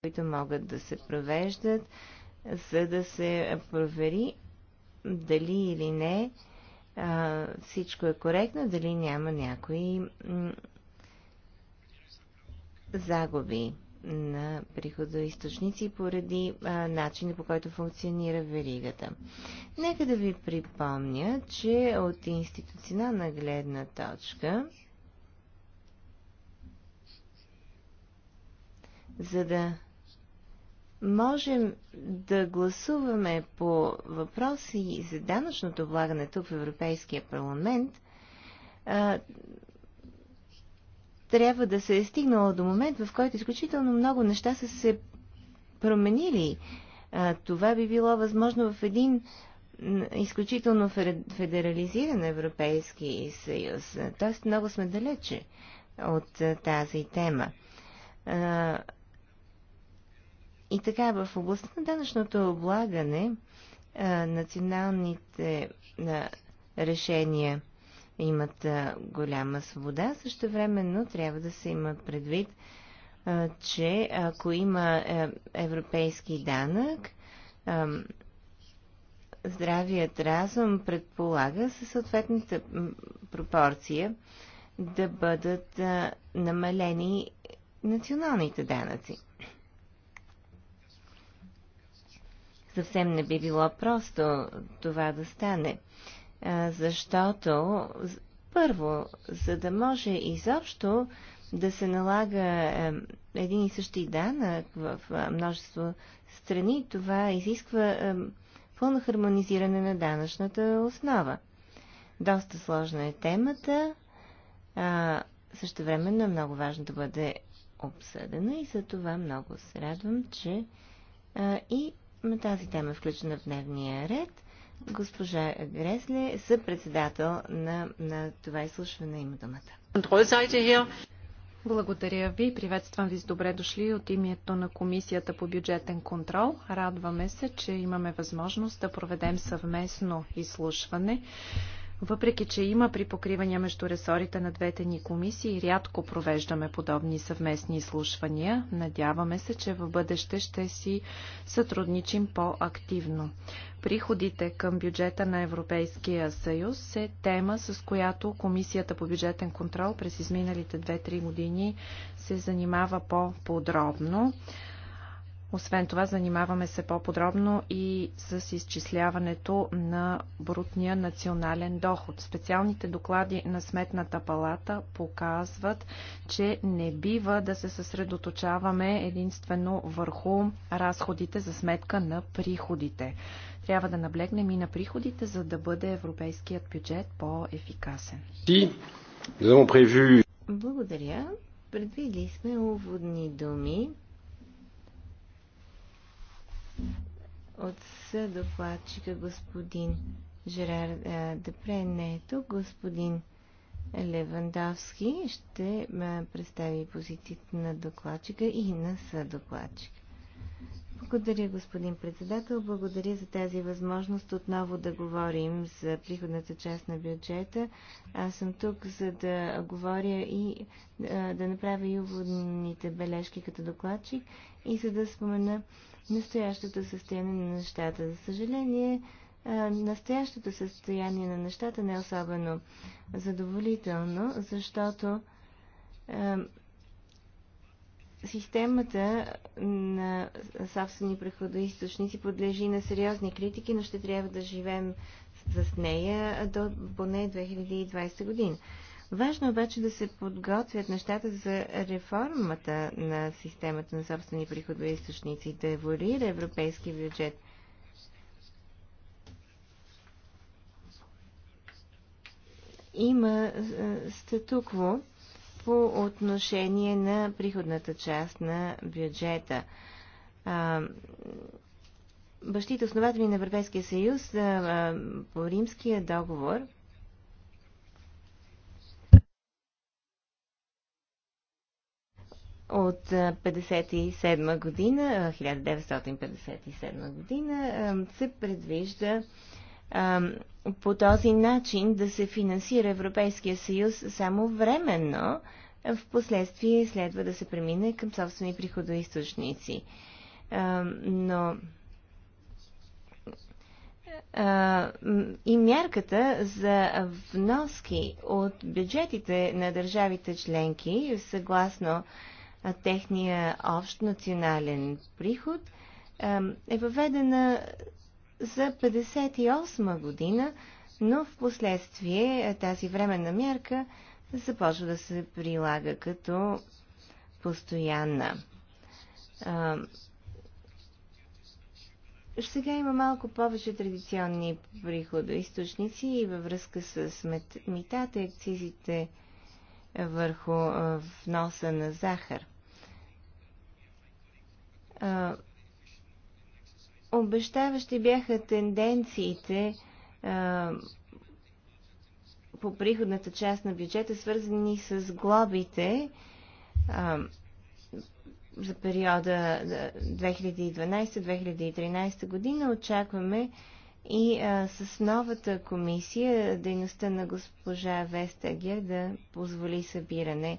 които могат да се провеждат, за да се провери дали или не всичко е коректно, дали няма някои загуби на приходоисточници поради начина по който функционира веригата. Нека да ви припомня, че от институционална гледна точка, за да можем да гласуваме по въпроси за данъчното влагане тук в Европейския парламент, а, трябва да се е стигнало до момент, в който изключително много неща са се променили. А, това би било възможно в един изключително федерализиран Европейски съюз. Тоест много сме далече от тази тема. И така, в областта на данъчното облагане, националните решения имат голяма свобода. Също времено трябва да се има предвид, че ако има европейски данък, здравият разум предполага със съответната пропорция да бъдат намалени националните данъци. съвсем не би било просто това да стане. Защото, първо, за да може изобщо да се налага един и същи данък в множество страни, това изисква пълно хармонизиране на данъчната основа. Доста сложна е темата, а, времено е много важно да бъде обсъдена и за това много се радвам, че а, и тази тема е включена в дневния ред. Госпожа Гресле, съпредседател на, на това изслушване, има думата. Благодаря ви. Приветствам ви с добре дошли от името на Комисията по бюджетен контрол. Радваме се, че имаме възможност да проведем съвместно изслушване въпреки, че има припокривания между ресорите на двете ни комисии, рядко провеждаме подобни съвместни изслушвания. Надяваме се, че в бъдеще ще си сътрудничим по-активно. Приходите към бюджета на Европейския съюз е тема, с която Комисията по бюджетен контрол през изминалите 2-3 години се занимава по-подробно. Освен това, занимаваме се по-подробно и с изчисляването на брутния национален доход. Специалните доклади на Сметната палата показват, че не бива да се съсредоточаваме единствено върху разходите за сметка на приходите. Трябва да наблегнем и на приходите, за да бъде европейският бюджет по-ефикасен. Благодаря. Предвидили сме уводни думи от съдокладчика господин Жерар е, Депре не е тук. Господин Левандовски ще е, представи позицията на докладчика и на съдокладчика. Благодаря, господин председател. Благодаря за тази възможност отново да говорим за приходната част на бюджета. Аз съм тук, за да говоря и е, да направя и уводните бележки като докладчик и за да спомена настоящото състояние на нещата. За съжаление, настоящото състояние на нещата не е особено задоволително, защото системата на собствени приходоисточници подлежи на сериозни критики, но ще трябва да живеем с нея до поне 2020 година. Важно е обаче да се подготвят нещата за реформата на системата на собствени източници, да еволюира европейски бюджет. Има статукво по отношение на приходната част на бюджета. Бащите основатели на Европейския съюз по римския договор – от 1957 година, 1957 година, се предвижда по този начин да се финансира Европейския съюз само временно, в последствие следва да се премине към собствени приходоисточници. Но и мярката за вноски от бюджетите на държавите членки, съгласно техния общ национален приход, е въведена за 58 година, но в последствие тази временна мярка започва да се прилага като постоянна. Сега има малко повече традиционни приходоисточници и във връзка с метата, и акцизите върху вноса на захар а, обещаващи бяха тенденциите а, по приходната част на бюджета, свързани с глобите а, за периода 2012-2013 година. Очакваме и а, с новата комисия дейността на госпожа Вестагер да позволи събиране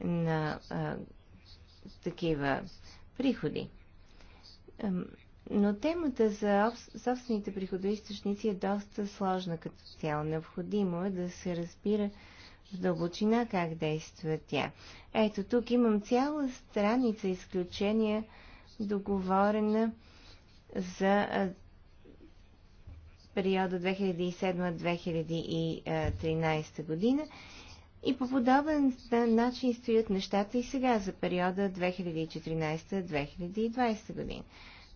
на а, такива приходи. Но темата за собствените приходоисточници е доста сложна като цяло. Необходимо е да се разбира в дълбочина как действа тя. Ето тук имам цяла страница изключения, договорена за периода 2007-2013 година и по подобен начин стоят нещата и сега за периода 2014-2020 година.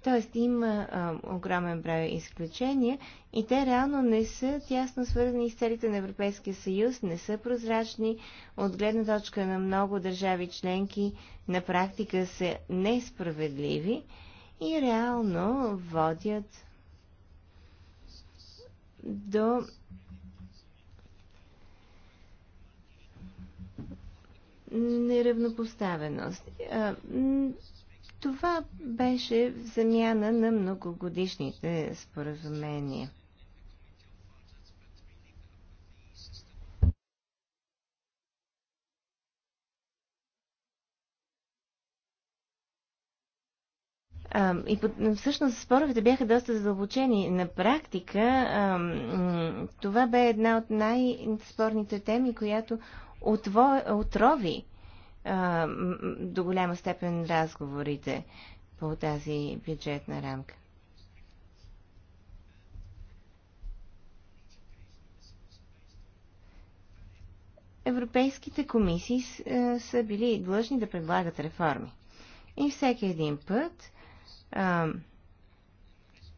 Тоест има а, огромен брой изключения и те реално не са тясно свързани с целите на Европейския съюз, не са прозрачни. От гледна точка на много държави членки на практика са несправедливи и реално водят до неравнопоставеност. Това беше в замяна на многогодишните споразумения. и всъщност споровете бяха доста задълбочени. На практика това бе една от най-спорните теми, която отво... отрови а, до голяма степен разговорите по тази бюджетна рамка. Европейските комисии са били длъжни да предлагат реформи. И всеки един път, а,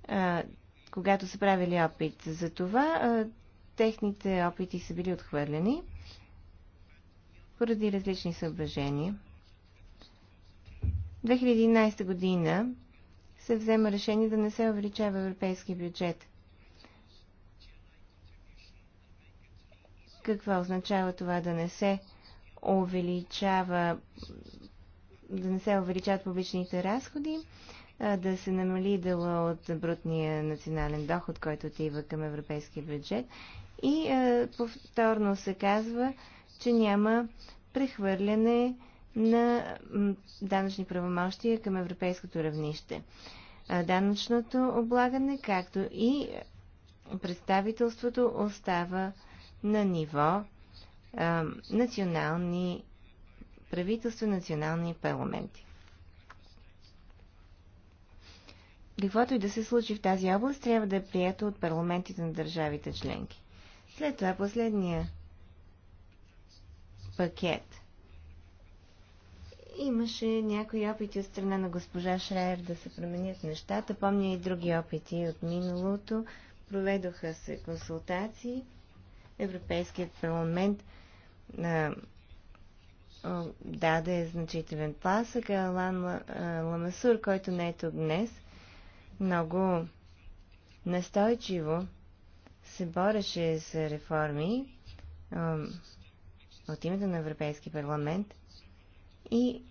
а, когато са правили опит за това, а, техните опити са били отхвърлени поради различни съображения. 2011 година се взема решение да не се увеличава европейски бюджет. Какво означава това да не се увеличава да не се увеличават публичните разходи, да се намали дела от брутния национален доход, който отива към европейския бюджет. И повторно се казва, че няма прехвърляне на данъчни правомощия към европейското равнище. Данъчното облагане, както и представителството остава на ниво а, национални правителства, национални парламенти. Каквото и да се случи в тази област, трябва да е прието от парламентите на държавите членки. След това последния пакет. Имаше някои опити от страна на госпожа Шрайер да се променят нещата. Помня и други опити от миналото. Проведоха се консултации. Европейският парламент а, а, даде значителен пласък. Алан Ламасур, който не е тук днес, много настойчиво се бореше за реформи. А, от името на Европейски парламент и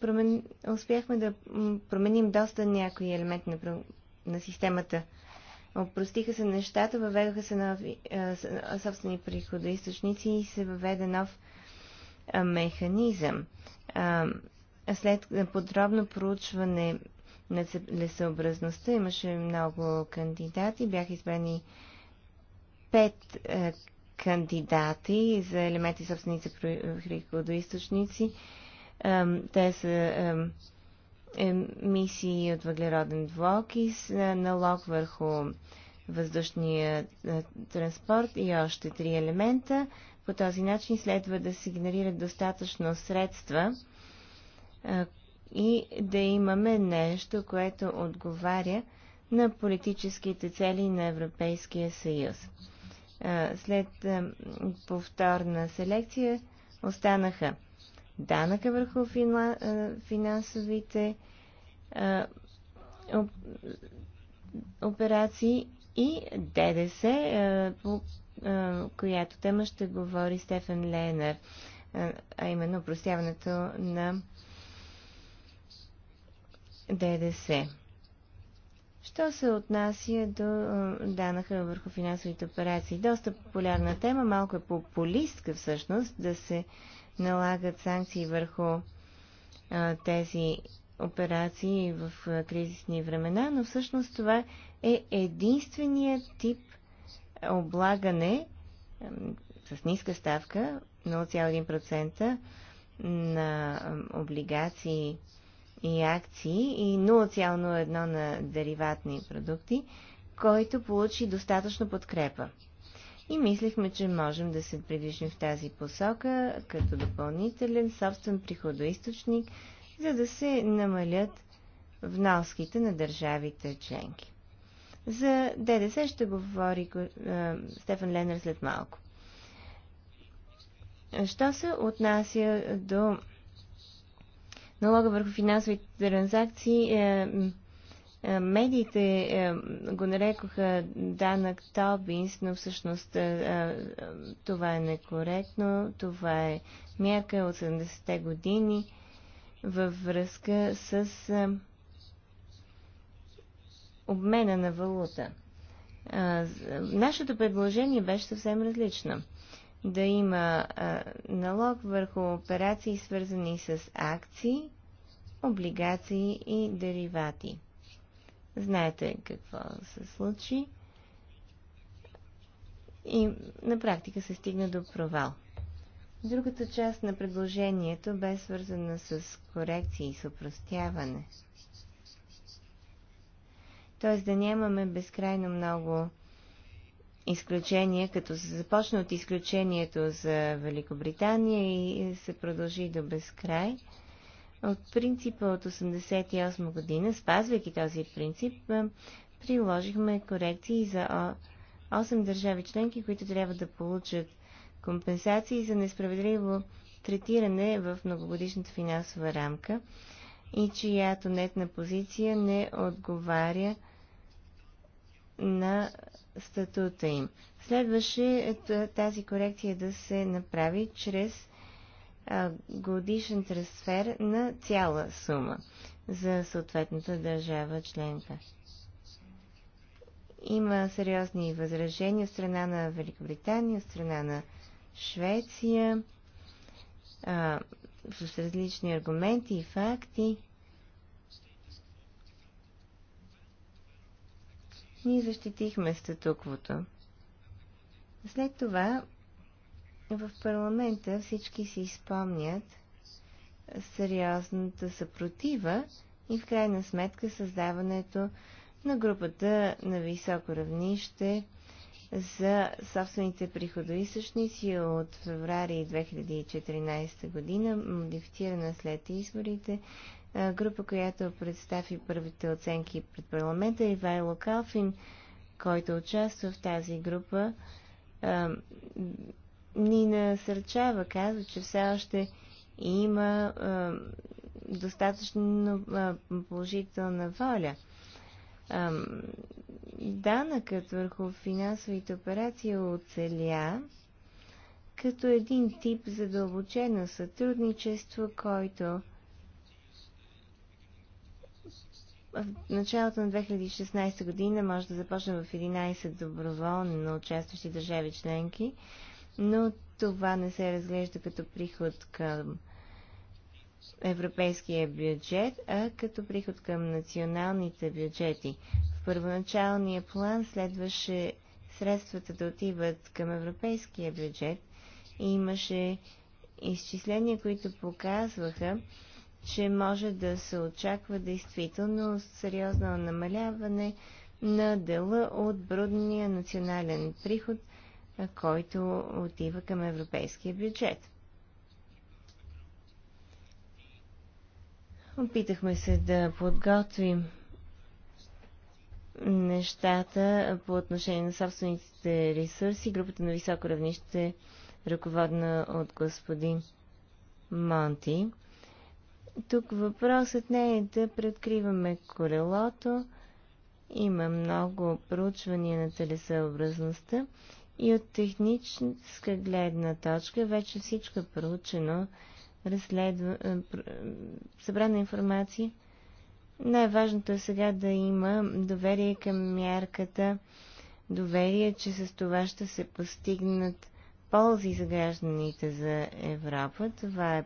промен... успяхме да променим доста някои елементи на, на системата. Опростиха се нещата, въведоха се нови а, собствени приходоисточници и се въведе нов а, механизъм. А, след подробно проучване на лесообразността, имаше много кандидати, бяха избрани пет кандидати за елементи собственици приходоисточници. Те са емисии от въглероден двуокис, е, налог върху въздушния е, транспорт и още три елемента. По този начин следва да се генерират достатъчно средства е, и да имаме нещо, което отговаря на политическите цели на Европейския съюз след повторна селекция останаха данъка върху финансовите операции и ДДС, по която тема ще говори Стефан Ленер, а именно простяването на ДДС. Що се отнася до данъха върху финансовите операции? Доста популярна тема, малко е популистка всъщност да се налагат санкции върху а, тези операции в а, кризисни времена, но всъщност това е единственият тип облагане а, с ниска ставка 0,1% на облигации и акции и 0,01 на дериватни продукти, който получи достатъчно подкрепа. И мислихме, че можем да се придвижим в тази посока като допълнителен собствен приходоисточник, за да се намалят вноските на държавите членки. За ДДС ще говори э, Стефан Ленер след малко. Що се отнася до налога върху финансовите транзакции, е, е, медиите е, го нарекоха данък Тобинс, но всъщност това е некоректно. Това е мярка от 70-те години във връзка с обмена на валута. Нашето предложение беше съвсем различно да има а, налог върху операции, свързани с акции, облигации и деривати. Знаете какво се случи. И на практика се стигна до провал. Другата част на предложението бе свързана с корекции и с упростяване. Тоест да нямаме безкрайно много изключения, като се започна от изключението за Великобритания и се продължи до безкрай. От принципа от 1988 година, спазвайки този принцип, приложихме корекции за 8 държави членки, които трябва да получат компенсации за несправедливо третиране в многогодишната финансова рамка и чиято нетна позиция не отговаря на статута им. Следваше тази корекция да се направи чрез годишен трансфер на цяла сума за съответната държава членка. Има сериозни възражения от страна на Великобритания, от страна на Швеция, а, с различни аргументи и факти. Ние защитихме статуквото. След това в парламента всички си изпомнят сериозната съпротива и в крайна сметка създаването на групата на високо равнище за собствените приходоисъщници от феврари 2014 година, модифицирана след изборите, е, група, която представи първите оценки пред парламента, е Ивайло Калфин, който участва в тази група, е, ни насърчава, казва, че все още има достатъчно положителна воля. Данъкът върху финансовите операции оцеля като един тип задълбочено сътрудничество, който в началото на 2016 година може да започне в 11 на участващи държави членки, но това не се разглежда като приход към европейския бюджет, а като приход към националните бюджети. В първоначалния план следваше средствата да отиват към европейския бюджет и имаше изчисления, които показваха, че може да се очаква действително сериозно намаляване на дела от брудния национален приход, който отива към европейския бюджет. Опитахме се да подготвим нещата по отношение на собствените ресурси. Групата на високо равнище, ръководна от господин Монти. Тук въпросът не е да предкриваме колелото. Има много проучвания на телесъобразността и от техническа гледна точка вече всичко е проучено, разследва, е, е, събрана информация. Най-важното е сега да има доверие към мярката, доверие, че с това ще се постигнат ползи за гражданите за Европа. Това е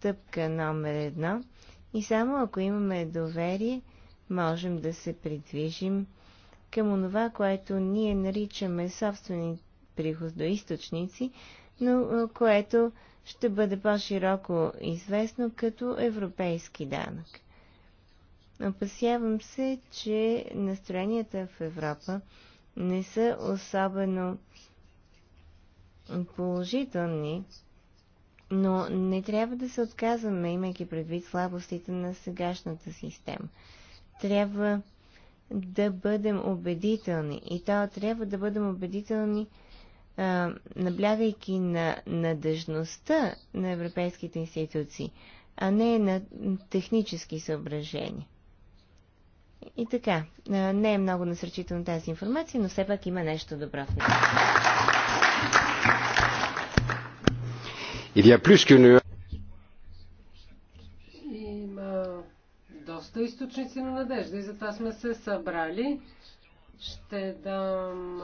стъпка номер едно и само ако имаме доверие, можем да се придвижим към онова, което ние наричаме собствени приходоисточници, но което ще бъде по-широко известно като европейски данък. Опасявам се, че настроенията в Европа не са особено положителни но не трябва да се отказваме, имайки предвид слабостите на сегашната система. Трябва да бъдем убедителни. И то трябва да бъдем убедителни, а, наблягайки на надъжността на европейските институции, а не на технически съображения. И така, не е много насърчително тази информация, но все пак има нещо добро в нея. Il y a plus qu'une доста източници на надежда и затова сме се събрали. Ще дам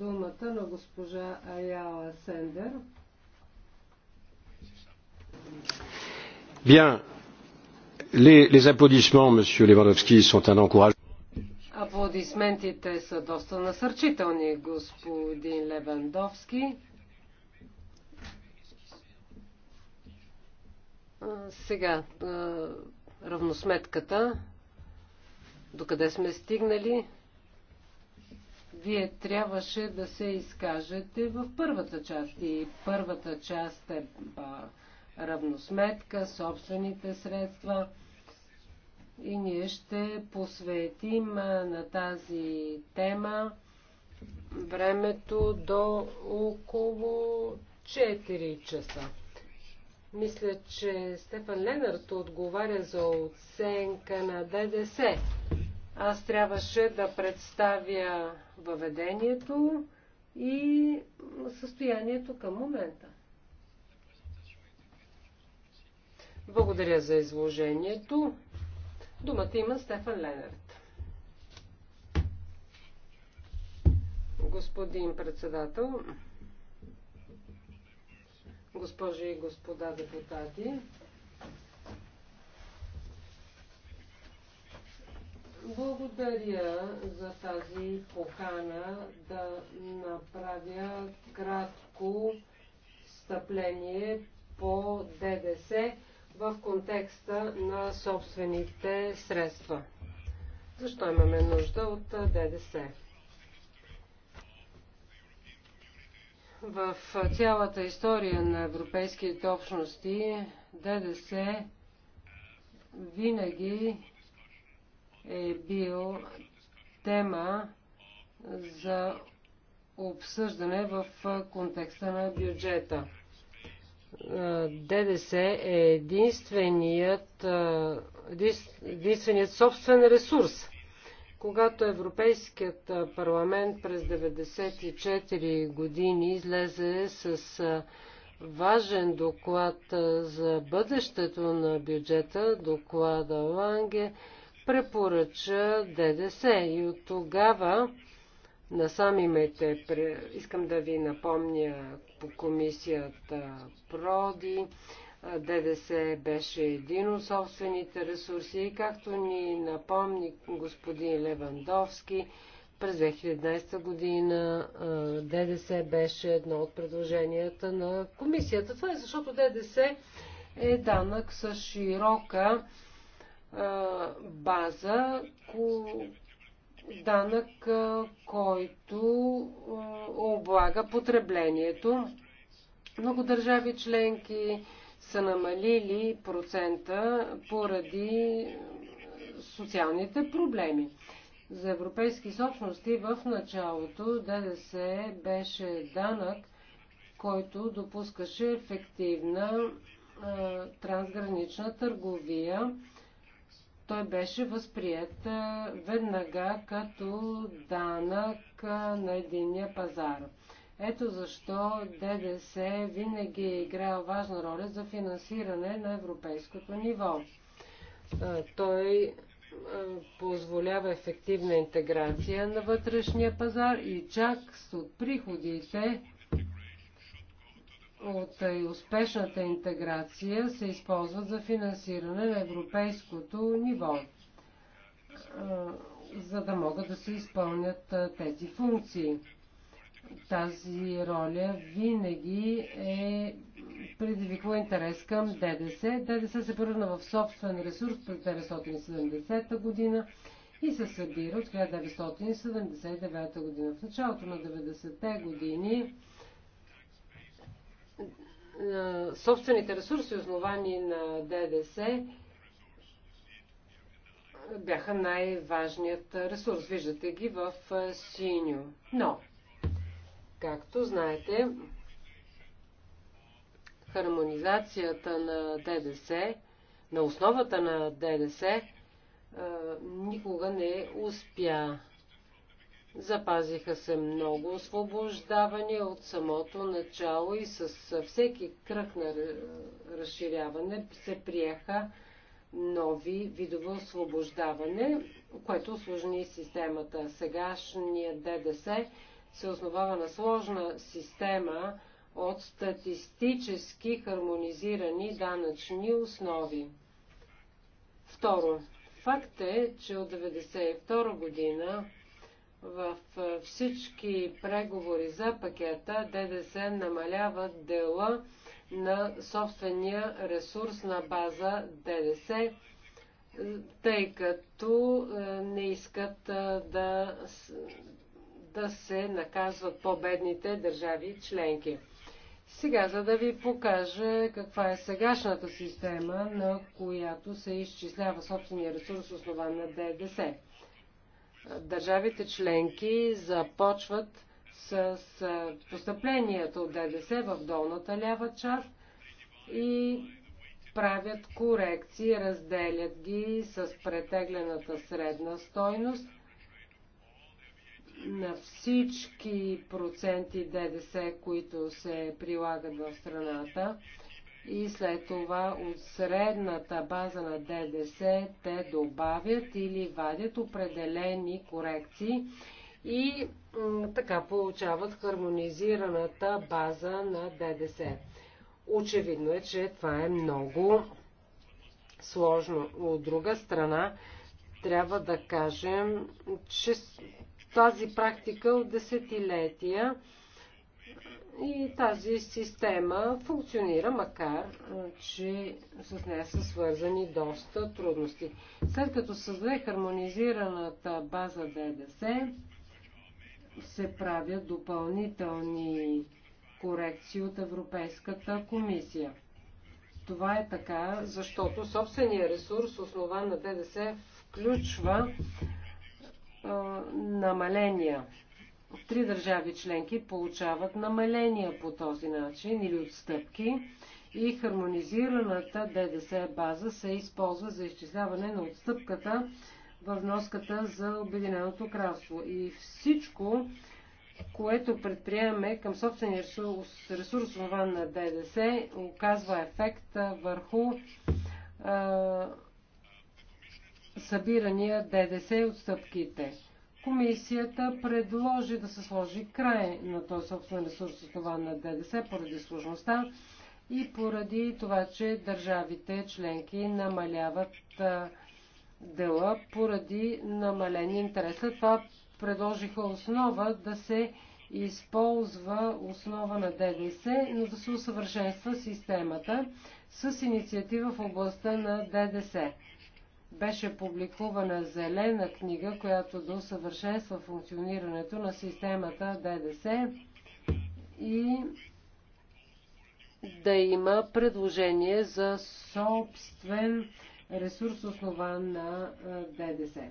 думата на госпожа Аяла Сендер. Bien. Les, les applaudissements, monsieur Lewandowski, sont un encouragement. Аплодисментите са доста насърчителни, господин Левандовски. Сега, равносметката, докъде сме стигнали, вие трябваше да се изкажете в първата част. И първата част е равносметка, собствените средства. И ние ще посветим на тази тема времето до около 4 часа. Мисля, че Стефан Ленард отговаря за оценка на ДДС. Аз трябваше да представя въведението и състоянието към момента. Благодаря за изложението. Думата има Стефан Ленард. Господин председател, госпожи и господа депутати. Благодаря за тази покана да направя кратко стъпление по ДДС в контекста на собствените средства. Защо имаме нужда от ДДС? В цялата история на европейските общности ДДС винаги е бил тема за обсъждане в контекста на бюджета. ДДС е единственият, единственият собствен ресурс когато Европейският парламент през 94 години излезе с важен доклад за бъдещето на бюджета, доклада Ланге, препоръча ДДС и от тогава насам имайте, искам да ви напомня по комисията Проди, ДДС беше един от собствените ресурси и както ни напомни господин Левандовски, през 2011 година ДДС беше едно от предложенията на комисията. Това е защото ДДС е данък с широка база, данък, който облага потреблението. Много държави членки са намалили процента поради социалните проблеми. За европейски собствености в началото ДДС беше данък, който допускаше ефективна а, трансгранична търговия. Той беше възприят веднага като данък на единия пазар. Ето защо ДДС винаги е играл важна роля за финансиране на европейското ниво. Той позволява ефективна интеграция на вътрешния пазар и чак от приходите от успешната интеграция се използват за финансиране на европейското ниво, за да могат да се изпълнят тези функции тази роля винаги е предизвикала интерес към ДДС. ДДС се превърна в собствен ресурс през 1970 година и се събира от 1979 година. В началото на 90-те години собствените ресурси, основани на ДДС, бяха най-важният ресурс. Виждате ги в синьо. Но Както знаете, хармонизацията на ДДС, на основата на ДДС, никога не успя. Запазиха се много освобождавания от самото начало и с всеки кръг на разширяване се приеха нови видове освобождаване, което осложни системата. Сегашният ДДС се основава на сложна система от статистически хармонизирани данъчни основи. Второ, факт е, че от 1992 година в всички преговори за пакета ДДС намалява дела на собствения ресурс на база ДДС, тъй като не искат да да се наказват по-бедните държави членки. Сега, за да ви покажа каква е сегашната система, на която се изчислява собствения ресурс, основан на ДДС. Държавите членки започват с постъпленията от ДДС в долната лява част и правят корекции, разделят ги с претеглената средна стойност на всички проценти ДДС, които се прилагат в страната и след това от средната база на ДДС те добавят или вадят определени корекции и така получават хармонизираната база на ДДС. Очевидно е, че това е много сложно. От друга страна, трябва да кажем, че тази практика от десетилетия и тази система функционира, макар че с нея са свързани доста трудности. След като създаде хармонизираната база ДДС, се правят допълнителни корекции от Европейската комисия. Това е така, защото собствения ресурс, основан на ДДС, включва намаления. Три държави членки получават намаления по този начин или отстъпки и хармонизираната ДДС база се използва за изчисляване на отстъпката във вноската за Обединеното кралство. И всичко, което предприемаме към собствения ресурс, ресурс на ДДС, оказва ефект върху събирания ДДС отстъпките. Комисията предложи да се сложи край на този собствен ресурс това на ДДС поради сложността и поради това, че държавите членки намаляват дела поради намалени интерес. След това предложиха основа да се използва основа на ДДС, но да се усъвършенства системата с инициатива в областта на ДДС беше публикувана зелена книга, която да усъвършенства функционирането на системата ДДС и да има предложение за собствен ресурс основан на ДДС.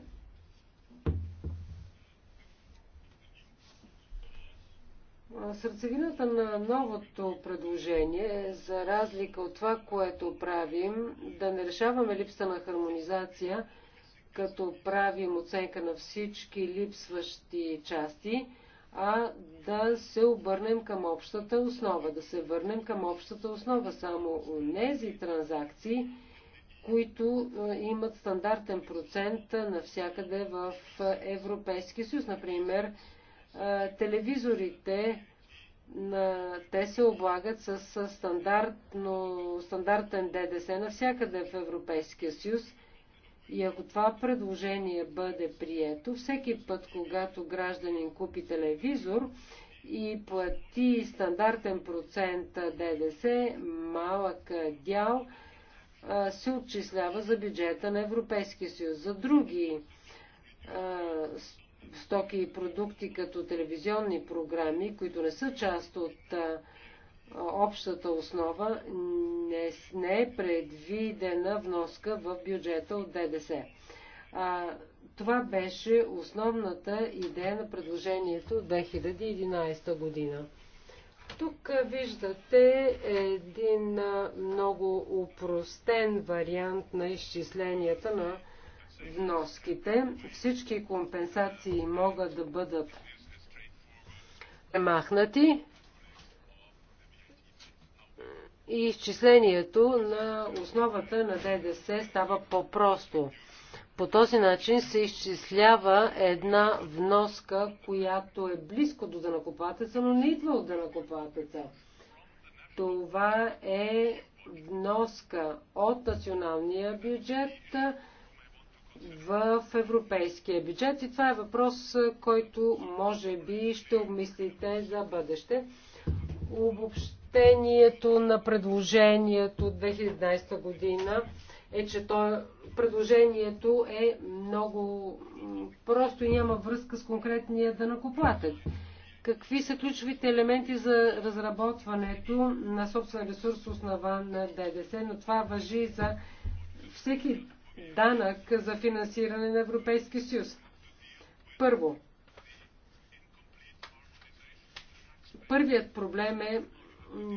Сърцевината на новото предложение е, за разлика от това, което правим, да не решаваме липса на хармонизация, като правим оценка на всички липсващи части, а да се обърнем към общата основа, да се върнем към общата основа само у нези транзакции, които имат стандартен процент навсякъде в Европейския съюз. Например, телевизорите. Те се облагат с стандартно, стандартен ДДС навсякъде в Европейския съюз. И ако това предложение бъде прието, всеки път, когато гражданин купи телевизор и плати стандартен процент ДДС, малък дял се отчислява за бюджета на Европейския съюз. За други стоки и продукти като телевизионни програми, които не са част от а, общата основа, не, не е предвидена вноска в бюджета от ДДС. А, това беше основната идея на предложението от 2011 година. Тук виждате един много упростен вариант на изчисленията на вноските. Всички компенсации могат да бъдат премахнати и изчислението на основата на ДДС става по-просто. По този начин се изчислява една вноска, която е близко до дънакоплатеца, но не идва от дънакоплатеца. Това е вноска от националния бюджет в европейския бюджет и това е въпрос, който може би ще обмислите за бъдеще. Обобщението на предложението от 2011 година е, че то, предложението е много просто и няма връзка с конкретния данакоплатец. Какви са ключовите елементи за разработването на собствен ресурс основа на ДДС, но това въжи за всеки данък за финансиране на Европейски съюз. Първо, първият проблем е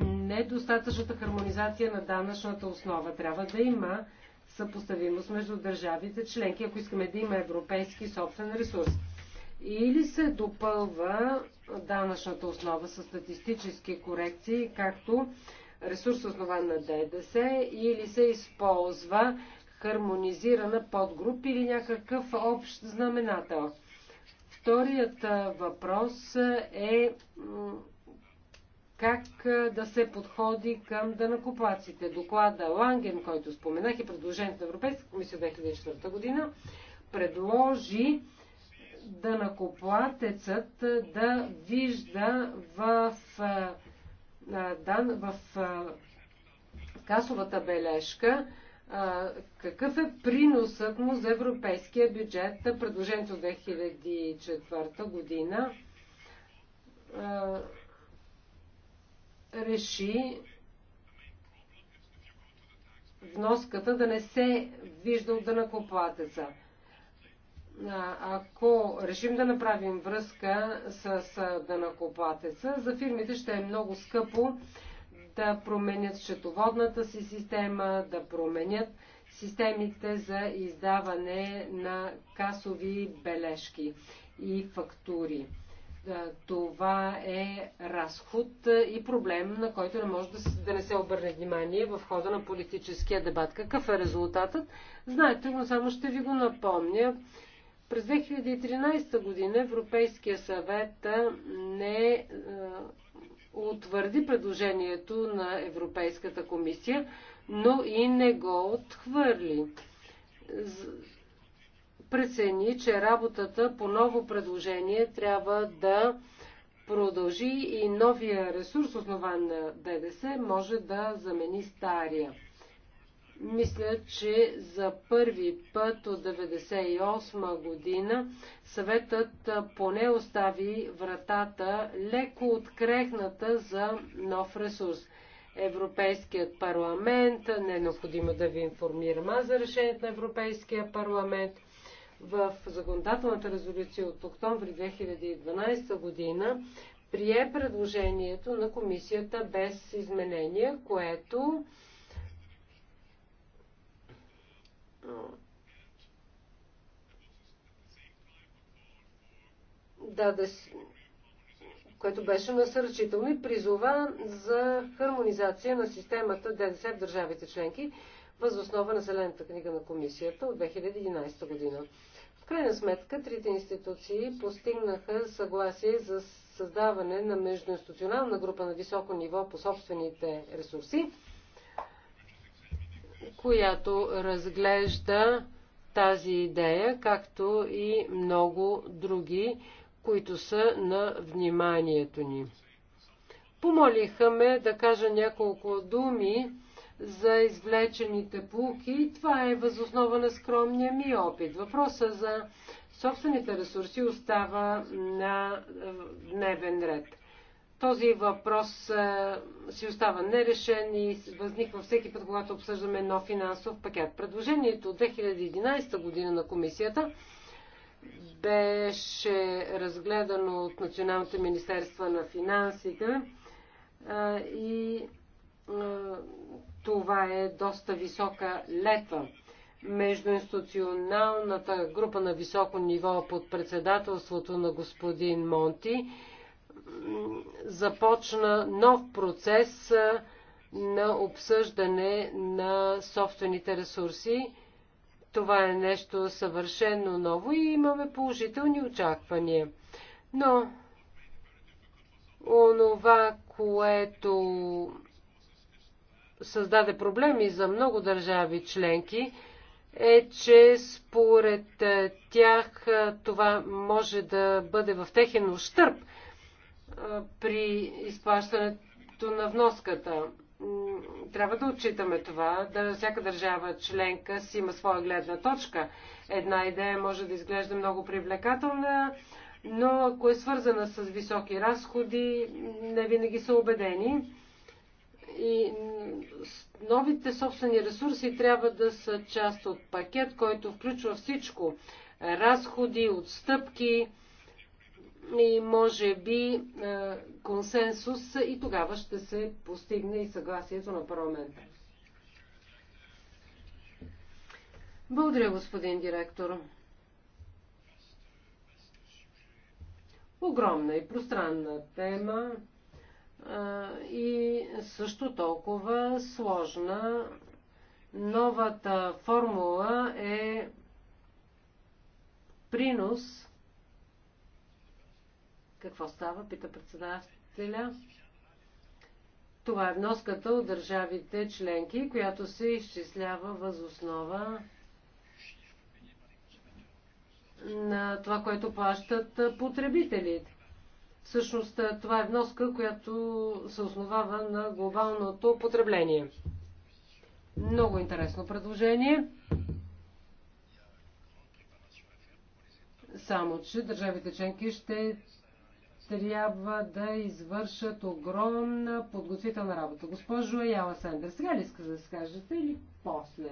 недостатъчната хармонизация на данъчната основа. Трябва да има съпоставимост между държавите членки, ако искаме да има европейски собствен ресурс. Или се допълва данъчната основа с статистически корекции, както ресурс основан на ДДС, или се използва хармонизирана подгруп или някакъв общ знаменател. Вторият въпрос е как да се подходи към данакоплаците. Доклада Ланген, който споменах и предложението на Европейската комисия 2004 година, предложи данакоплатецът да вижда в, в, в касовата бележка какъв е приносът му за европейския бюджет? Предложението от 2004 година реши вноската да не се вижда от дънакоплатеца. Ако решим да направим връзка с дънакоплатеца, за фирмите ще е много скъпо да променят счетоводната си система, да променят системите за издаване на касови бележки и фактури. Това е разход и проблем, на който не може да, не се обърне внимание в хода на политическия дебат. Какъв е резултатът? Знаете, но само ще ви го напомня. През 2013 година Европейския съвет не утвърди предложението на Европейската комисия, но и не го отхвърли. Прецени, че работата по ново предложение трябва да продължи и новия ресурс, основан на ДДС, може да замени стария. Мисля, че за първи път от 1998 година съветът поне остави вратата леко открехната за нов ресурс. Европейският парламент, не е необходимо да ви информирам аз за решението на Европейския парламент, в законодателната резолюция от октомври 2012 година прие предложението на комисията без изменения, което даде, което беше насърчително и призова за хармонизация на системата ДДС в държавите членки въз основа на Зелената книга на комисията от 2011 година. В крайна сметка, трите институции постигнаха съгласие за създаване на междуинституционална група на високо ниво по собствените ресурси, която разглежда тази идея, както и много други, които са на вниманието ни. Помолиха ме да кажа няколко думи за извлечените пулки, Това е възоснова на скромния ми опит. Въпроса за собствените ресурси остава на дневен ред. Този въпрос си остава нерешен и възниква всеки път, когато обсъждаме нов финансов пакет. Предложението от 2011 година на комисията беше разгледано от Националните министерства на финансите и това е доста висока летва. Междуинституционалната група на високо ниво под председателството на господин Монти започна нов процес на обсъждане на собствените ресурси. Това е нещо съвършено ново и имаме положителни очаквания. Но онова, което създаде проблеми за много държави членки, е, че според тях това може да бъде в техен ущърп при изплащането на вноската. Трябва да отчитаме това, да всяка държава членка си има своя гледна точка. Една идея може да изглежда много привлекателна, но ако е свързана с високи разходи, не винаги са убедени. И новите собствени ресурси трябва да са част от пакет, който включва всичко. Разходи, отстъпки, и може би е, консенсус и тогава ще се постигне и съгласието на парламента. Благодаря, господин директор. Огромна и пространна тема е, и също толкова сложна. Новата формула е принос какво става? Пита председателя. Това е вноската от държавите членки, която се изчислява възоснова на това, което плащат потребителите. Всъщност това е вноска, която се основава на глобалното потребление. Много интересно предложение. Само, че държавите членки ще трябва да извършат огромна подготвителна работа. Госпожо Аяла Сандър, сега ли искате да се кажете или после?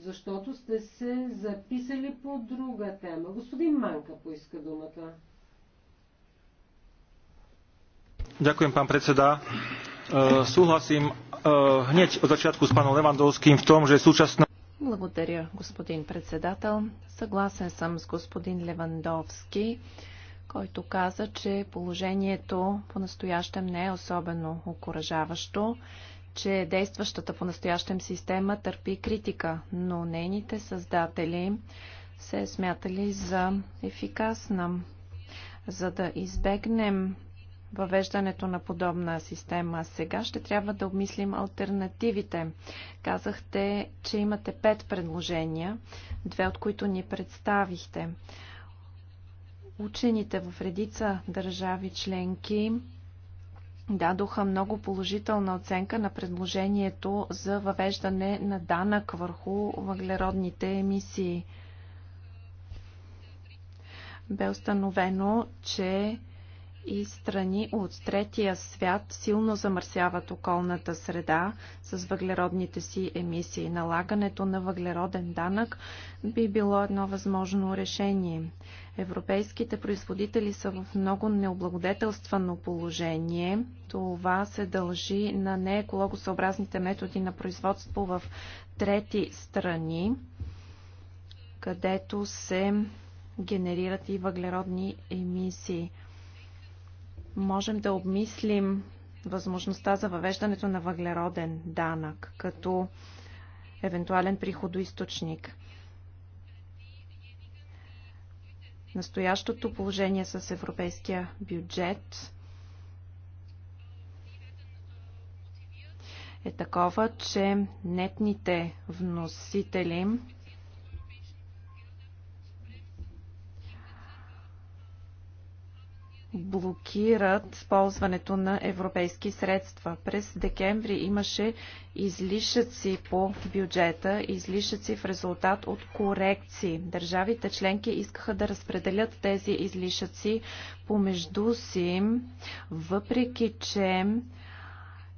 Защото сте се записали по друга тема. Господин Манка поиска думата. Ďakujem, pán predseda. Е, Súhlasím е, hneď от зачатку с pánom Levandovským в том, že súčasná... Благодаря, господин председател. Съгласен съм с господин Левандовски който каза, че положението по-настоящем не е особено окоръжаващо, че действащата по-настоящем система търпи критика, но нейните създатели се е смятали за ефикасна. За да избегнем въвеждането на подобна система. Сега ще трябва да обмислим альтернативите. Казахте, че имате пет предложения, две от които ни представихте. Учените в редица държави членки дадоха много положителна оценка на предложението за въвеждане на данък върху въглеродните емисии. Бе установено, че и страни от третия свят силно замърсяват околната среда с въглеродните си емисии. Налагането на въглероден данък би било едно възможно решение. Европейските производители са в много необлагодетелствано положение. Това се дължи на неекологосъобразните методи на производство в трети страни, където се генерират и въглеродни емисии можем да обмислим възможността за въвеждането на въглероден данък като евентуален приходоисточник. Настоящото положение с европейския бюджет е такова, че нетните вносители блокират ползването на европейски средства. През декември имаше излишъци по бюджета, излишъци в резултат от корекции. Държавите членки искаха да разпределят тези излишъци помежду си, въпреки че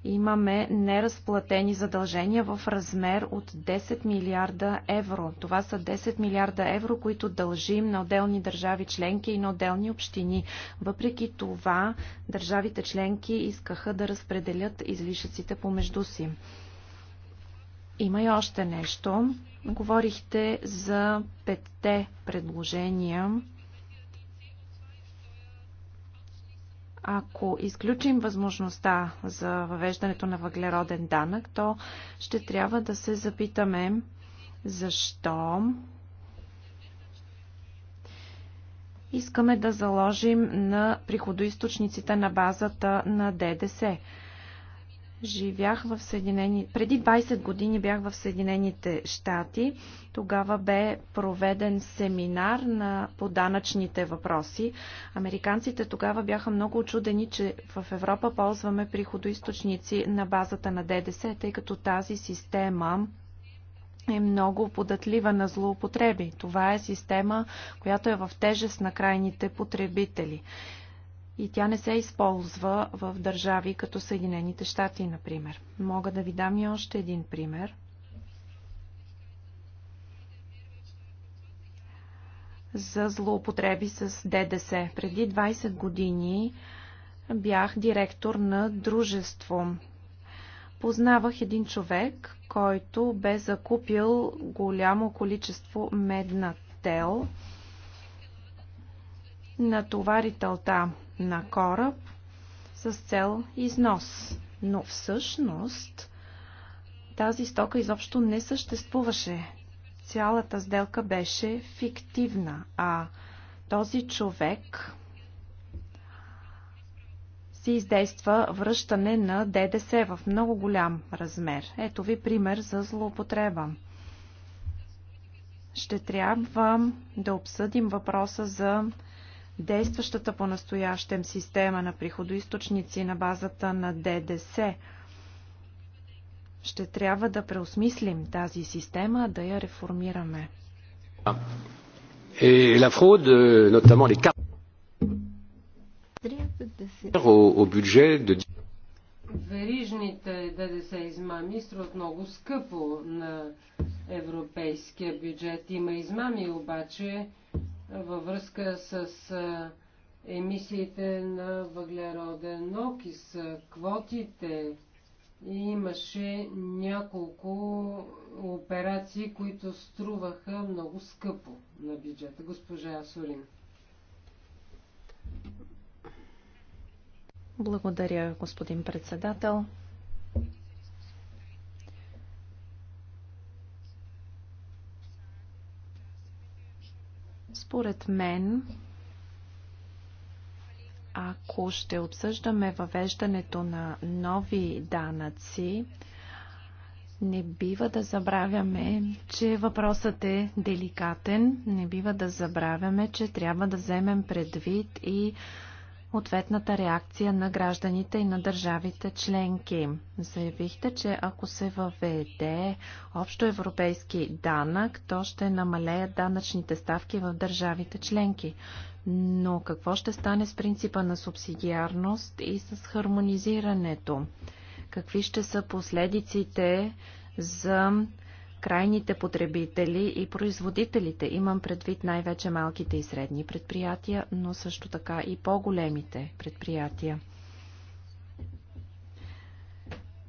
имаме неразплатени задължения в размер от 10 милиарда евро. Това са 10 милиарда евро, които дължим на отделни държави членки и на отделни общини. Въпреки това, държавите членки искаха да разпределят излишъците помежду си. Има и още нещо. Говорихте за петте предложения Ако изключим възможността за въвеждането на въглероден данък, то ще трябва да се запитаме защо искаме да заложим на приходоисточниците на базата на ДДС живях в Съединени... Преди 20 години бях в Съединените щати. Тогава бе проведен семинар на поданъчните въпроси. Американците тогава бяха много очудени, че в Европа ползваме приходоисточници на базата на ДДС, тъй като тази система е много податлива на злоупотреби. Това е система, която е в тежест на крайните потребители и тя не се използва в държави като Съединените щати, например. Мога да ви дам и още един пример. за злоупотреби с ДДС. Преди 20 години бях директор на дружество. Познавах един човек, който бе закупил голямо количество медна тел – натовари тълта на кораб с цел износ. Но всъщност тази стока изобщо не съществуваше. Цялата сделка беше фиктивна, а този човек си издейства връщане на ДДС в много голям размер. Ето ви пример за злоупотреба. Ще трябва да обсъдим въпроса за действащата по-настоящем система на приходоисточници на базата на ДДС. Ще трябва да преосмислим тази система, да я реформираме. Верижните ДДС измами струват много скъпо на европейския бюджет. Има измами обаче, във връзка с емисиите на въглероден окис, квотите. И имаше няколко операции, които струваха много скъпо на бюджета. Госпожа Сорин. Благодаря, господин председател. Според мен, ако ще обсъждаме въвеждането на нови данъци, не бива да забравяме, че въпросът е деликатен. Не бива да забравяме, че трябва да вземем предвид и ответната реакция на гражданите и на държавите членки. Заявихте, че ако се въведе общо европейски данък, то ще намалеят данъчните ставки в държавите членки. Но какво ще стане с принципа на субсидиарност и с хармонизирането? Какви ще са последиците за крайните потребители и производителите. Имам предвид най-вече малките и средни предприятия, но също така и по-големите предприятия.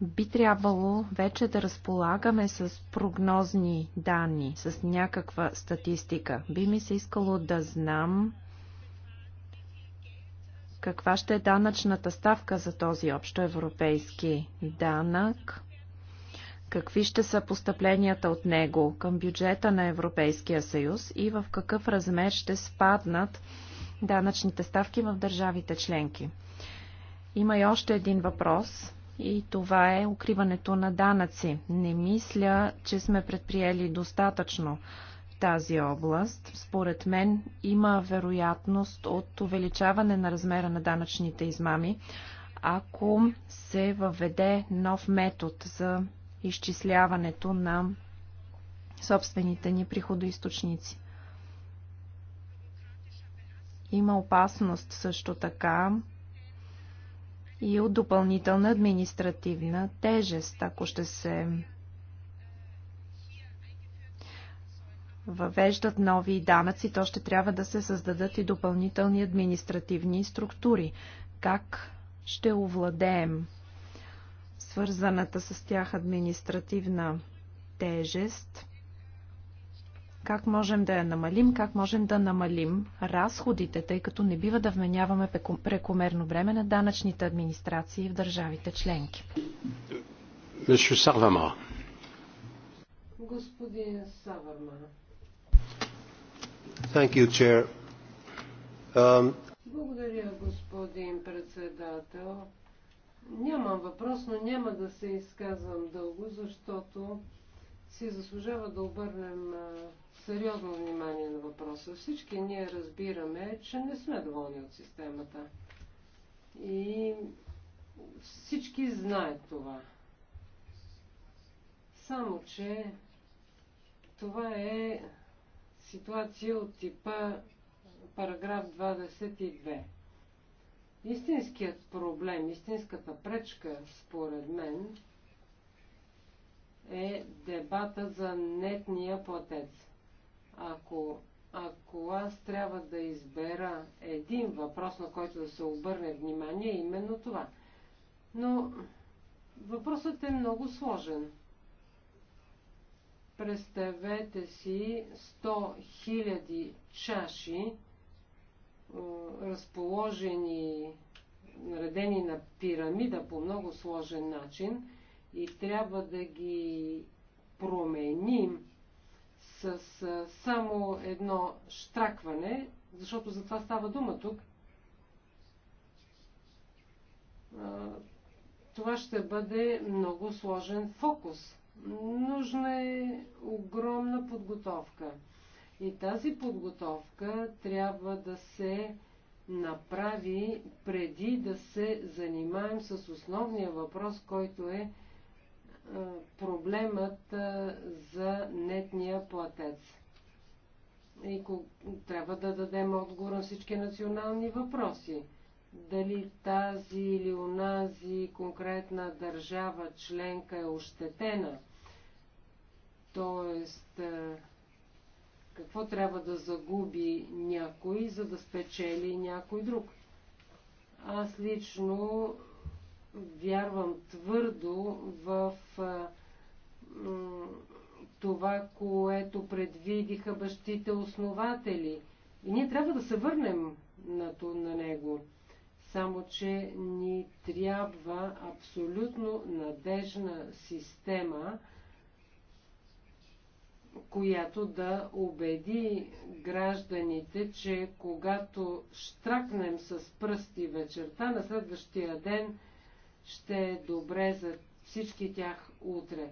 Би трябвало вече да разполагаме с прогнозни данни, с някаква статистика. Би ми се искало да знам каква ще е данъчната ставка за този общо европейски данък какви ще са постъпленията от него към бюджета на Европейския съюз и в какъв размер ще спаднат данъчните ставки в държавите членки. Има и още един въпрос и това е укриването на данъци. Не мисля, че сме предприели достатъчно в тази област. Според мен има вероятност от увеличаване на размера на данъчните измами, ако се въведе нов метод за изчисляването на собствените ни приходоисточници. Има опасност също така и от допълнителна административна тежест, ако ще се въвеждат нови данъци, то ще трябва да се създадат и допълнителни административни структури. Как ще овладеем свързаната с тях административна тежест, как можем да я намалим, как можем да намалим разходите, тъй като не бива да вменяваме прекомерно време на данъчните администрации в държавите членки. Господин Саварма. Thank you, Chair. Um... Благодаря, господин председател. Нямам въпрос, но няма да се изказвам дълго, защото си заслужава да обърнем сериозно внимание на въпроса. Всички ние разбираме, че не сме доволни от системата. И всички знаят това. Само, че това е ситуация от типа параграф 22. Истинският проблем, истинската пречка, според мен, е дебата за нетния платец. Ако, ако аз трябва да избера един въпрос, на който да се обърне внимание, е именно това. Но въпросът е много сложен. Представете си 100 000 чаши, разположени, наредени на пирамида по много сложен начин и трябва да ги променим с само едно штракване, защото за това става дума тук. Това ще бъде много сложен фокус. Нужна е огромна подготовка. И тази подготовка трябва да се направи преди да се занимаем с основния въпрос, който е проблемът за нетния платец. И трябва да дадем отговор на всички национални въпроси. Дали тази или онази конкретна държава членка е ощетена, т.е какво трябва да загуби някой, за да спечели някой друг. Аз лично вярвам твърдо в това, което предвидиха бащите основатели. И ние трябва да се върнем на, на него. Само, че ни трябва абсолютно надежна система, която да убеди гражданите, че когато штракнем с пръсти вечерта, на следващия ден ще е добре за всички тях утре.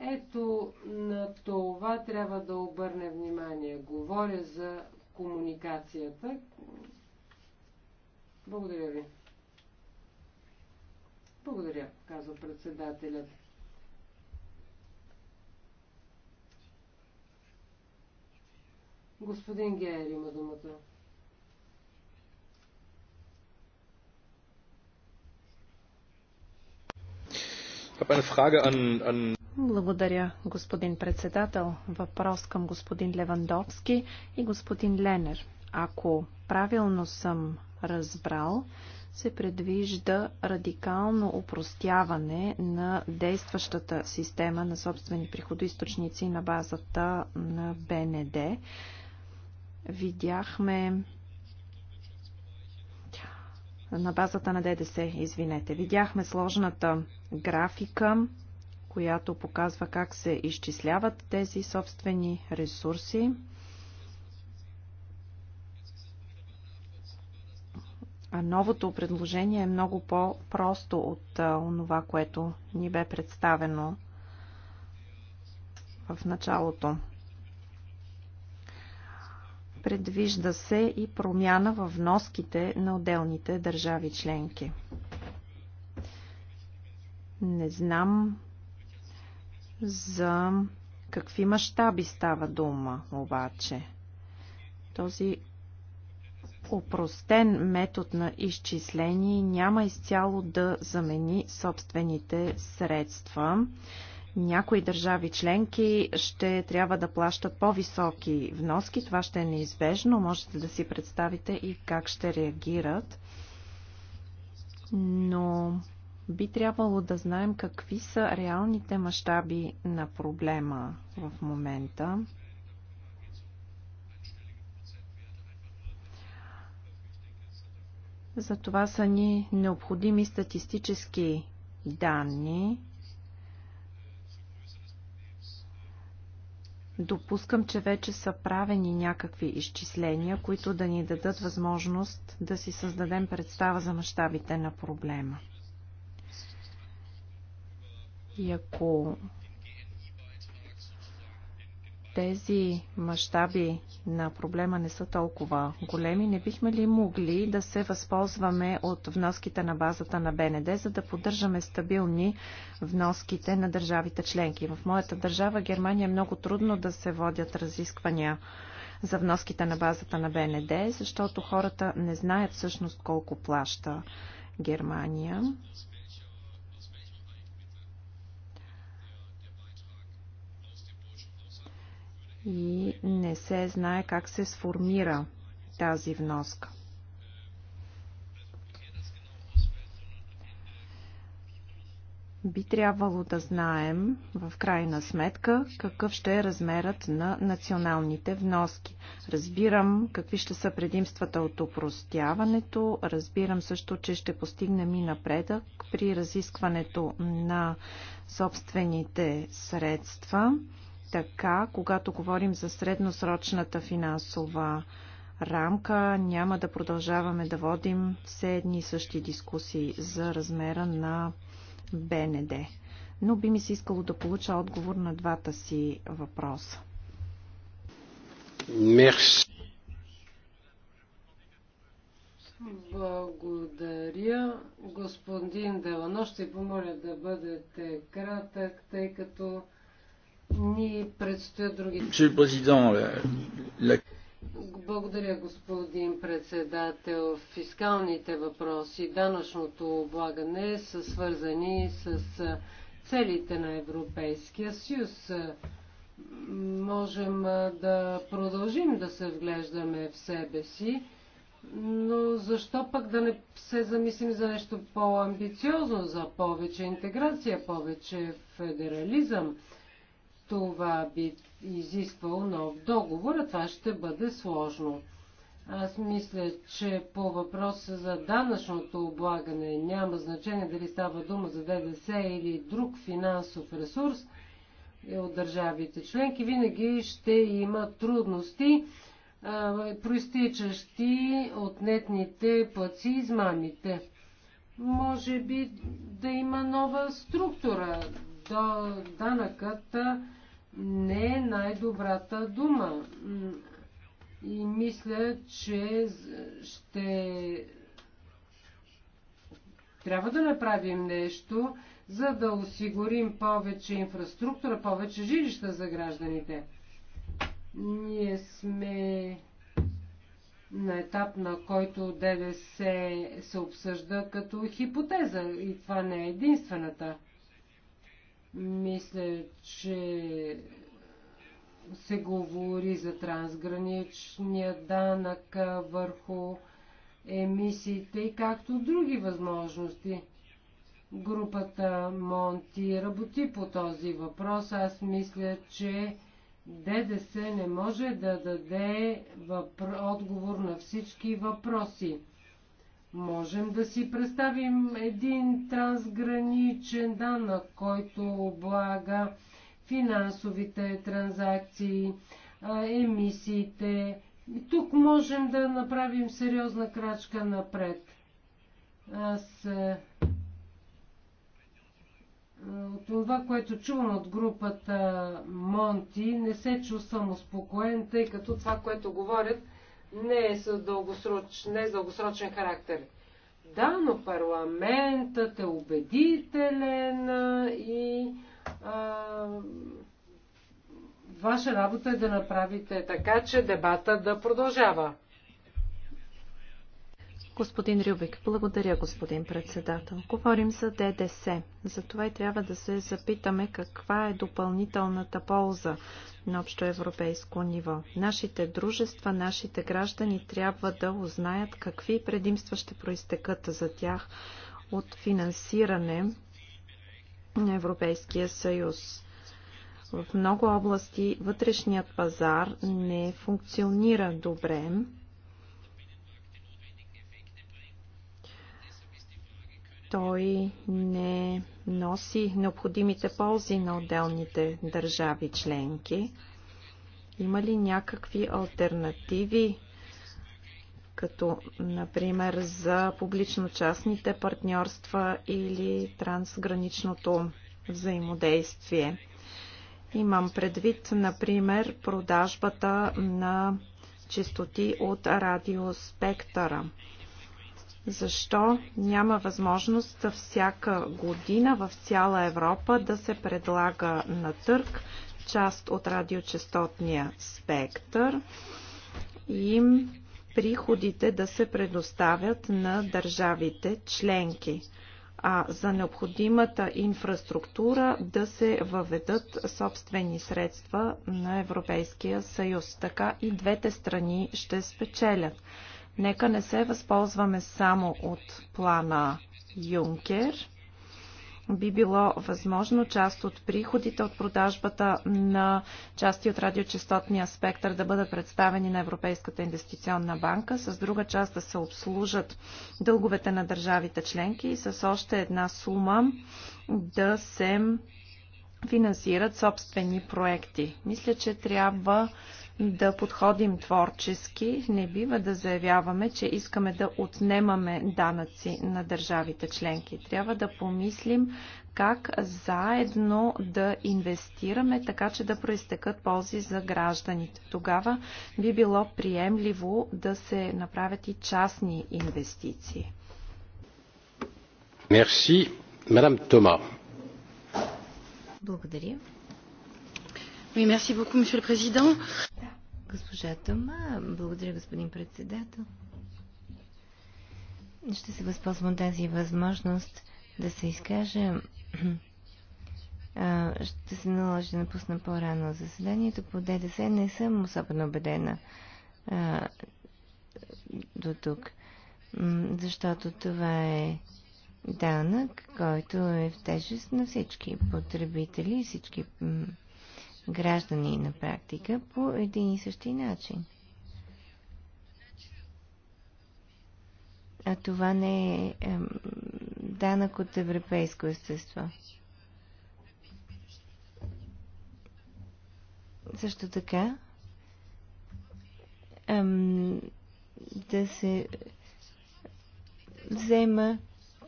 Ето на това трябва да обърне внимание. Говоря за комуникацията. Благодаря ви. Благодаря, казва председателят. Господин Гейер има думата. Благодаря, господин председател. Въпрос към господин Левандовски и господин Ленер. Ако правилно съм разбрал, се предвижда радикално упростяване на действащата система на собствени приходоисточници на базата на БНД. Видяхме на базата на ДДС, извинете. Видяхме сложната графика, която показва как се изчисляват тези собствени ресурси. А новото предложение е много по-просто от това, което ни бе представено в началото. Предвижда се и промяна в вноските на отделните държави членки. Не знам за какви мащаби става дума, обаче. Този упростен метод на изчисление няма изцяло да замени собствените средства. Някои държави членки ще трябва да плащат по-високи вноски. Това ще е неизбежно. Можете да си представите и как ще реагират. Но би трябвало да знаем какви са реалните мащаби на проблема в момента. За това са ни необходими статистически данни, Допускам, че вече са правени някакви изчисления, които да ни дадат възможност да си създадем представа за мащабите на проблема. И ако тези мащаби на проблема не са толкова големи, не бихме ли могли да се възползваме от вноските на базата на БНД, за да поддържаме стабилни вноските на държавите членки? В моята държава Германия е много трудно да се водят разисквания за вноските на базата на БНД, защото хората не знаят всъщност колко плаща Германия. и не се знае как се сформира тази вноска. би трябвало да знаем в крайна сметка какъв ще е размерът на националните вноски. Разбирам какви ще са предимствата от упростяването, разбирам също, че ще постигнем и напредък при разискването на собствените средства така, когато говорим за средносрочната финансова рамка, няма да продължаваме да водим все едни и същи дискусии за размера на БНД. Но би ми се искало да получа отговор на двата си въпроса. Мерси. Благодаря. Господин Делано, ще помоля да бъдете кратък, тъй като ни предстоят други... Благодаря, господин председател. Фискалните въпроси данъчното облагане са свързани с целите на Европейския съюз. Можем да продължим да се вглеждаме в себе си, но защо пък да не се замислим за нещо по-амбициозно, за повече интеграция, повече федерализъм? Това би изисквало нов договор, а това ще бъде сложно. Аз мисля, че по въпроса за данъчното облагане няма значение дали става дума за ДДС или друг финансов ресурс от държавите членки, винаги ще има трудности, проистичащи от нетните плаци и измамите. Може би да има нова структура. Данъкът не е най-добрата дума. И мисля, че ще трябва да направим нещо, за да осигурим повече инфраструктура, повече жилища за гражданите. Ние сме на етап, на който ДДС се обсъжда като хипотеза и това не е единствената. Мисля, че се говори за трансграничния данък върху емисиите и както други възможности. Групата Монти работи по този въпрос. Аз мисля, че ДДС не може да даде въпро... отговор на всички въпроси. Можем да си представим един трансграничен данък, който облага финансовите транзакции, емисиите. И тук можем да направим сериозна крачка напред. Аз от това, което чувам от групата Монти, не се чувствам успокоен, тъй като това, което говорят, не е с дългосрочен, не е с дългосрочен характер. Да, но парламентът е убедителен и а, ваша работа е да направите така, че дебата да продължава. Господин Рюбик, благодаря, господин председател. Говорим за ДДС. Затова и трябва да се запитаме каква е допълнителната полза на общо европейско ниво. Нашите дружества, нашите граждани трябва да узнаят какви предимства ще проистекат за тях от финансиране на Европейския съюз. В много области вътрешният пазар не функционира добре. той не носи необходимите ползи на отделните държави членки. Има ли някакви альтернативи, като например за публично-частните партньорства или трансграничното взаимодействие? Имам предвид, например, продажбата на чистоти от радиоспектъра. Защо няма възможност всяка година в цяла Европа да се предлага на търг част от радиочастотния спектър и приходите да се предоставят на държавите членки, а за необходимата инфраструктура да се въведат собствени средства на Европейския съюз. Така и двете страни ще спечелят. Нека не се възползваме само от плана Юнкер. Би било възможно част от приходите от продажбата на части от радиочастотния спектър да бъдат представени на Европейската инвестиционна банка, с друга част да се обслужат дълговете на държавите членки и с още една сума да се финансират собствени проекти. Мисля, че трябва да подходим творчески. Не бива да заявяваме, че искаме да отнемаме данъци на държавите членки. Трябва да помислим как заедно да инвестираме, така че да проистекат ползи за гражданите. Тогава би било приемливо да се направят и частни инвестиции. Мерси, мадам Тома. Благодаря. Oui, merci beaucoup, Monsieur le Président. Euh, Госпожа Тома, благодаря, господин председател. Ще се възползвам тази възможност да се изкажа. Ще се наложи да напусна по-рано заседанието. По ДДС не съм особено убедена до тук, защото това е данък, който е в тежест на всички потребители и всички граждани на практика по един и същи начин. А това не е, е данък от европейско естество. Също така, да се взема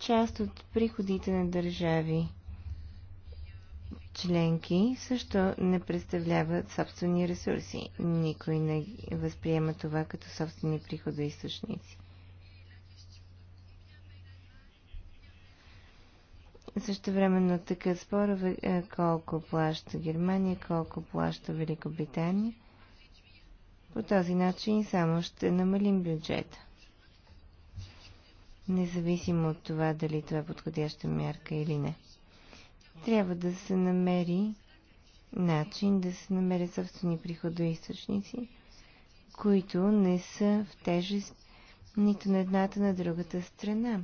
част от приходите на държави членки също не представляват собствени ресурси. Никой не възприема това като собствени приходоисточници. Също времено така спорове е, колко плаща Германия, колко плаща Великобритания. По този начин само ще намалим бюджета. Независимо от това дали това е подходяща мярка или не. Трябва да се намери начин да се намерят собствени приходоисточници, които не са в тежест нито на едната, на другата страна.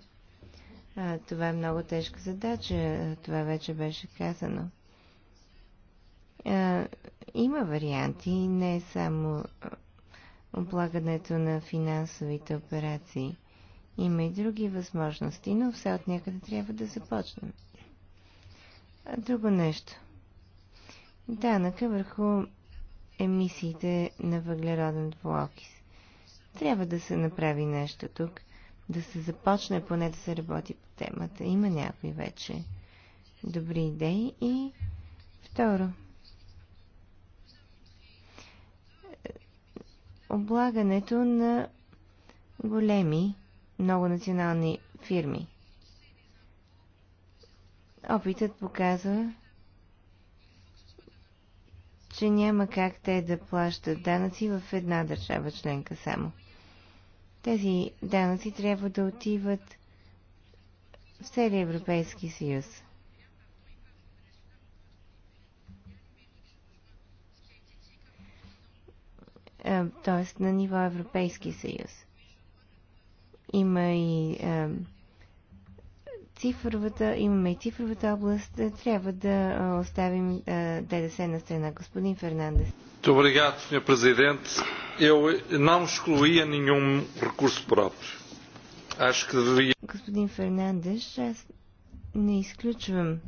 А, това е много тежка задача, това вече беше казано. А, има варианти, не само облагането на финансовите операции. Има и други възможности, но все от някъде трябва да започнем. Друго нещо. Данъка върху емисиите на въглероден двуокис. Трябва да се направи нещо тук, да се започне поне да се работи по темата. Има някои вече добри идеи и второ. Облагането на големи многонационални фирми – Опитът показва, че няма как те да плащат данъци в една държава членка само. Тези данъци трябва да отиват в целия Европейски съюз. т.е. на ниво Европейски съюз. Има и цифровата, имаме и цифровата област, е, трябва да оставим ДДС на страна. Господин Фернандес. Добре, господин президент. Eu não excluía nenhum recurso próprio. Acho que deveria... Господин Фернандес, аз не изключвам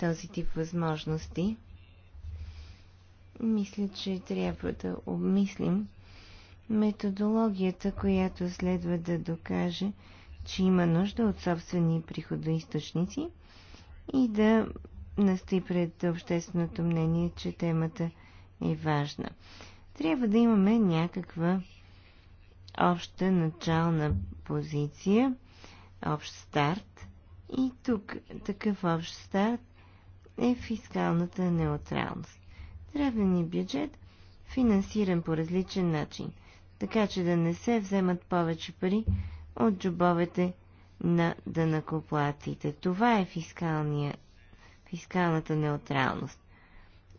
този тип възможности. Мисля, че трябва да обмислим методологията, която следва да докаже, че има нужда от собствени приходоисточници и да настои пред общественото мнение, че темата е важна. Трябва да имаме някаква обща начална позиция, общ старт и тук такъв общ старт е фискалната неутралност. Трябва ни бюджет, финансиран по различен начин, така че да не се вземат повече пари от джобовете на дънакоплаците. Това е фискалния, фискалната неутралност.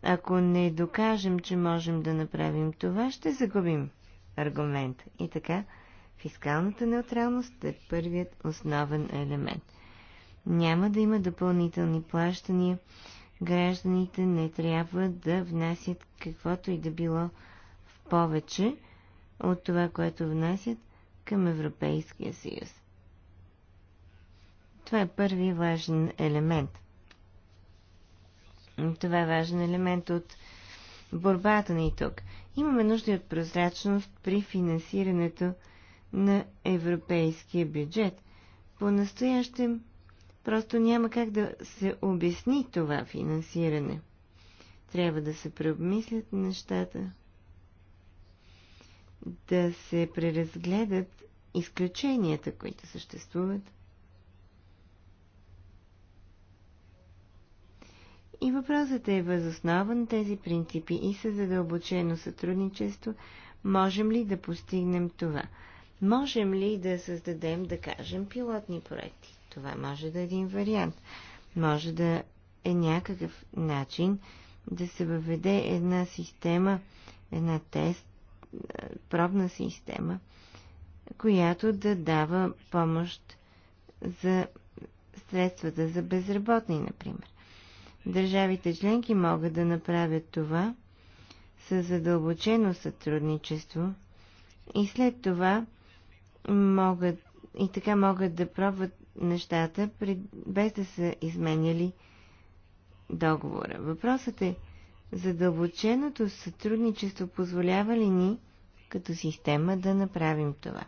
Ако не докажем, че можем да направим това, ще загубим аргумент. И така, фискалната неутралност е първият основен елемент. Няма да има допълнителни плащания. Гражданите не трябва да внасят каквото и да било в повече от това, което внасят – към Европейския съюз. Това е първи важен елемент. Това е важен елемент от борбата ни тук. Имаме нужда от прозрачност при финансирането на европейския бюджет. По-настоящем просто няма как да се обясни това финансиране. Трябва да се преобмислят нещата да се преразгледат изключенията, които съществуват. И въпросът е възоснован тези принципи и със задълбочено сътрудничество, можем ли да постигнем това? Можем ли да създадем, да кажем, пилотни проекти? Това може да е един вариант. Може да е някакъв начин да се въведе една система, една тест, правна система, която да дава помощ за средствата за безработни, например. Държавите членки могат да направят това с задълбочено сътрудничество и след това могат и така могат да пробват нещата, без да са изменяли договора. Въпросът е задълбоченото сътрудничество позволява ли ни като система да направим това?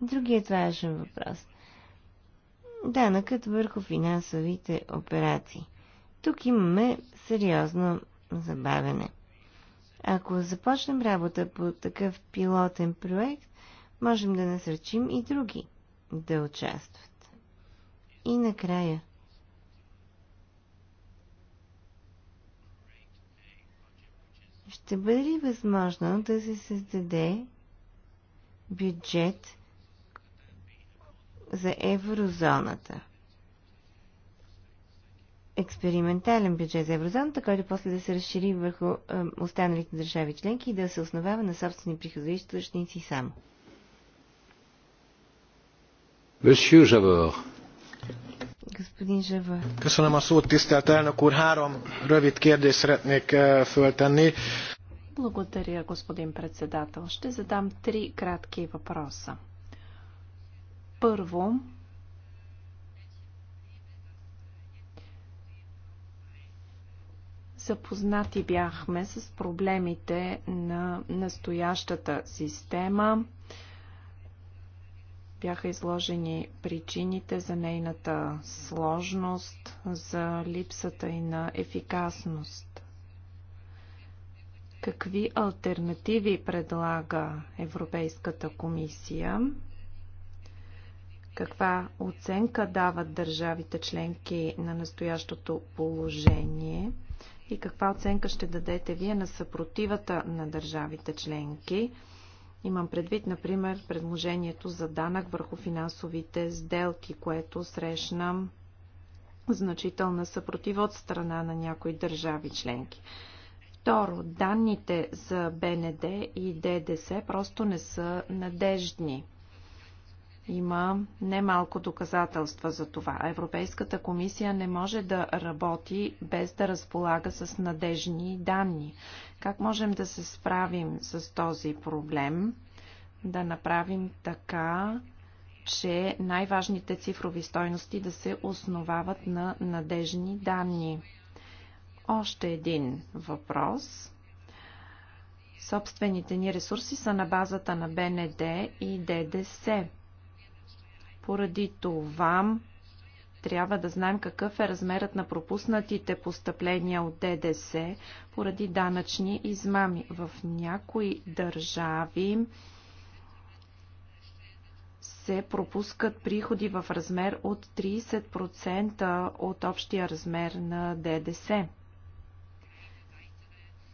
Другият важен въпрос. Данъкът върху финансовите операции. Тук имаме сериозно забавене. Ако започнем работа по такъв пилотен проект, можем да насръчим и други да участват. И накрая. Ще бъде ли възможно да се създаде бюджет за еврозоната? Експериментален бюджет за еврозоната, който после да се разшири върху е, останалите държави членки и да се основава на собствени приходоисточници само. Monsieur Javor господин Köszönöm a szót, tisztelt elnök úr. Három rövid kérdést szeretnék eh, föltenni. Благодаря, господин председател. Ще задам три кратки въпроса. Първо, запознати бяхме с проблемите на настоящата система – бяха изложени причините за нейната сложност, за липсата и на ефикасност. Какви альтернативи предлага Европейската комисия? Каква оценка дават държавите членки на настоящото положение? И каква оценка ще дадете вие на съпротивата на държавите членки? Имам предвид, например, предложението за данък върху финансовите сделки, което срещна значителна съпротива от страна на някои държави членки. Второ, данните за БНД и ДДС просто не са надеждни. Има немалко доказателства за това. Европейската комисия не може да работи без да разполага с надежни данни. Как можем да се справим с този проблем? Да направим така, че най-важните цифрови стойности да се основават на надежни данни. Още един въпрос. Собствените ни ресурси са на базата на БНД и ДДС. Поради това трябва да знаем какъв е размерът на пропуснатите постъпления от ДДС поради данъчни измами. В някои държави се пропускат приходи в размер от 30% от общия размер на ДДС.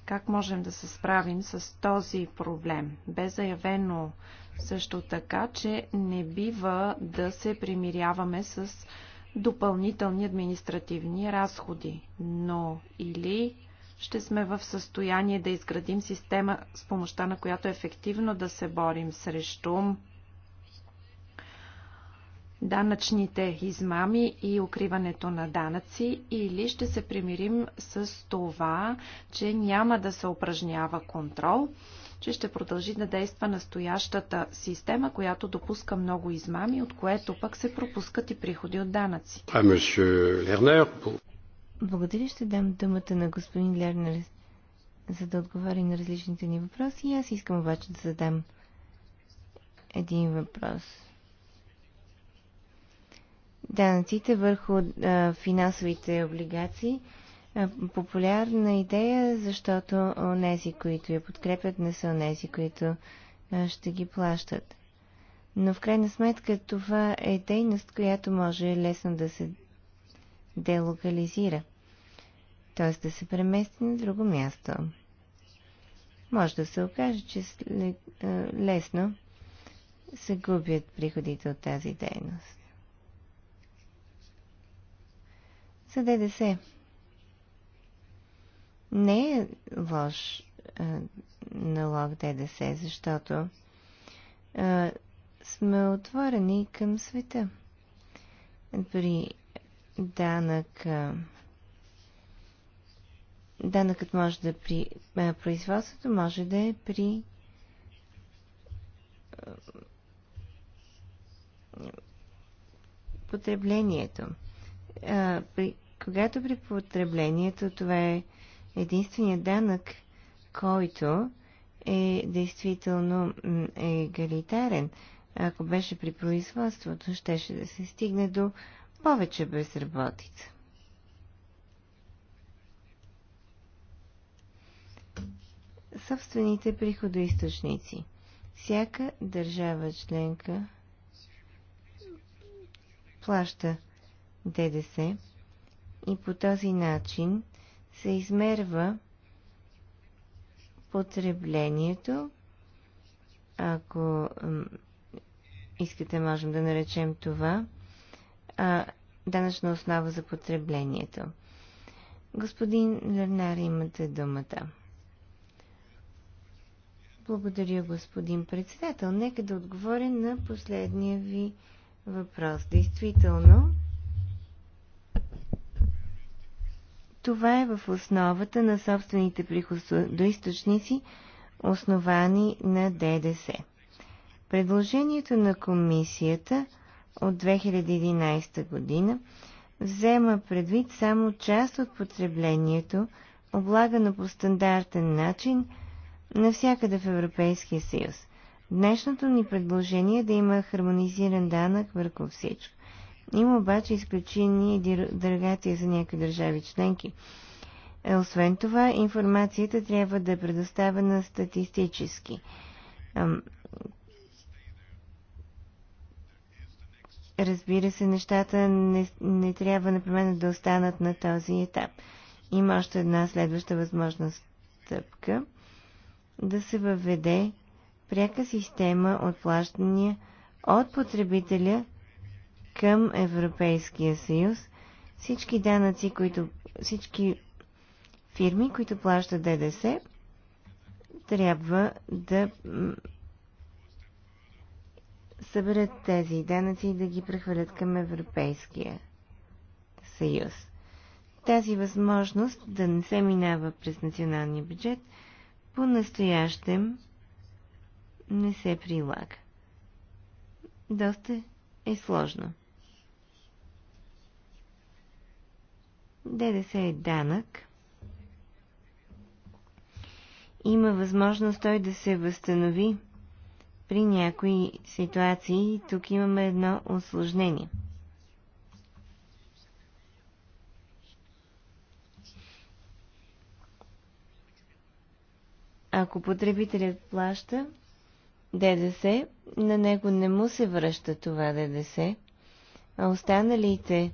Как можем да се справим с този проблем? Бе заявено също така, че не бива да се примиряваме с допълнителни административни разходи, но или ще сме в състояние да изградим система, с помощта на която ефективно да се борим срещу данъчните измами и укриването на данъци или ще се примирим с това, че няма да се упражнява контрол, че ще продължи да действа настоящата система, която допуска много измами, от което пък се пропускат и приходи от данъци. Благодаря, ще дам думата на господин Лернер, за да отговори на различните ни въпроси. И аз искам обаче да задам един въпрос. Данъците върху а, финансовите облигации – е, популярна идея, защото онези, които я подкрепят, не са онези, които е, ще ги плащат. Но в крайна сметка това е дейност, която може лесно да се делокализира, т.е. да се премести на друго място. Може да се окаже, че е, лесно се губят приходите от тази дейност. За ДДС не е лош а, е, налог ДДС, защото а, е, сме отворени към света. При данък а, е, данъкът може да при а, производството може да е при а, потреблението. А, при, когато при потреблението това е единственият данък, който е действително егалитарен. Ако беше при производството, щеше да се стигне до повече безработица. Собствените приходоисточници. Всяка държава членка плаща ДДС и по този начин се измерва потреблението, ако искате, можем да наречем това, а, данъчна основа за потреблението. Господин Лернар, имате думата. Благодаря, господин председател. Нека да отговоря на последния ви въпрос. Действително, Това е в основата на собствените приходоисточници, основани на ДДС. Предложението на комисията от 2011 година взема предвид само част от потреблението, облагано по стандартен начин навсякъде в Европейския съюз. Днешното ни предложение е да има хармонизиран данък върху всичко. Има обаче изключени дерогации за някои държави членки. Е, освен това, информацията трябва да е предоставена статистически. Разбира се, нещата не, не трябва непременно да останат на този етап. Има още една следваща възможна стъпка да се въведе пряка система от плащания от потребителя към Европейския съюз всички данъци, които всички фирми, които плащат ДДС, трябва да съберат тези данъци и да ги прехвърлят към Европейския съюз. Тази възможност да не се минава през националния бюджет по-настоящем не се прилага. Доста е сложно. ДДС е данък. Има възможност той да се възстанови при някои ситуации. Тук имаме едно осложнение. Ако потребителят плаща ДДС, на него не му се връща това ДДС, а останалите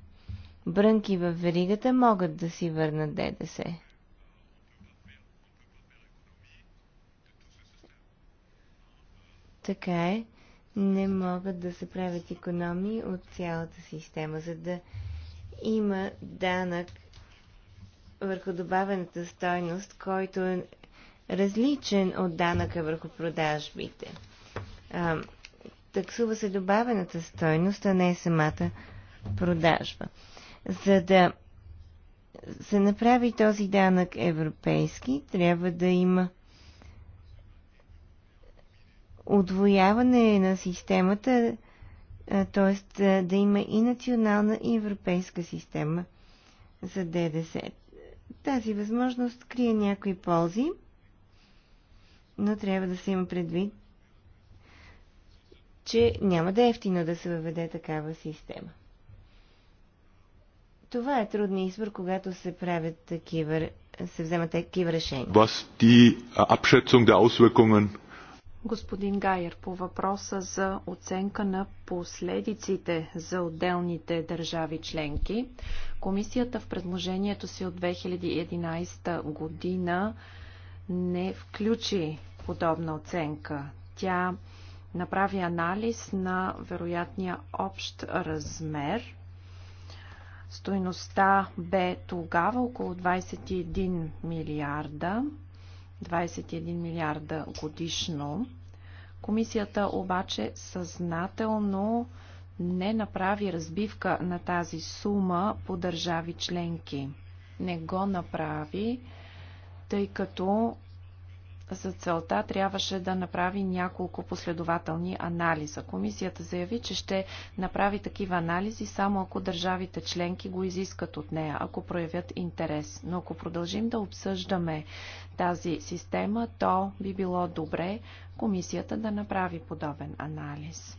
брънки в веригата могат да си върнат ДДС. Така е. Не могат да се правят економии от цялата система, за да има данък върху добавената стойност, който е различен от данъка върху продажбите. А, таксува се добавената стойност, а не самата продажба. За да се направи този данък европейски, трябва да има отвояване на системата, т.е. да има и национална и европейска система за ДДС. Тази възможност крие някои ползи, но трябва да се има предвид, че няма да е ефтино да се въведе такава система. Това е трудни избор, когато се правят такива, се вземат такива решения. Was die Abschätzung der Auswirkungen Господин Гайер, по въпроса за оценка на последиците за отделните държави членки, комисията в предложението си от 2011 година не включи подобна оценка. Тя направи анализ на вероятния общ размер Стойността бе тогава около 21 милиарда, 21 милиарда годишно. Комисията обаче съзнателно не направи разбивка на тази сума по държави членки. Не го направи, тъй като за целта трябваше да направи няколко последователни анализа. Комисията заяви, че ще направи такива анализи само ако държавите членки го изискат от нея, ако проявят интерес. Но ако продължим да обсъждаме тази система, то би било добре комисията да направи подобен анализ.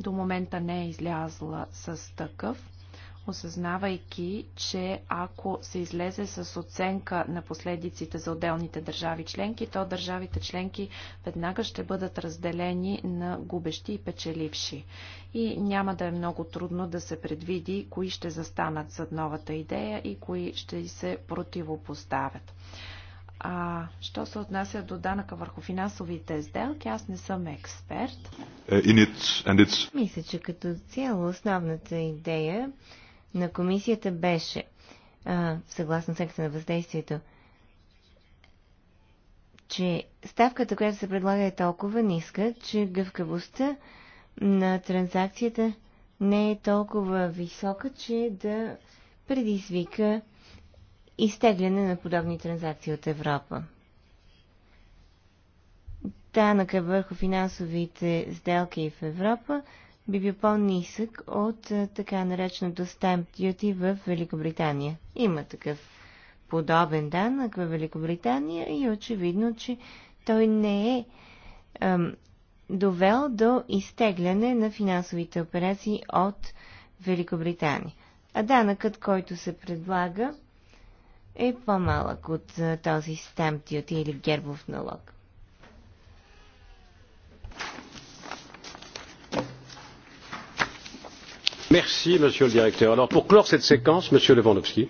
До момента не е излязла с такъв осъзнавайки, че ако се излезе с оценка на последиците за отделните държави членки, то държавите членки веднага ще бъдат разделени на губещи и печеливши. И няма да е много трудно да се предвиди кои ще застанат зад новата идея и кои ще се противопоставят. А, що се отнася до данъка върху финансовите сделки, аз не съм експерт. Е, it, Мисля, че като цяло основната идея на комисията беше, а, съгласно секта на въздействието, че ставката, която се предлага е толкова ниска, че гъвкавостта на транзакцията не е толкова висока, че да предизвика изтегляне на подобни транзакции от Европа. Данъка върху финансовите сделки в Европа би бил по-нисък от така нареченото stamp duty в Великобритания. Има такъв подобен данък в Великобритания и е очевидно, че той не е ам, довел до изтегляне на финансовите операции от Великобритания. А данъкът, който се предлага, е по-малък от този stamp duty или гербов налог. monsieur le directeur. pour clore cette séquence, monsieur Lewandowski.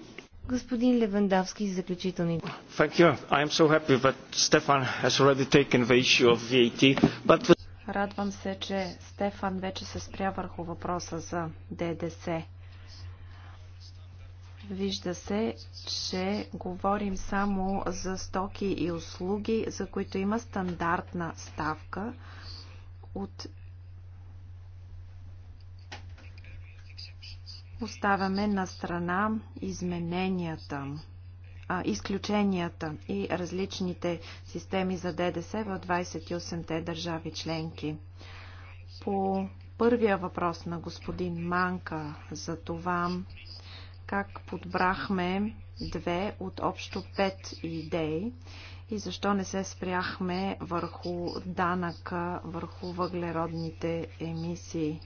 Господин Левандовски, заключителни. Thank Радвам се, че Стефан вече се спря върху въпроса за ДДС. Вижда се, че говорим само за стоки и услуги, за които има стандартна ставка от Оставяме на страна измененията, а, изключенията и различните системи за ДДС в 28-те държави членки. По първия въпрос на господин Манка за това как подбрахме две от общо пет идеи и защо не се спряхме върху данъка, върху въглеродните емисии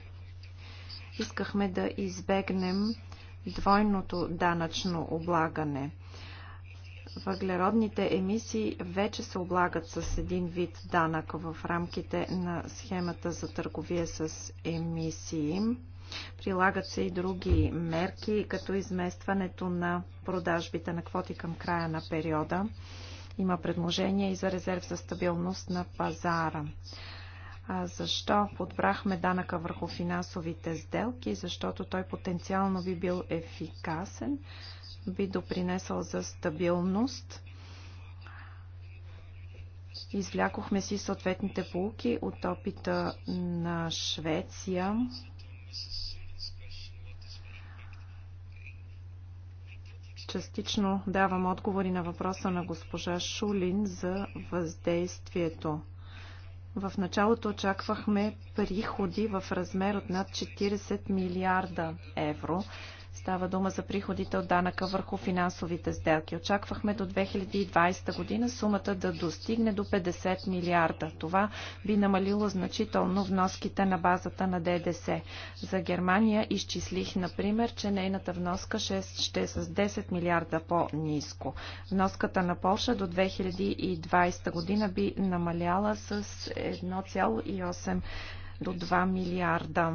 искахме да избегнем двойното данъчно облагане. Въглеродните емисии вече се облагат с един вид данък в рамките на схемата за търговия с емисии. Прилагат се и други мерки, като изместването на продажбите на квоти към края на периода. Има предложение и за резерв за стабилност на пазара защо подбрахме данъка върху финансовите сделки, защото той потенциално би бил ефикасен, би допринесъл за стабилност. Извлякохме си съответните полуки от опита на Швеция. Частично давам отговори на въпроса на госпожа Шулин за въздействието в началото очаквахме приходи в размер от над 40 милиарда евро. Става дума за приходите от данъка върху финансовите сделки. Очаквахме до 2020 година сумата да достигне до 50 милиарда. Това би намалило значително вноските на базата на ДДС. За Германия изчислих, например, че нейната вноска ще е с 10 милиарда по-низко. Вноската на Польша до 2020 година би намаляла с 1,8 до 2 милиарда.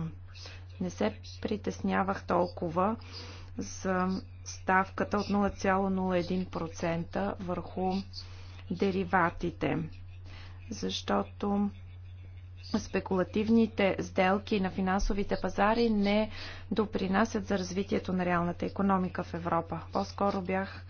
Не се притеснявах толкова за ставката от 0,01% върху дериватите, защото спекулативните сделки на финансовите пазари не допринасят за развитието на реалната економика в Европа. По-скоро бях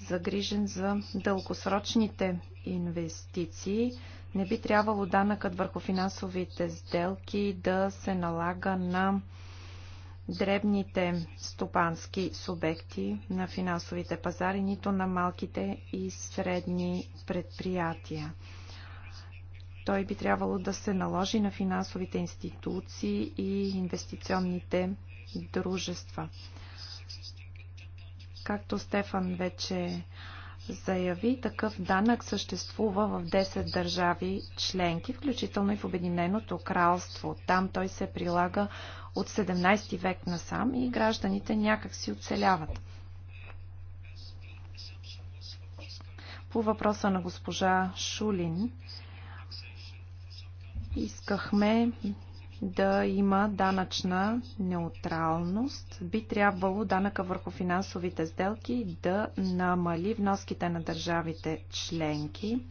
загрижен за дългосрочните инвестиции, не би трябвало данъкът върху финансовите сделки да се налага на дребните стопански субекти на финансовите пазари, нито на малките и средни предприятия. Той би трябвало да се наложи на финансовите институции и инвестиционните дружества. Както Стефан вече заяви, такъв данък съществува в 10 държави членки, включително и в Обединеното кралство. Там той се прилага от 17 век насам и гражданите някак си оцеляват. По въпроса на госпожа Шулин, искахме да има данъчна неутралност. Би трябвало данъка върху финансовите сделки да намали вноските на държавите членки.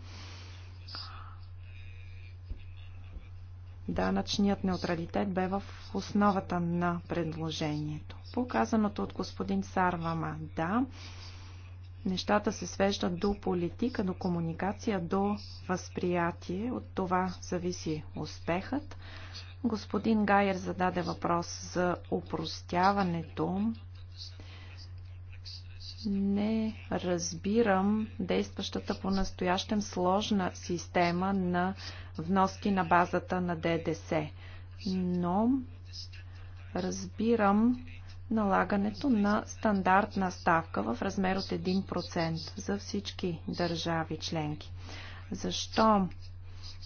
Данъчният неутралитет бе в основата на предложението. Показаното от господин Сарвама, да, нещата се свеждат до политика, до комуникация, до възприятие. От това зависи успехът. Господин Гайер зададе въпрос за упростяването. Не разбирам действащата по настоящем сложна система на вноски на базата на ДДС, но разбирам налагането на стандартна ставка в размер от 1% за всички държави членки. Защо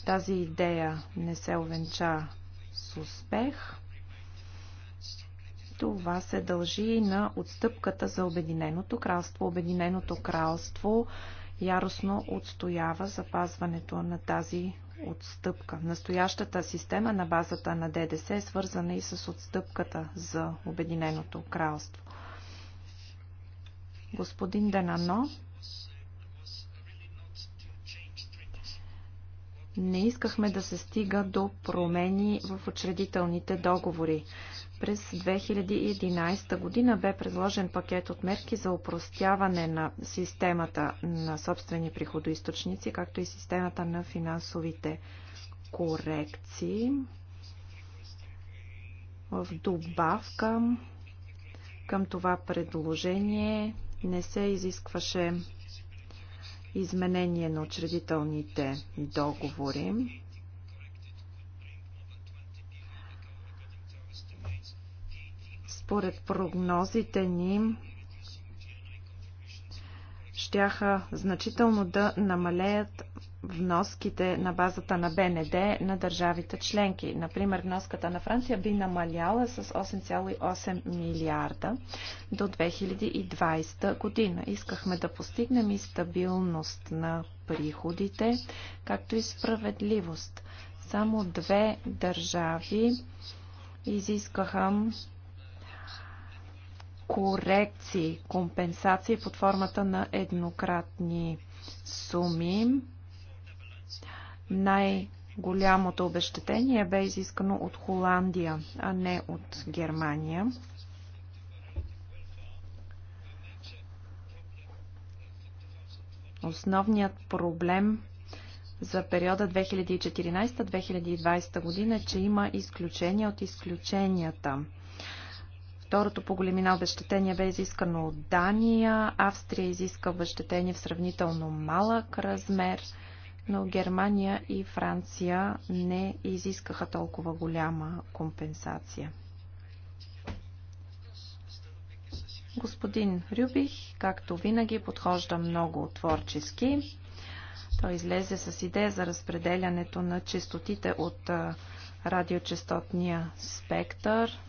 тази идея не се овенча с успех. Това се дължи и на отстъпката за Обединеното кралство. Обединеното кралство яростно отстоява запазването на тази отстъпка. Настоящата система на базата на ДДС е свързана и с отстъпката за Обединеното кралство. Господин Денано не искахме да се стига до промени в учредителните договори. През 2011 година бе предложен пакет от мерки за упростяване на системата на собствени приходоисточници, както и системата на финансовите корекции. В добавка към това предложение не се изискваше изменение на учредителните договори. Според прогнозите ни, щяха значително да намалеят вноските на базата на БНД на държавите членки. Например, вноската на Франция би намаляла с 8,8 милиарда до 2020 година. Искахме да постигнем и стабилност на приходите, както и справедливост. Само две държави изискаха корекции, компенсации под формата на еднократни суми. Най-голямото обещетение бе изискано от Холандия, а не от Германия. Основният проблем за периода 2014-2020 година е, че има изключения от изключенията. Второто по големина обещетение бе изискано от Дания. Австрия изиска обещетение в сравнително малък размер – но Германия и Франция не изискаха толкова голяма компенсация. Господин Рюбих, както винаги, подхожда много творчески. Той излезе с идея за разпределянето на частотите от радиочастотния спектър,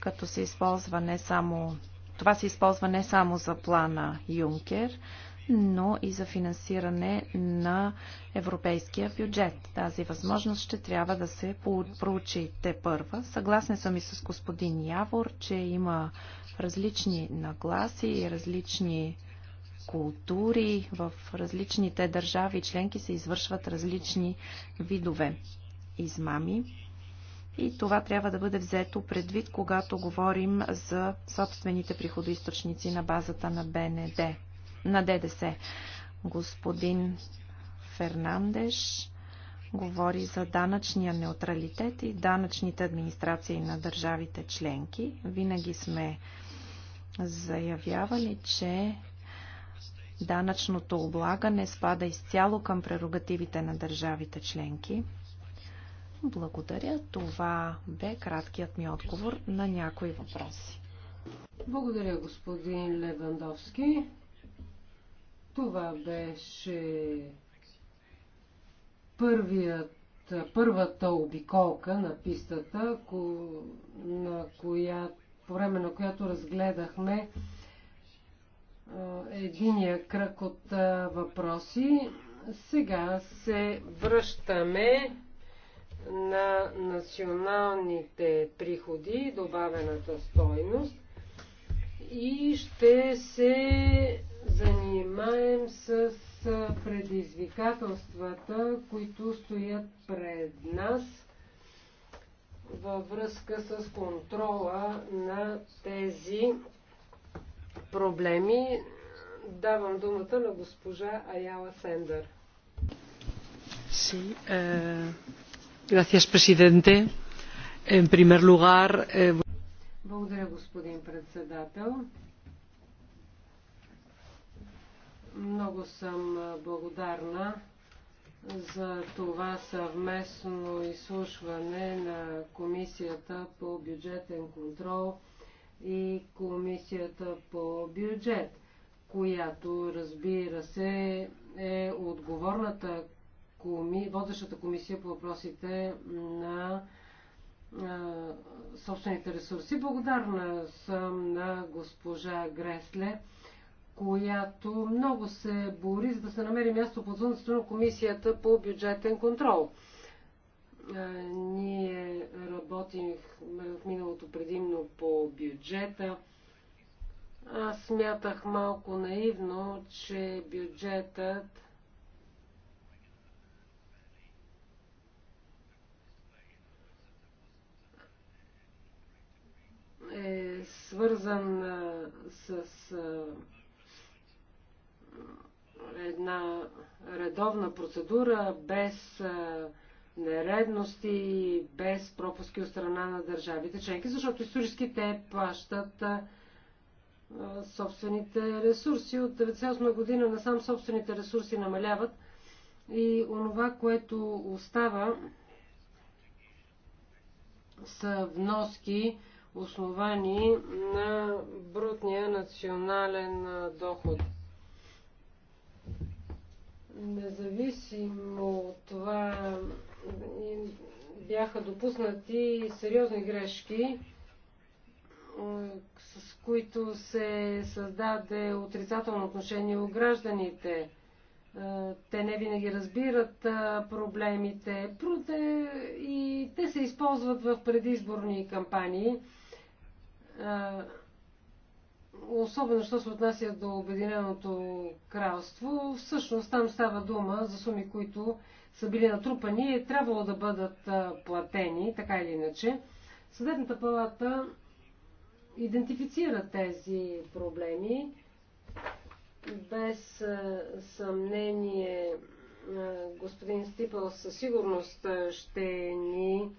като се използва не само... Това се използва не само за плана Юнкер, но и за финансиране на европейския бюджет. Тази възможност ще трябва да се проучи те първа. Съгласен съм и с господин Явор, че има различни нагласи и различни култури. В различните държави и членки се извършват различни видове измами. И това трябва да бъде взето предвид, когато говорим за собствените приходоисточници на базата на БНД на ДДС. Господин Фернандеш говори за данъчния неутралитет и данъчните администрации на държавите членки. Винаги сме заявявали, че данъчното облагане спада изцяло към прерогативите на държавите членки. Благодаря. Това бе краткият ми отговор на някои въпроси. Благодаря, господин Левандовски. Това беше първият, първата обиколка на пистата, ко, на коя, по време на която разгледахме единия кръг от въпроси. Сега се връщаме на националните приходи, добавената стойност и ще се занимаем с предизвикателствата, които стоят пред нас във връзка с контрола на тези проблеми. Давам думата на госпожа Аяла Сендър. Sí, eh, gracias, presidente. En primer lugar, eh... Благодаря, господин председател. Много съм благодарна за това съвместно изслушване на Комисията по бюджетен контрол и Комисията по бюджет, която разбира се е отговорната коми... водещата комисия по въпросите на собствените ресурси. Благодарна съм на госпожа Гресле която много се бори, за да се намери място под слънцето на Комисията по бюджетен контрол. Ние работихме в миналото предимно по бюджета. Аз смятах малко наивно, че бюджетът е свързан с една редовна процедура, без нередности, без пропуски от страна на държавите членки, защото исторически те плащат собствените ресурси. От 1998 година насам собствените ресурси намаляват и онова, което остава са вноски, основани на брутния национален доход независимо от това бяха допуснати сериозни грешки, е, с които се създаде отрицателно отношение у гражданите. Е, те не винаги разбират е, проблемите и те се използват в предизборни кампании особено що се отнася до Обединеното кралство, всъщност там става дума за суми, които са били натрупани и е трябвало да бъдат платени, така или иначе. Съдебната палата идентифицира тези проблеми. Без съмнение господин Стипъл със сигурност ще ни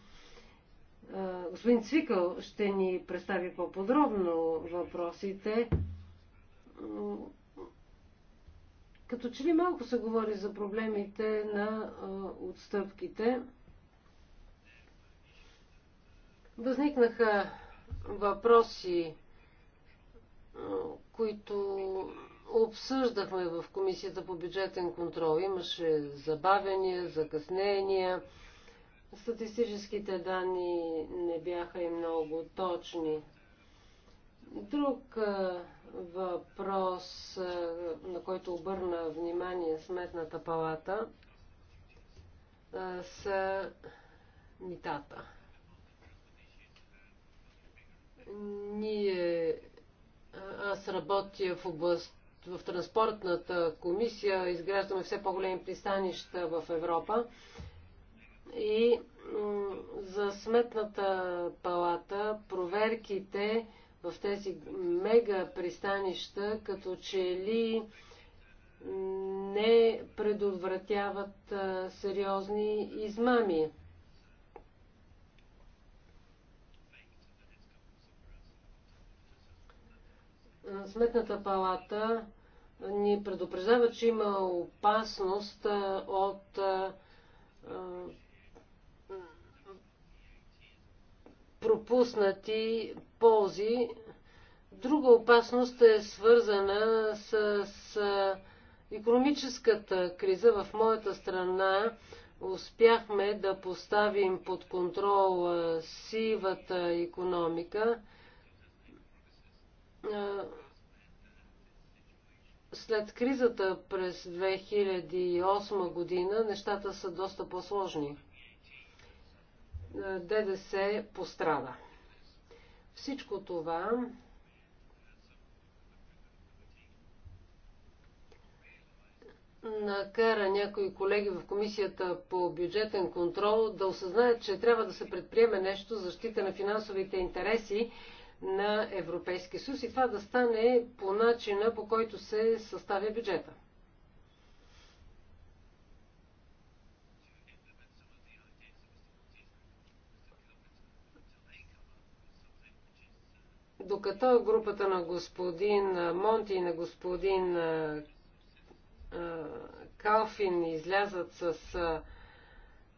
Господин Цвикъл ще ни представи по-подробно въпросите. Като че ли малко се говори за проблемите на отстъпките, възникнаха въпроси, които обсъждахме в Комисията по бюджетен контрол. Имаше забавяния, закъснения Статистическите данни не бяха и много точни. Друг е, въпрос, е, на който обърна внимание Сметната палата, е, са митата. Ние, аз работя в област, в транспортната комисия, изграждаме все по-големи пристанища в Европа и за сметната палата проверките в тези мега пристанища като че ли не предотвратяват сериозни измами. Сметната палата ни предупреждава, че има опасност от пропуснати ползи. Друга опасност е свързана с, с економическата криза. В моята страна успяхме да поставим под контрол сивата економика. След кризата през 2008 година нещата са доста по-сложни. ДДС пострада. Всичко това накара някои колеги в комисията по бюджетен контрол да осъзнаят, че трябва да се предприеме нещо за защита на финансовите интереси на Европейския съюз и това да стане по начина, по който се съставя бюджета. Като групата на господин Монти и на господин Калфин излязат с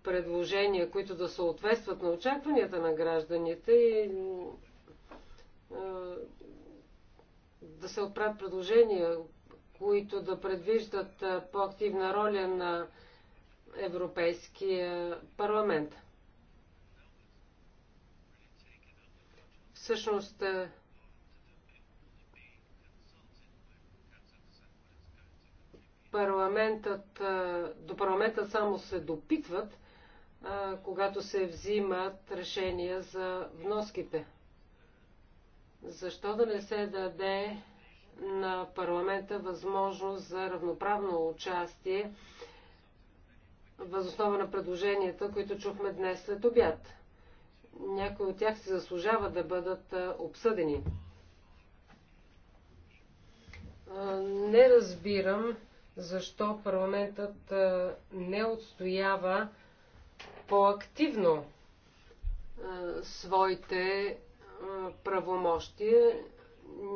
предложения, които да съответстват на очакванията на гражданите и да се отправят предложения, които да предвиждат по-активна роля на Европейския парламент. Всъщност, парламентът, до парламента само се допитват, когато се взимат решения за вноските. Защо да не се даде на парламента възможност за равноправно участие възоснова на предложенията, които чухме днес след обяд? Някои от тях се заслужава да бъдат обсъдени. Не разбирам защо парламентът не отстоява по-активно своите правомощия.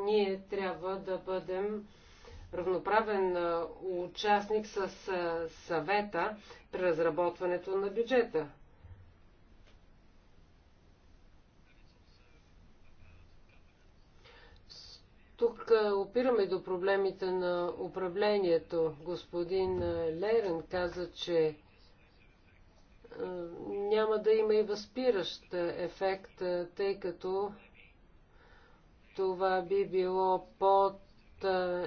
Ние трябва да бъдем равноправен участник с съвета при разработването на бюджета. Тук е, опираме до проблемите на управлението. Господин е, Лейрен каза, че е, няма да има и възпиращ ефект, тъй като това би било под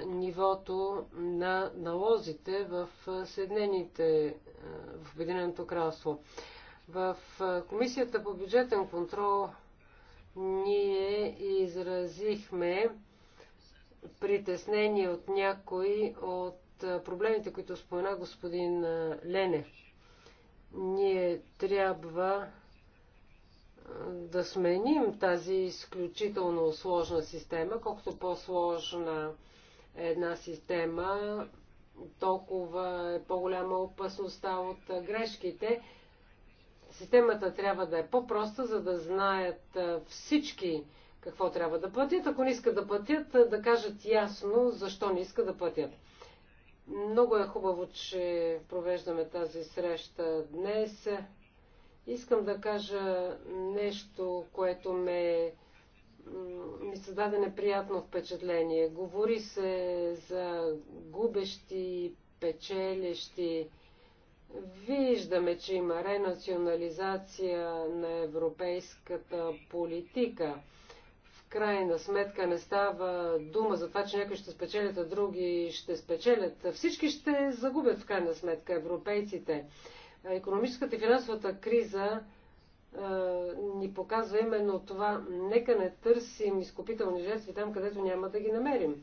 нивото на налозите в Съединените, в Обединеното кралство. В Комисията по бюджетен контрол ние изразихме притеснение от някои от проблемите, които спомена господин Ленев. Ние трябва да сменим тази изключително сложна система. Колкото по-сложна е една система, толкова е по-голяма опасността от грешките. Системата трябва да е по-проста, за да знаят всички какво трябва да платят. Ако не искат да платят, да кажат ясно защо не искат да платят. Много е хубаво, че провеждаме тази среща днес. Искам да кажа нещо, което ме ми създаде неприятно впечатление. Говори се за губещи, печелещи. Виждаме, че има ренационализация на европейската политика крайна сметка не става дума за това, че някои ще спечелят, а други ще спечелят. Всички ще загубят в крайна сметка европейците. Економическата и финансовата криза е, ни показва именно това. Нека не търсим изкупителни жертви там, където няма да ги намерим.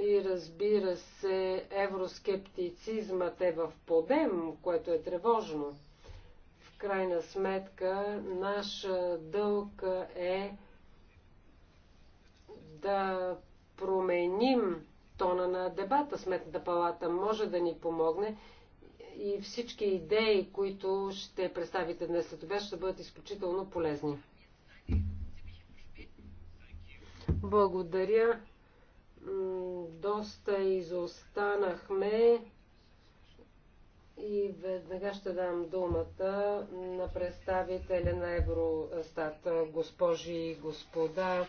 И разбира се, евроскептицизмът е в подем, което е тревожно. В крайна сметка, наш дълг е да променим тона на дебата. Сметната палата може да ни помогне и всички идеи, които ще представите днес след обед, ще бъдат изключително полезни. Благодаря. Доста изостанахме и веднага ще дам думата на представителя на Евростат, госпожи и господа.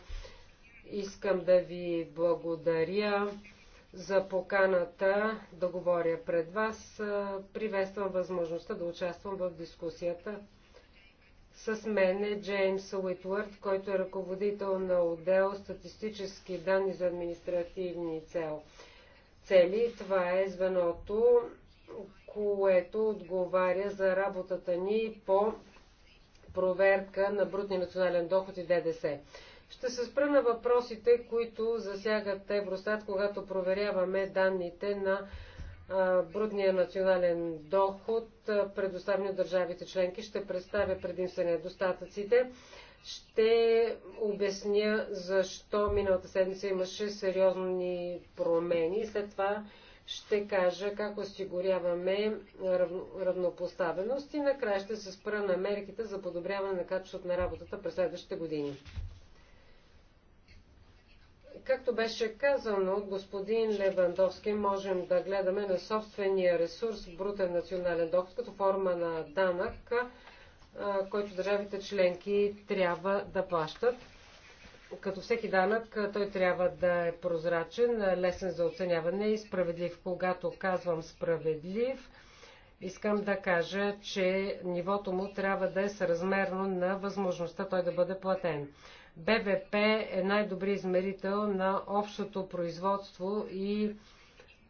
Искам да ви благодаря за поканата да говоря пред вас. Приветствам възможността да участвам в дискусията. С мен е Джеймс Уитвард, който е ръководител на отдел статистически данни за административни цел. цели. Това е звеното, което отговаря за работата ни по проверка на брутния национален доход и ДДС. Ще се спра на въпросите, които засягат Евростат, когато проверяваме данните на брудния национален доход, предоставени от държавите членки. Ще представя предимствени недостатъците. Ще обясня защо миналата седмица имаше сериозни промени. След това ще кажа как осигуряваме равнопоставеност и накрая ще се спра на мерките за подобряване на качеството на работата през следващите години. Както беше казано от господин Левандовски, можем да гледаме на собствения ресурс брутен национален доход като форма на данък, който държавите членки трябва да плащат. Като всеки данък, той трябва да е прозрачен, лесен за оценяване и справедлив. Когато казвам справедлив, искам да кажа, че нивото му трябва да е съразмерно на възможността той да бъде платен. БВП е най-добри измерител на общото производство и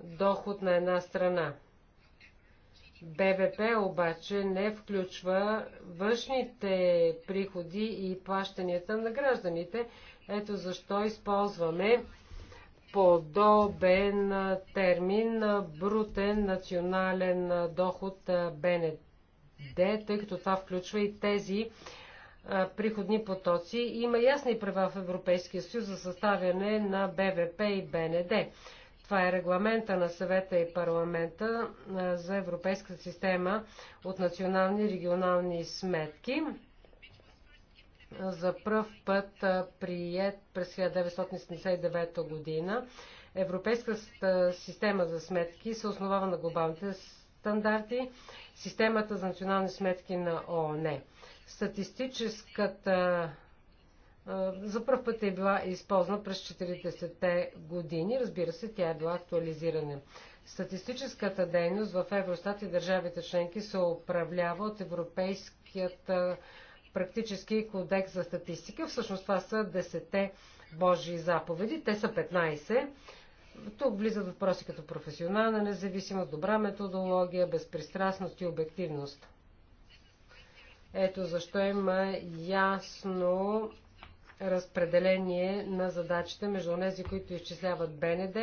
доход на една страна. БВП обаче не включва външните приходи и плащанията на гражданите. Ето защо използваме подобен термин брутен национален доход БНД, тъй като това включва и тези приходни потоци. Има ясни права в Европейския съюз за съставяне на БВП и БНД. Това е регламента на съвета и парламента за европейската система от национални и регионални сметки. За пръв път прият през 1979 година. Европейската система за сметки се основава на глобалните стандарти, системата за национални сметки на ООН. Е. Статистическата за първ път е била използвана през 40-те години. Разбира се, тя е била актуализирана. Статистическата дейност в Евростат и държавите членки се управлява от Европейският практически кодекс за статистика. Всъщност това са 10-те Божии заповеди. Те са 15. Тук влизат въпроси като професионална независимост, добра методология, безпристрастност и обективност. Ето защо има ясно разпределение на задачите между тези, които изчисляват БНД,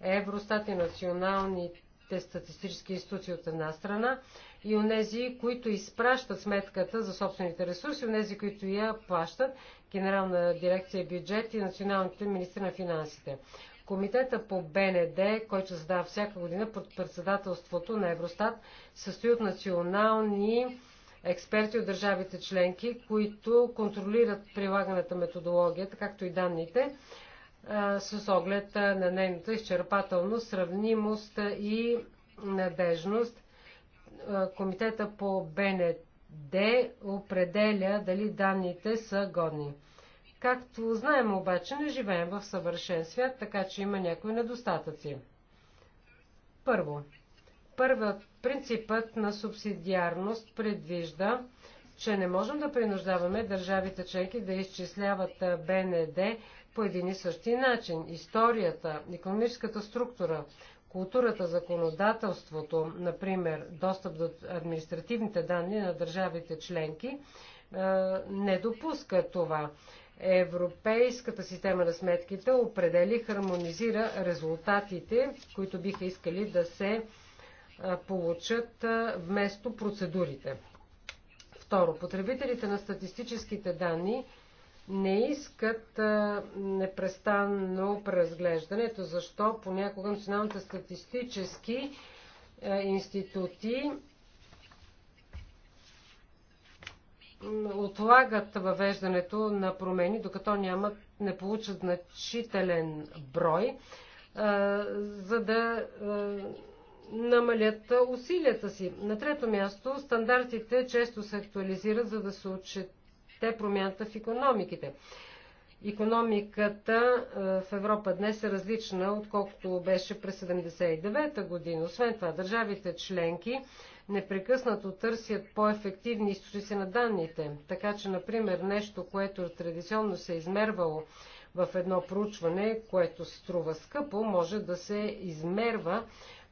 Евростат и националните статистически институции от една страна и онези, които изпращат сметката за собствените ресурси, онези, които я плащат, Генерална дирекция бюджет и националните министри на финансите. Комитета по БНД, който задава всяка година под председателството на Евростат, състои от национални експерти от държавите членки, които контролират прилаганата методология, както и данните, с оглед на нейната изчерпателност, сравнимост и надежност. Комитета по БНД определя дали данните са годни. Както знаем обаче, не живеем в съвършен свят, така че има някои недостатъци. Първо, Първият принципът на субсидиарност предвижда, че не можем да принуждаваме държавите членки да изчисляват БНД по един и същи начин. Историята, економическата структура, културата, законодателството, например, достъп до административните данни на държавите членки, не допуска това. Европейската система на сметките определи, хармонизира резултатите, които биха искали да се получат вместо процедурите. Второ, потребителите на статистическите данни не искат непрестанно преразглеждането, защо понякога националните статистически институти отлагат въвеждането на промени, докато нямат, не получат значителен брой, за да намалят усилията си. На трето място, стандартите често се актуализират, за да се отчете промяната в економиките. Економиката в Европа днес е различна, отколкото беше през 79-та година. Освен това, държавите членки непрекъснато търсят по-ефективни източници на данните. Така че, например, нещо, което традиционно се е измервало в едно проучване, което струва скъпо, може да се измерва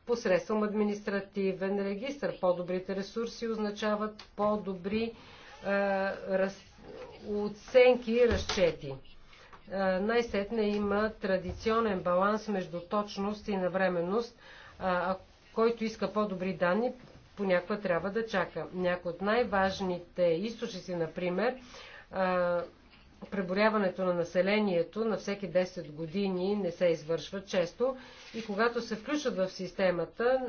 посредством административен регистр. По-добрите ресурси означават по-добри е, раз... оценки и разчети. Е, най-сетне има традиционен баланс между точност и навременност. Е, а, който иска по-добри данни, понякога трябва да чака. Някои от най-важните източници, например, преборяването на населението на всеки 10 години не се извършва често и когато се включат в системата,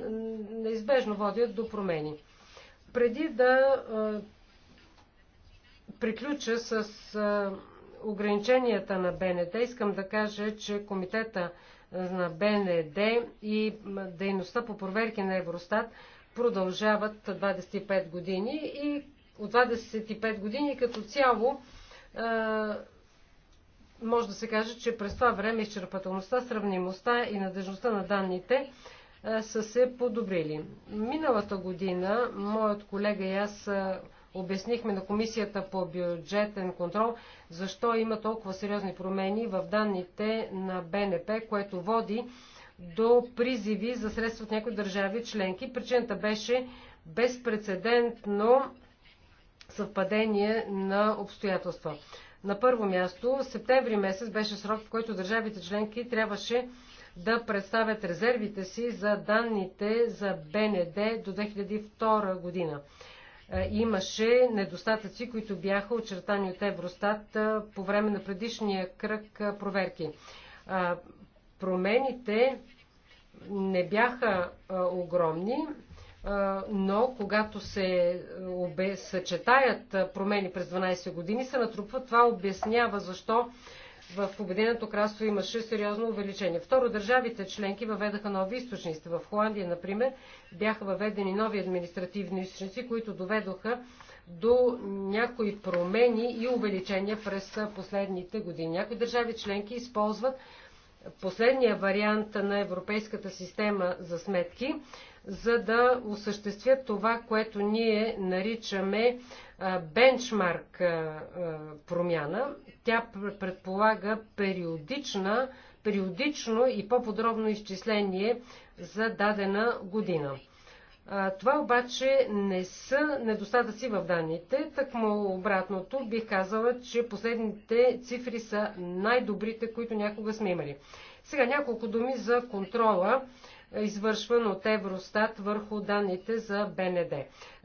неизбежно водят до промени. Преди да приключа с ограниченията на БНД, искам да кажа, че комитета на БНД и дейността по проверки на Евростат продължават 25 години и от 25 години като цяло е, може да се каже, че през това време изчерпателността, сравнимостта и надежността на данните е, са се подобрили. Миналата година моят колега и аз е, обяснихме на Комисията по бюджетен контрол защо има толкова сериозни промени в данните на БНП, което води до призиви за средства от някои държави членки. Причината беше безпредседентно съвпадение на обстоятелства. На първо място, септември месец беше срок, в който държавите членки трябваше да представят резервите си за данните за БНД до 2002 година. Е, имаше недостатъци, които бяха очертани от Евростат е, по време на предишния кръг е, проверки. Промените не бяха огромни, но когато се е, обе... съчетаят промени през 12 години, се натрупват. Това обяснява защо в Обединеното кралство имаше сериозно увеличение. Второ, държавите членки въведаха нови източници. В Холандия, например, бяха въведени нови административни източници, които доведоха до някои промени и увеличения през последните години. Някои държави членки използват последния вариант на европейската система за сметки за да осъществят това, което ние наричаме бенчмарк промяна. Тя предполага периодична, периодично и по-подробно изчисление за дадена година. Това обаче не са недостатъци в данните, му обратното бих казала, че последните цифри са най-добрите, които някога сме имали. Сега няколко думи за контрола извършван от Евростат върху данните за БНД.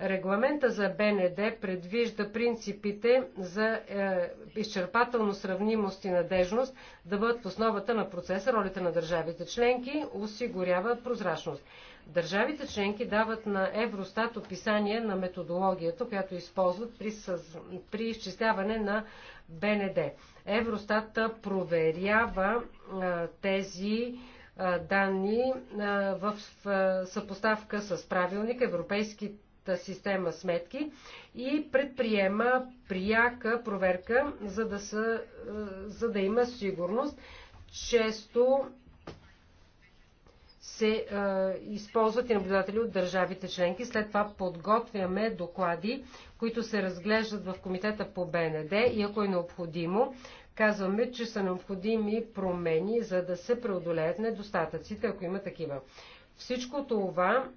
Регламента за БНД предвижда принципите за е, изчерпателно сравнимост и надежност да бъдат в основата на процеса. Ролите на държавите членки осигурява прозрачност. Държавите членки дават на Евростат описание на методологията, която използват при, съз... при изчисляване на БНД. Евростат проверява а, е, тези данни в съпоставка с правилник Европейската система сметки и предприема прияка проверка, за да, са, за да има сигурност. Често се а, е, използват и наблюдатели от държавите членки. След това подготвяме доклади, които се разглеждат в комитета по БНД и ако е необходимо, Казваме, че са необходими промени, за да се преодолеят недостатъците, ако има такива. Всичко това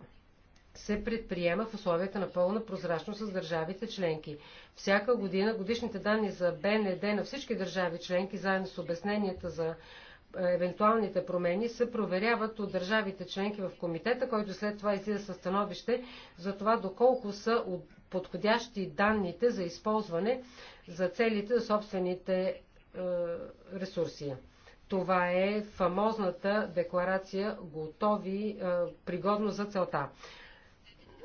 се предприема в условията на пълна прозрачност с държавите членки. Всяка година годишните данни за БНД на всички държави членки, заедно с обясненията за е, евентуалните промени, се проверяват от държавите членки в комитета, който след това излиза със становище за това доколко са подходящи данните за използване за целите за собствените е, ресурси. Това е фамозната декларация готови, е, пригодно за целта.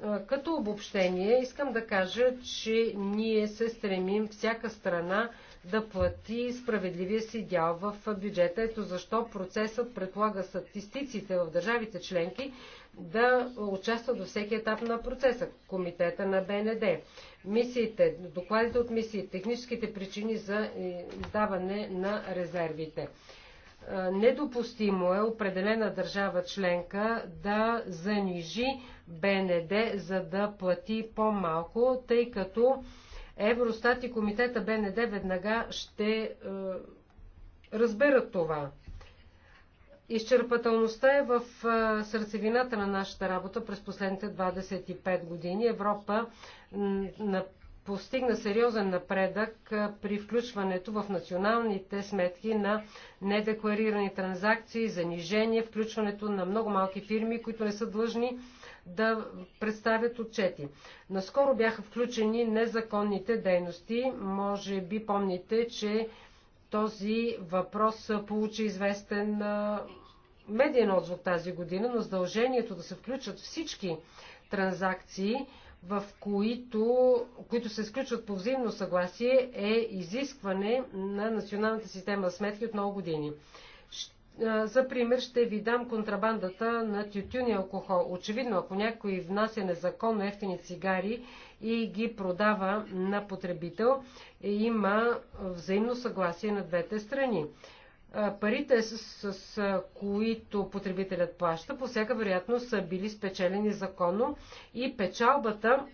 Е, като обобщение искам да кажа, че ние се стремим всяка страна да плати справедливия си дял в бюджета. Ето защо процесът предполага статистиците в държавите членки да участват във всеки етап на процеса. Комитета на БНД, мисиите, докладите от мисии, техническите причини за издаване на резервите. Недопустимо е определена държава членка да занижи БНД, за да плати по-малко, тъй като Евростат и комитета БНД веднага ще е, разберат това. Изчерпателността е в сърцевината на нашата работа през последните 25 години. Европа постигна сериозен напредък при включването в националните сметки на недекларирани транзакции, занижение, включването на много малки фирми, които не са длъжни да представят отчети. Наскоро бяха включени незаконните дейности. Може би помните, че този въпрос получи известен медиен отзвук тази година, но задължението да се включат всички транзакции, в които, които се изключват по взаимно съгласие, е изискване на националната система сметки от много години. За пример ще ви дам контрабандата на тютюн и алкохол. Очевидно, ако някой внася незаконно ефтини цигари и ги продава на потребител, има взаимно съгласие на двете страни парите, с, с които потребителят плаща, по всяка вероятност са били спечелени законно и печалбата,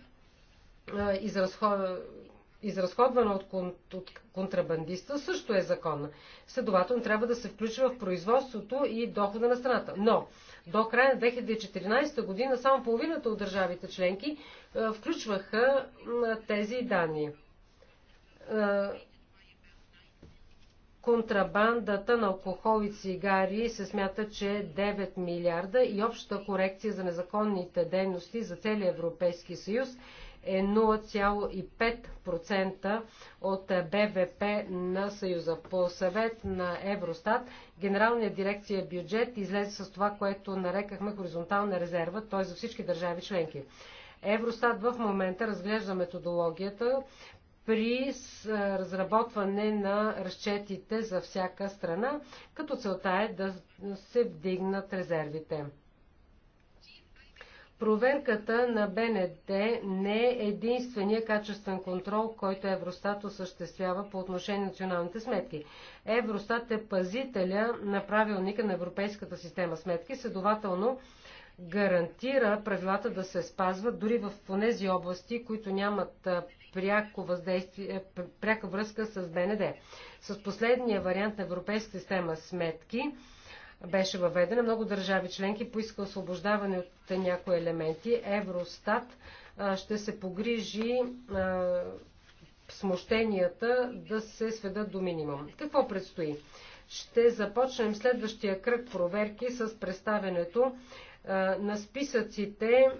изразходвана от, от контрабандиста, също е законна. Следователно трябва да се включва в производството и дохода на страната. Но до края на 2014 година само половината от държавите членки включваха тези данни контрабандата на алкохол и цигари се смята, че е 9 милиарда и общата корекция за незаконните дейности за целия Европейски съюз е 0,5% от БВП на Съюза. По съвет на Евростат, генералния дирекция бюджет излезе с това, което нарекахме хоризонтална резерва, т.е. за всички държави членки. Евростат в момента разглежда методологията, при разработване на разчетите за всяка страна, като целта е да се вдигнат резервите. Проверката на БНД не е единствения качествен контрол, който Евростат осъществява по отношение на националните сметки. Евростат е пазителя на правилника на Европейската система сметки, следователно гарантира правилата да се спазват дори в тези области, които нямат пряко въздействие, е, пряка връзка с БНД. С последния вариант на Европейска система сметки беше въведена. Много държави членки поиска освобождаване от някои елементи. Евростат ще се погрижи смущенията да се сведат до минимум. Какво предстои? Ще започнем следващия кръг проверки с представенето на списъците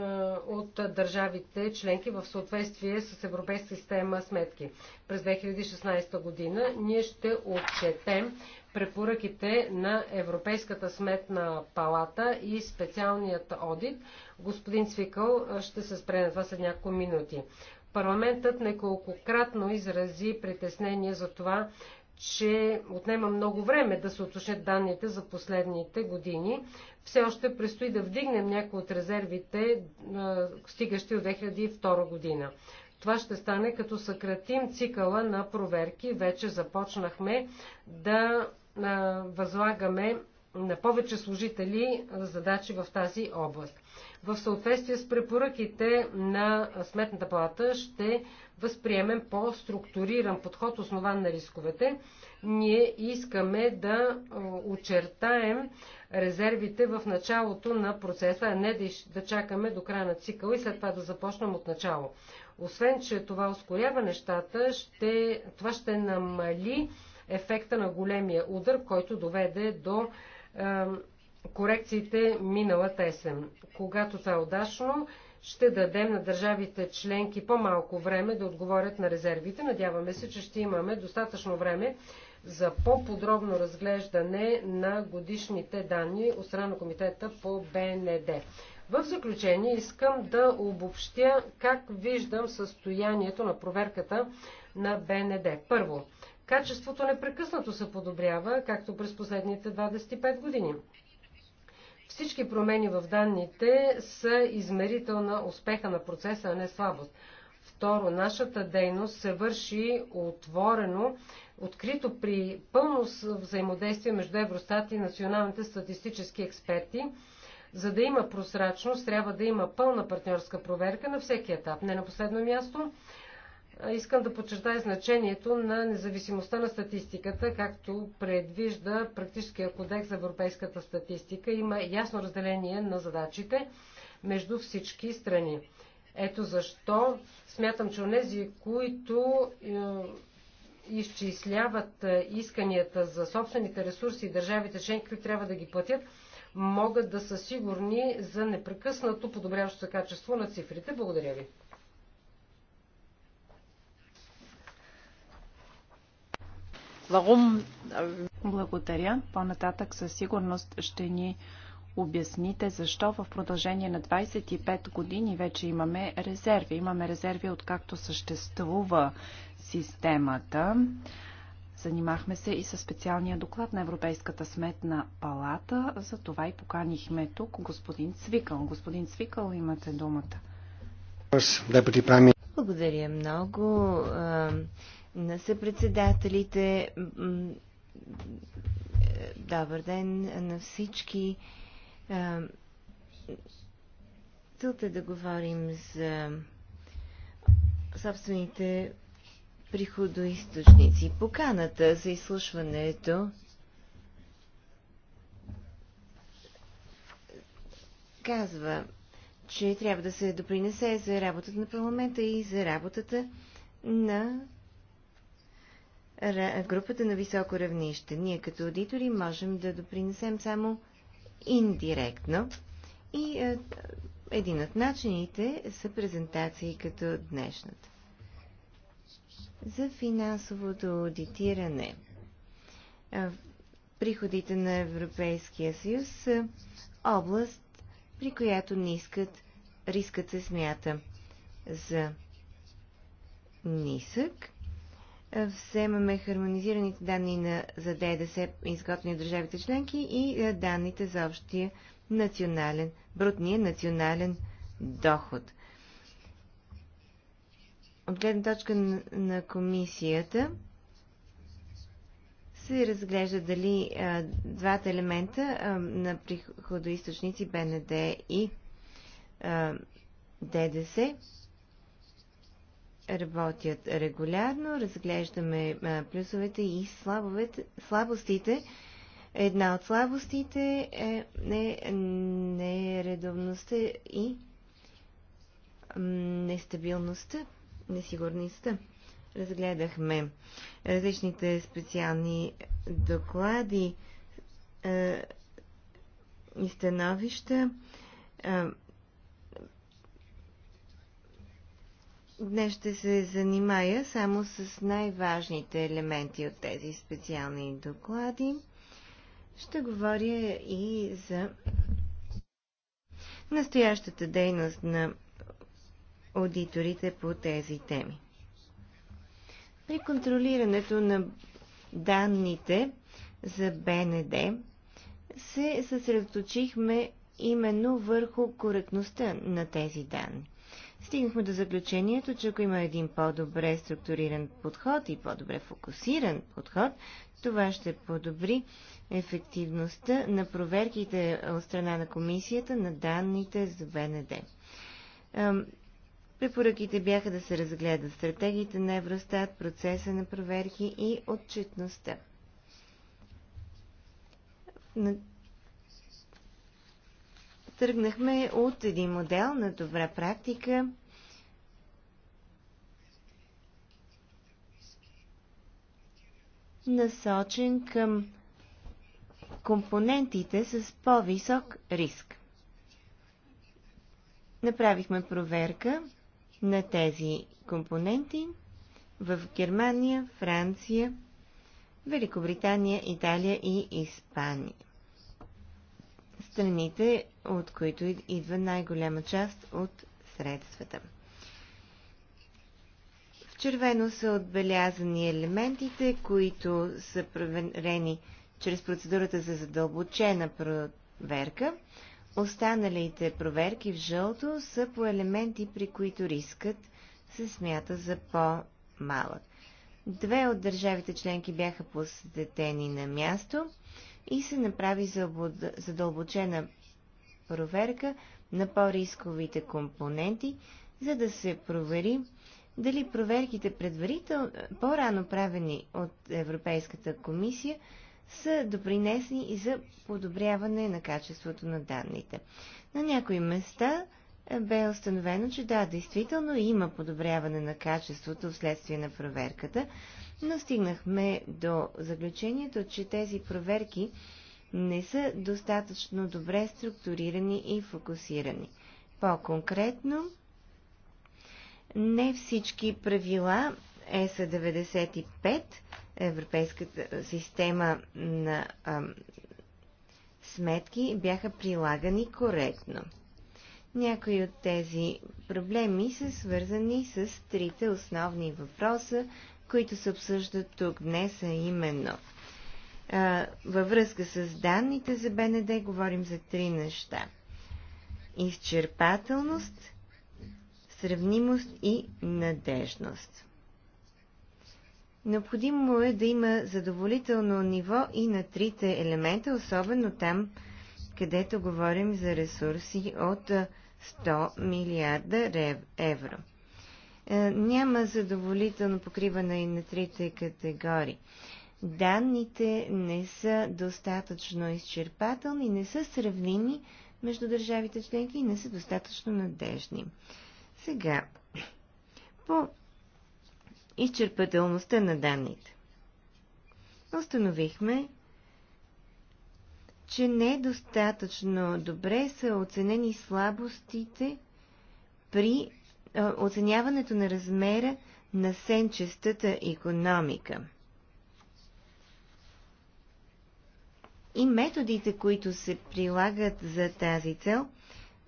е, от държавите членки в съответствие с Европейска система сметки. През 2016 година ние ще отчетем препоръките на Европейската сметна палата и специалният одит. Господин Цвикъл е, ще се спре на това след няколко минути. Парламентът неколкократно изрази притеснение за това, че отнема много време да се уточнят данните за последните години. Все още предстои да вдигнем някои от резервите, стигащи от 2002 година. Това ще стане като съкратим цикъла на проверки. Вече започнахме да възлагаме на повече служители задачи в тази област. В съответствие с препоръките на Сметната палата ще възприемем по-структуриран подход, основан на рисковете. Ние искаме да очертаем резервите в началото на процеса, а не да чакаме до края на цикъл и след това да започнем от начало. Освен, че това ускорява нещата, ще, това ще намали ефекта на големия удар, който доведе до корекциите миналата есен. Когато това е удачно, ще дадем на държавите членки по-малко време да отговорят на резервите. Надяваме се, че ще имаме достатъчно време за по-подробно разглеждане на годишните данни от страна на комитета по БНД. В заключение искам да обобщя как виждам състоянието на проверката на БНД. Първо, Качеството непрекъснато се подобрява, както през последните 25 години. Всички промени в данните са измерител на успеха на процеса, а не слабост. Второ, нашата дейност се върши отворено, открито при пълно взаимодействие между Евростат и националните статистически експерти. За да има прозрачност, трябва да има пълна партньорска проверка на всеки етап. Не на последно място, Искам да подчертая значението на независимостта на статистиката, както предвижда практическия кодекс за европейската статистика. Има ясно разделение на задачите между всички страни. Ето защо смятам, че онези, които е, изчисляват е, исканията за собствените ресурси и държавите членки, които трябва да ги платят, могат да са сигурни за непрекъснато подобряващо се качество на цифрите. Благодаря ви. Благодаря. По-нататък със сигурност ще ни обясните защо в продължение на 25 години вече имаме резерви. Имаме резерви откакто съществува системата. Занимахме се и със специалния доклад на Европейската сметна палата. За това и поканихме тук господин Цвикъл. Господин Цвикъл, имате думата. Благодаря много на съпредседателите. Добър ден на всички. Целта е да говорим за собствените приходоисточници. Поканата за изслушването казва, че трябва да се допринесе за работата на парламента и за работата на групата на високо равнище. Ние като аудитори можем да допринесем само индиректно. И е, един от начините са презентации като днешната. За финансовото аудитиране. Е, приходите на Европейския съюз са област, при която нискът, рискът се смята за нисък вземаме хармонизираните данни на, за ДДС, изготвени от държавите членки и е, данните за общия национален, брутния национален доход. От гледна точка на, на комисията се разглежда дали а, е, двата елемента а, е, на приходоисточници БНД и а, ДДС работят регулярно, разглеждаме плюсовете и слабостите. Една от слабостите е, е нередовността не и нестабилността, несигурността. Разгледахме различните специални доклади и становища. Днес ще се занимая само с най-важните елементи от тези специални доклади. Ще говоря и за настоящата дейност на аудиторите по тези теми. При контролирането на данните за БНД се съсредоточихме именно върху коректността на тези данни стигнахме до заключението, че ако има един по-добре структуриран подход и по-добре фокусиран подход, това ще подобри ефективността на проверките от страна на комисията на данните за БНД. Препоръките бяха да се разгледат стратегиите на Евростат, процеса на проверки и отчетността. Тръгнахме от един модел на добра практика насочен към компонентите с по-висок риск. Направихме проверка на тези компоненти в Германия, Франция, Великобритания, Италия и Испания. Страните, от които идва най-голяма част от средствата червено са отбелязани елементите, които са проверени чрез процедурата за задълбочена проверка. Останалите проверки в жълто са по елементи, при които рискът се смята за по-малък. Две от държавите членки бяха посетени на място и се направи задълбочена проверка на по-рисковите компоненти, за да се провери дали проверките предварително по-рано правени от Европейската комисия, са допринесени и за подобряване на качеството на данните. На някои места е, бе установено, че да, действително има подобряване на качеството вследствие на проверката, но стигнахме до заключението, че тези проверки не са достатъчно добре структурирани и фокусирани. По-конкретно, не всички правила ес 95, Европейската система на а, сметки, бяха прилагани коректно. Някои от тези проблеми са свързани с трите основни въпроса, които се обсъждат тук днес, а именно а, във връзка с данните за БНД говорим за три неща. Изчерпателност – сравнимост и надежност. Необходимо е да има задоволително ниво и на трите елемента, особено там, където говорим за ресурси от 100 милиарда евро. Е, няма задоволително покриване и на трите категории. Данните не са достатъчно изчерпателни, не са сравними между държавите членки и не са достатъчно надежни. Сега, по изчерпателността на данните. Установихме, че не е достатъчно добре са оценени слабостите при оценяването на размера на сенчестата економика. И методите, които се прилагат за тази цел –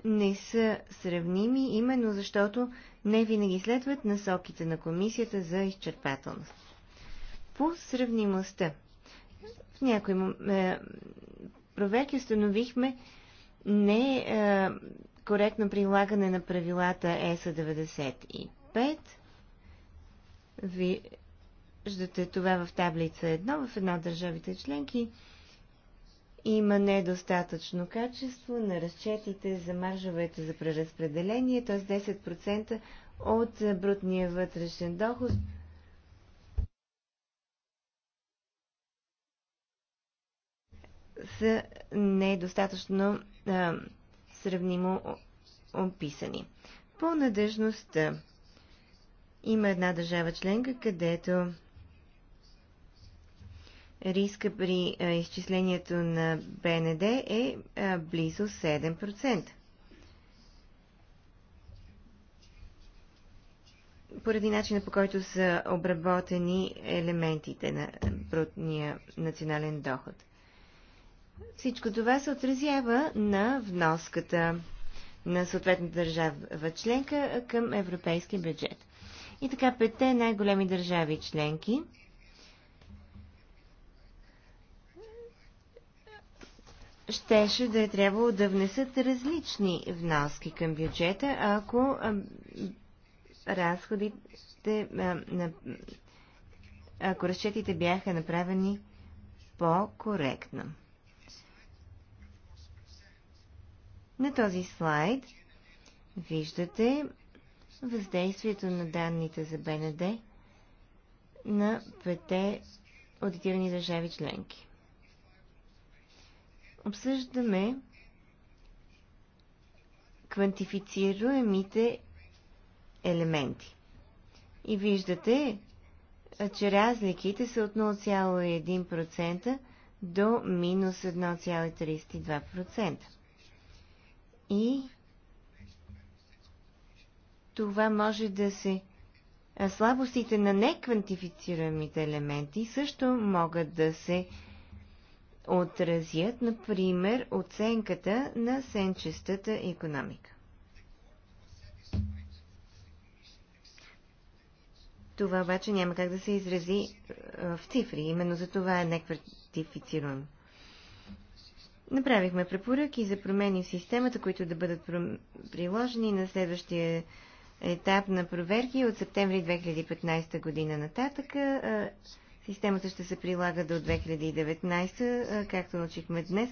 не са сравними, именно защото не винаги следват насоките на комисията за изчерпателност. По сравнимостта. В някои е, проверки установихме не е, коректно прилагане на правилата ЕСА 95. Виждате това в таблица 1. В една от държавите членки има недостатъчно качество на разчетите за маржовете за преразпределение, т.е. 10% от брутния вътрешен доход. са недостатъчно а, сравнимо описани. По надежността има една държава членка, където риска при изчислението на БНД е близо 7%. поради начина по който са обработени елементите на брутния национален доход. Всичко това се отразява на вноската на съответната държава членка към европейския бюджет. И така петте най-големи държави членки – щеше да е трябвало да внесат различни вноски към бюджета, ако разходите, ако разчетите бяха направени по-коректно. На този слайд виждате въздействието на данните за БНД на пете аудитирани държави членки обсъждаме квантифицируемите елементи. И виждате, че разликите са от 0,1% до минус 1,32%. И това може да се... Слабостите на неквантифицируемите елементи също могат да се отразят, например, оценката на сенчестата економика. Това обаче няма как да се изрази е, в цифри. Именно за това е неквартифицирано. Направихме препоръки за промени в системата, които да бъдат приложени на следващия етап на проверки от септември 2015 година нататък. Е, Системата ще се прилага до 2019, както научихме днес,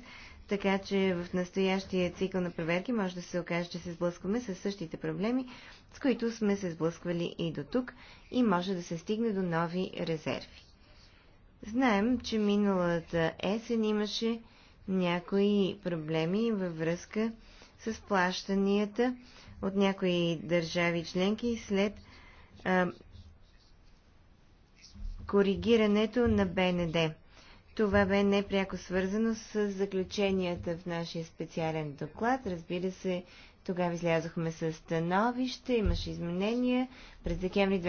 така че в настоящия цикъл на проверки може да се окаже, че се сблъскваме с същите проблеми, с които сме се сблъсквали и до тук и може да се стигне до нови резерви. Знаем, че миналата есен имаше някои проблеми във връзка с плащанията от някои държави членки след а, коригирането на БНД. Това бе непряко свързано с заключенията в нашия специален доклад. Разбира се, тогава излязохме с становище, имаше изменения през декември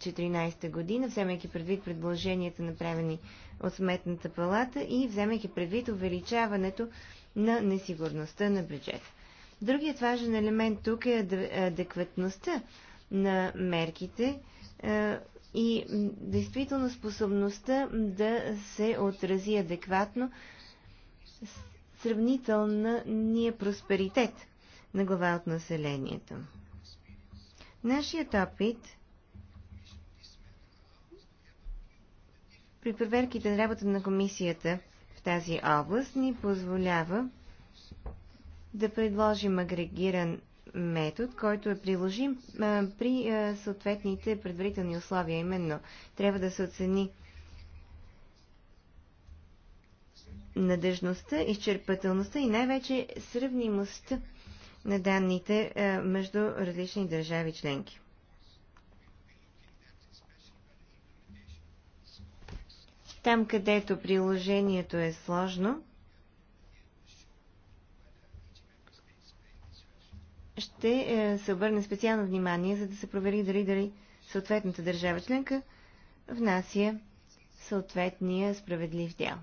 2014 година, вземайки предвид предложенията направени от Сметната палата и вземайки предвид увеличаването на несигурността на бюджета. Другият важен елемент тук е адекватността на мерките, е, и действително способността да се отрази адекватно сравнителна ния е просперитет на глава от населението. Нашият опит при проверките на работа на комисията в тази област ни позволява да предложим агрегиран метод, който е приложим а, при а, съответните предварителни условия. Именно трябва да се оцени надъжността, изчерпателността и най-вече сравнимостта на данните а, между различни държави членки. Там, където приложението е сложно, ще е, се обърне специално внимание, за да се провери дали, дали съответната държава членка внася съответния справедлив дял.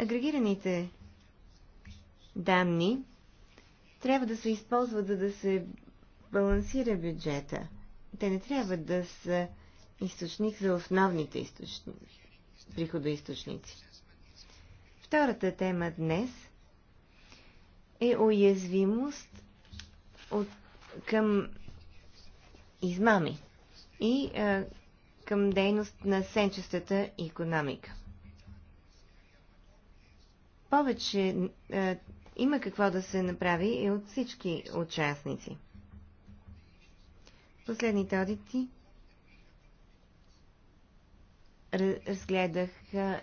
Агрегираните данни трябва да се използват, за да се балансира бюджета. Те не трябва да са източник за основните източници, приходоисточници. Втората тема днес е уязвимост от, към измами и а, към дейност на сенчестата економика. Повече а, има какво да се направи и от всички участници. Последните одити разгледах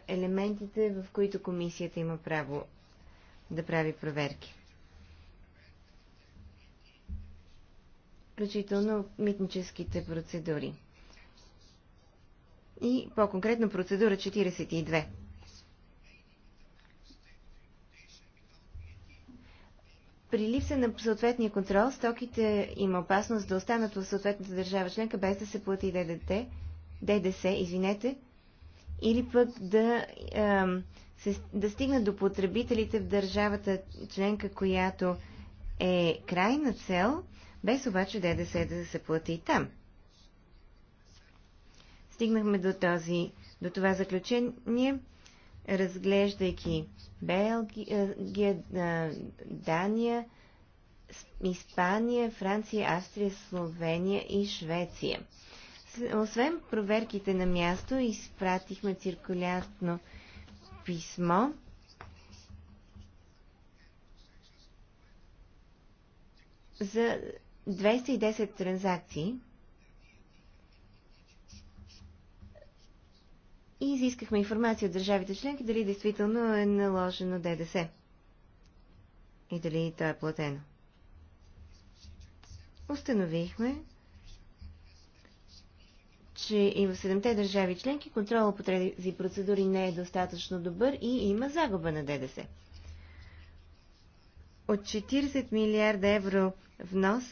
елементите, в които комисията има право да прави проверки. включително митническите процедури. И по-конкретно процедура 42. При липса на съответния контрол, стоките има опасност да останат в съответната държава членка без да се плати ДДТ, ДДС, извинете, или пък да, е, да стигнат до потребителите в държавата членка, която е крайна цел без обаче ДДС да се плати и там. Стигнахме до, този, до това заключение, разглеждайки Белгия, Дания, Испания, Франция, Австрия, Словения и Швеция. Освен проверките на място, изпратихме циркулярно писмо за 210 транзакции и изискахме информация от държавите членки дали действително е наложено ДДС и дали то е платено. Установихме, че и в седемте държави членки контрола по тези процедури не е достатъчно добър и има загуба на ДДС. От 40 милиарда евро внос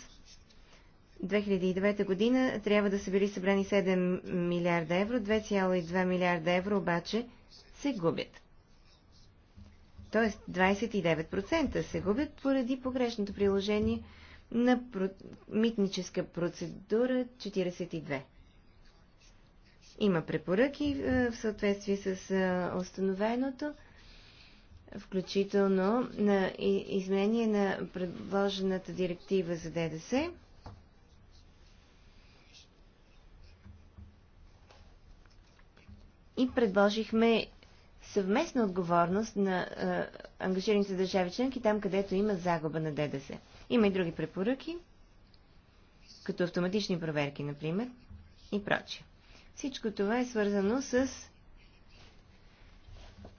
2009 година трябва да са били събрани 7 милиарда евро, 2,2 милиарда евро обаче се губят. Тоест 29% се губят поради погрешното приложение на митническа процедура 42. Има препоръки е, в съответствие с е, установеното, включително на изменение на предложената директива за ДДС и предложихме съвместна отговорност на а, ангажираните държави членки там, където има загуба на ДДС. Има и други препоръки, като автоматични проверки, например, и прочие. Всичко това е свързано с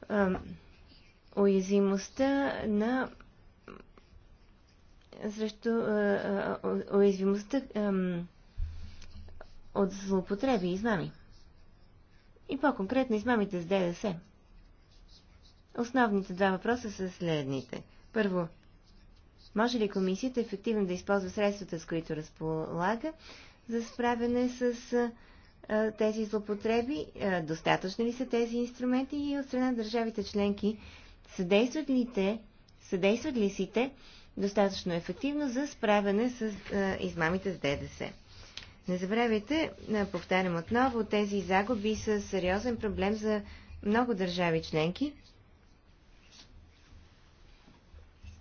а, уязвимостта на срещу а, а, уязвимостта а, от злоупотреби и знами. И по-конкретно измамите с ДДС. Основните два въпроса са следните. Първо, може ли комисията ефективно да използва средствата, с които разполага, за справяне с а, тези злопотреби? А, достатъчно ли са тези инструменти и от страна държавите членки съдействат ли, те, съдействат ли си те достатъчно ефективно за справяне с а, измамите с ДДС? Не забравяйте, повтарям отново, тези загуби са сериозен проблем за много държави членки.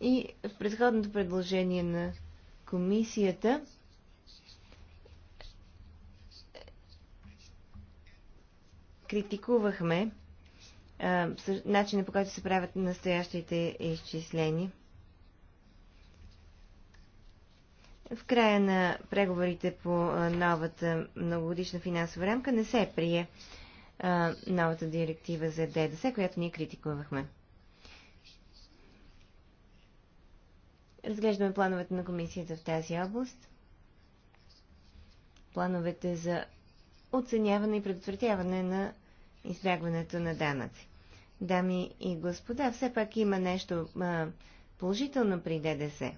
И в предходното предложение на комисията критикувахме начина по който се правят настоящите изчисления. в края на преговорите по новата многогодишна финансова рамка не се прие новата директива за ДДС, която ние критикувахме. Разглеждаме плановете на комисията в тази област. Плановете за оценяване и предотвратяване на избягването на данъци. Дами и господа, все пак има нещо положително при ДДС.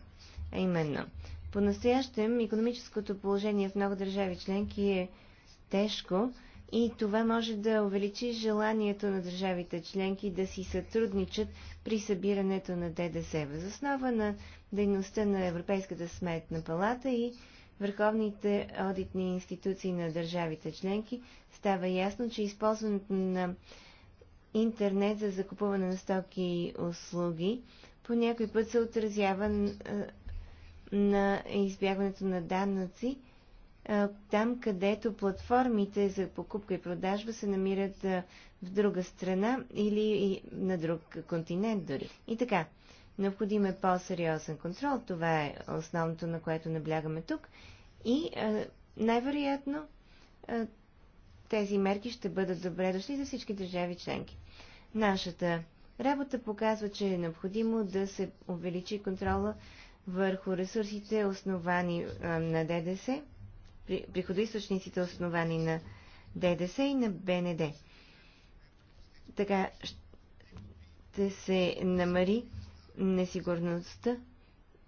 А именно, по-настоящем економическото положение в много държави членки е тежко и това може да увеличи желанието на държавите членки да си сътрудничат при събирането на ДДС. Въз основа на дейността на Европейската сметна палата и върховните одитни институции на държавите членки става ясно, че използването на интернет за закупуване на стоки и услуги по някой път се отразява на избягването на данъци, там където платформите за покупка и продажба се намират в друга страна или на друг континент дори. И така, необходим е по-сериозен контрол. Това е основното, на което наблягаме тук. И най-вероятно тези мерки ще бъдат добре дошли за всички държави членки. Нашата работа показва, че е необходимо да се увеличи контрола върху ресурсите, основани на ДДС, приходоисточниците, основани на ДДС и на БНД. Така ще се намари несигурността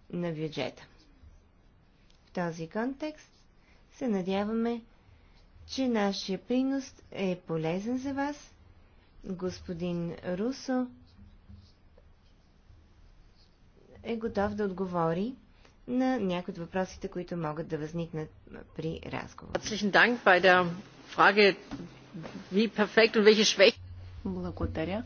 на бюджета. В този контекст се надяваме, че нашия принос е полезен за вас. Господин Русо е готов да отговори на някои от въпросите, които могат да възникнат при разговор. Благодаря.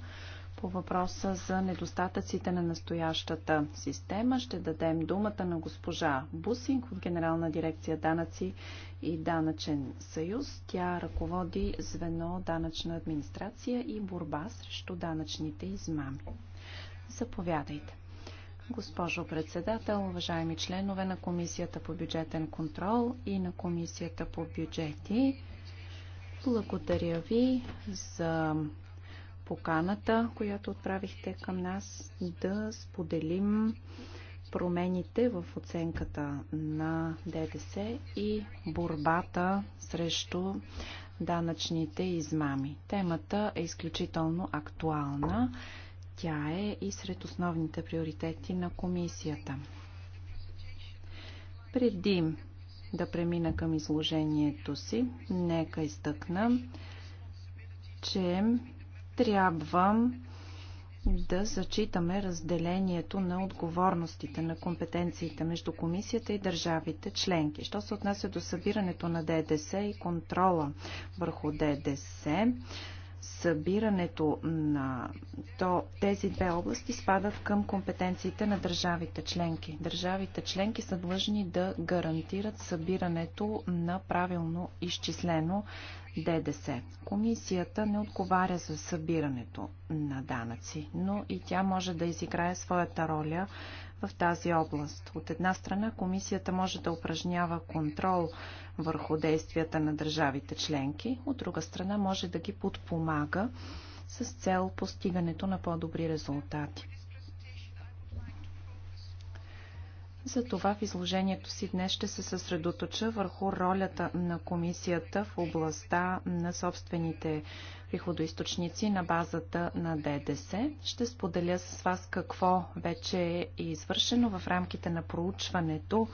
По въпроса за недостатъците на настоящата система ще дадем думата на госпожа Бусинг от Генерална дирекция данъци и данъчен съюз. Тя ръководи звено данъчна администрация и борба срещу данъчните измами. Заповядайте. Госпожо председател, уважаеми членове на Комисията по бюджетен контрол и на Комисията по бюджети, благодаря ви за поканата, която отправихте към нас да споделим промените в оценката на ДДС и борбата срещу данъчните измами. Темата е изключително актуална. Тя е и сред основните приоритети на комисията. Преди да премина към изложението си, нека изтъкна, че трябва да зачитаме разделението на отговорностите, на компетенциите между комисията и държавите членки. Що се отнася до събирането на ДДС и контрола върху ДДС, събирането на то, тези две области спадат към компетенциите на държавите членки. Държавите членки са длъжни да гарантират събирането на правилно изчислено ДДС. Комисията не отговаря за събирането на данъци, но и тя може да изиграе своята роля в тази област. От една страна комисията може да упражнява контрол върху действията на държавите членки, от друга страна може да ги подпомага с цел постигането на по-добри резултати. Затова в изложението си днес ще се съсредоточа върху ролята на комисията в областта на собствените приходоисточници на базата на ДДС. Ще споделя с вас какво вече е извършено в рамките на проучването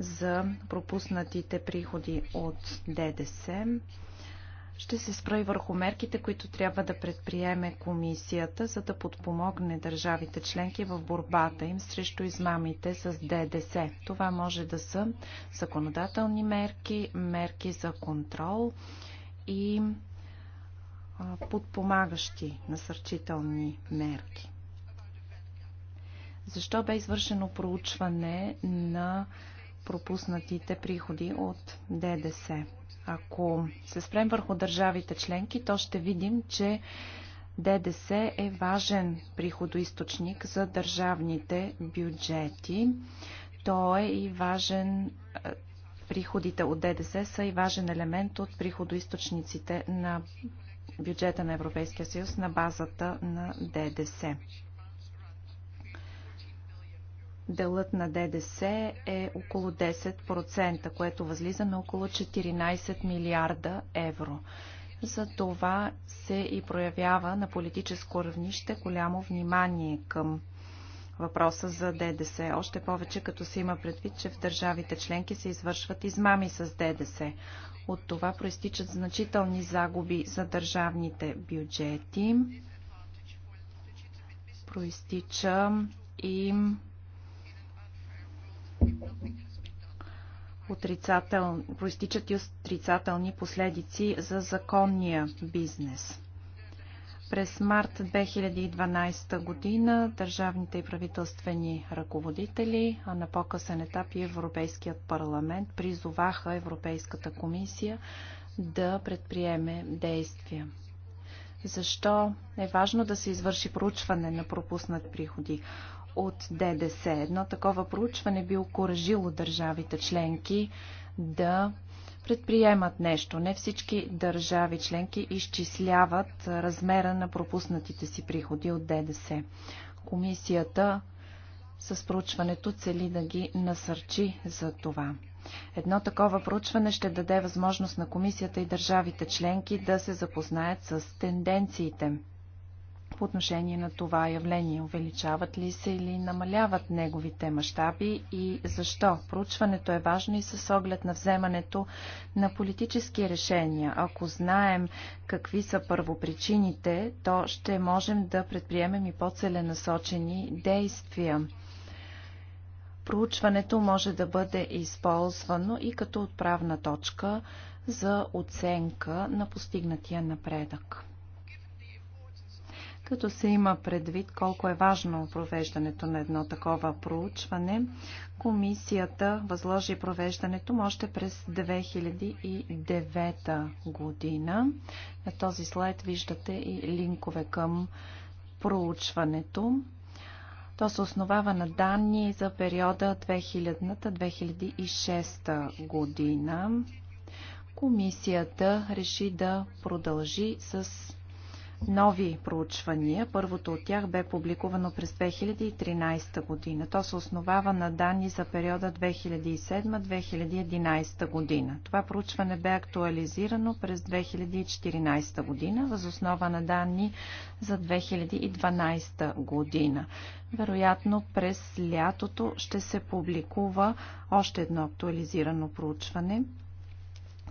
за пропуснатите приходи от ДДС. Ще се спра и върху мерките, които трябва да предприеме комисията, за да подпомогне държавите членки в борбата им срещу измамите с ДДС. Това може да са законодателни мерки, мерки за контрол и подпомагащи насърчителни мерки. Защо бе извършено проучване на пропуснатите приходи от ДДС. Ако се спрем върху държавите членки, то ще видим, че ДДС е важен приходоисточник за държавните бюджети. То е и важен е, приходите от ДДС са и важен елемент от приходоисточниците на бюджета на Европейския съюз на базата на ДДС делът на ДДС е около 10%, което възлиза на около 14 милиарда евро. За това се и проявява на политическо равнище голямо внимание към въпроса за ДДС. Още повече като се има предвид, че в държавите членки се извършват измами с ДДС. От това проистичат значителни загуби за държавните бюджети. Проистича и отрицател... проистичат и отрицателни последици за законния бизнес. През март 2012 година държавните и правителствени ръководители, а на по-късен етап и Европейският парламент призоваха Европейската комисия да предприеме действия. Защо е важно да се извърши проучване на пропуснат приходи? от ДДС. Едно такова проучване би окоръжило държавите членки да предприемат нещо. Не всички държави членки изчисляват размера на пропуснатите си приходи от ДДС. Комисията с проучването цели да ги насърчи за това. Едно такова проучване ще даде възможност на комисията и държавите членки да се запознаят с тенденциите по отношение на това явление? Увеличават ли се или намаляват неговите мащаби и защо? Проучването е важно и с оглед на вземането на политически решения. Ако знаем какви са първопричините, то ще можем да предприемем и по-целенасочени действия проучването може да бъде използвано и като отправна точка за оценка на постигнатия напредък. Като се има предвид колко е важно провеждането на едно такова проучване, комисията възложи провеждането му още през 2009 година. На този слайд виждате и линкове към проучването. То се основава на данни за периода 2000-2006 година. Комисията реши да продължи с нови проучвания. Първото от тях бе публикувано през 2013 година. То се основава на данни за периода 2007-2011 година. Това проучване бе актуализирано през 2014 година, възоснова на данни за 2012 година. Вероятно през лятото ще се публикува още едно актуализирано проучване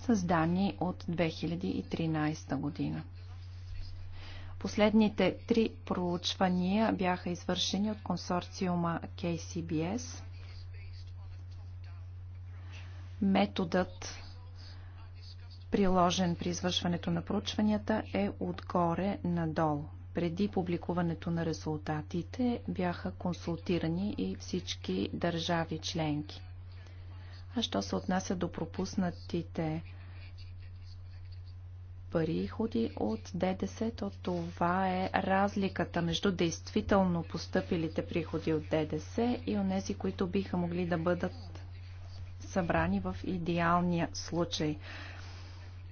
с данни от 2013 година. Последните три проучвания бяха извършени от консорциума KCBS. Методът, приложен при извършването на проучванията, е отгоре надолу. Преди публикуването на резултатите бяха консултирани и всички държави членки. А що се отнася до пропуснатите приходи от ДДС, то това е разликата между действително поступилите приходи от ДДС и онези, които биха могли да бъдат събрани в идеалния случай,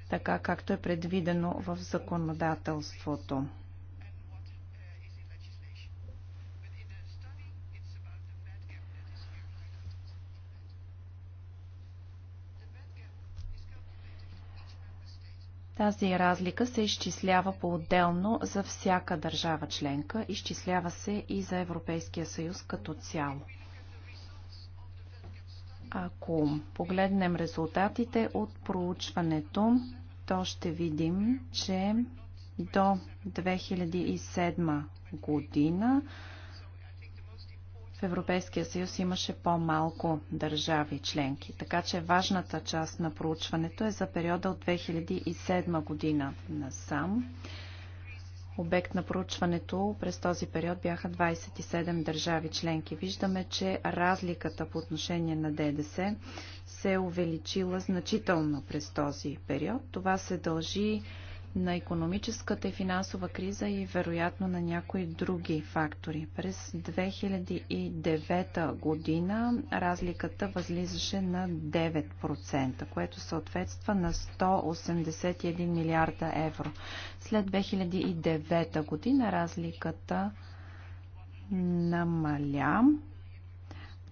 така както е предвидено в законодателството. Тази разлика се изчислява по-отделно за всяка държава членка, изчислява се и за Европейския съюз като цяло. Ако погледнем резултатите от проучването, то ще видим, че до 2007 година в Европейския съюз имаше по-малко държави членки, така че важната част на проучването е за периода от 2007 година насам. Обект на проучването през този период бяха 27 държави членки. Виждаме, че разликата по отношение на ДДС се е увеличила значително през този период. Това се дължи на економическата и финансова криза и вероятно на някои други фактори. През 2009 година разликата възлизаше на 9%, което съответства на 181 милиарда евро. След 2009 година разликата намаля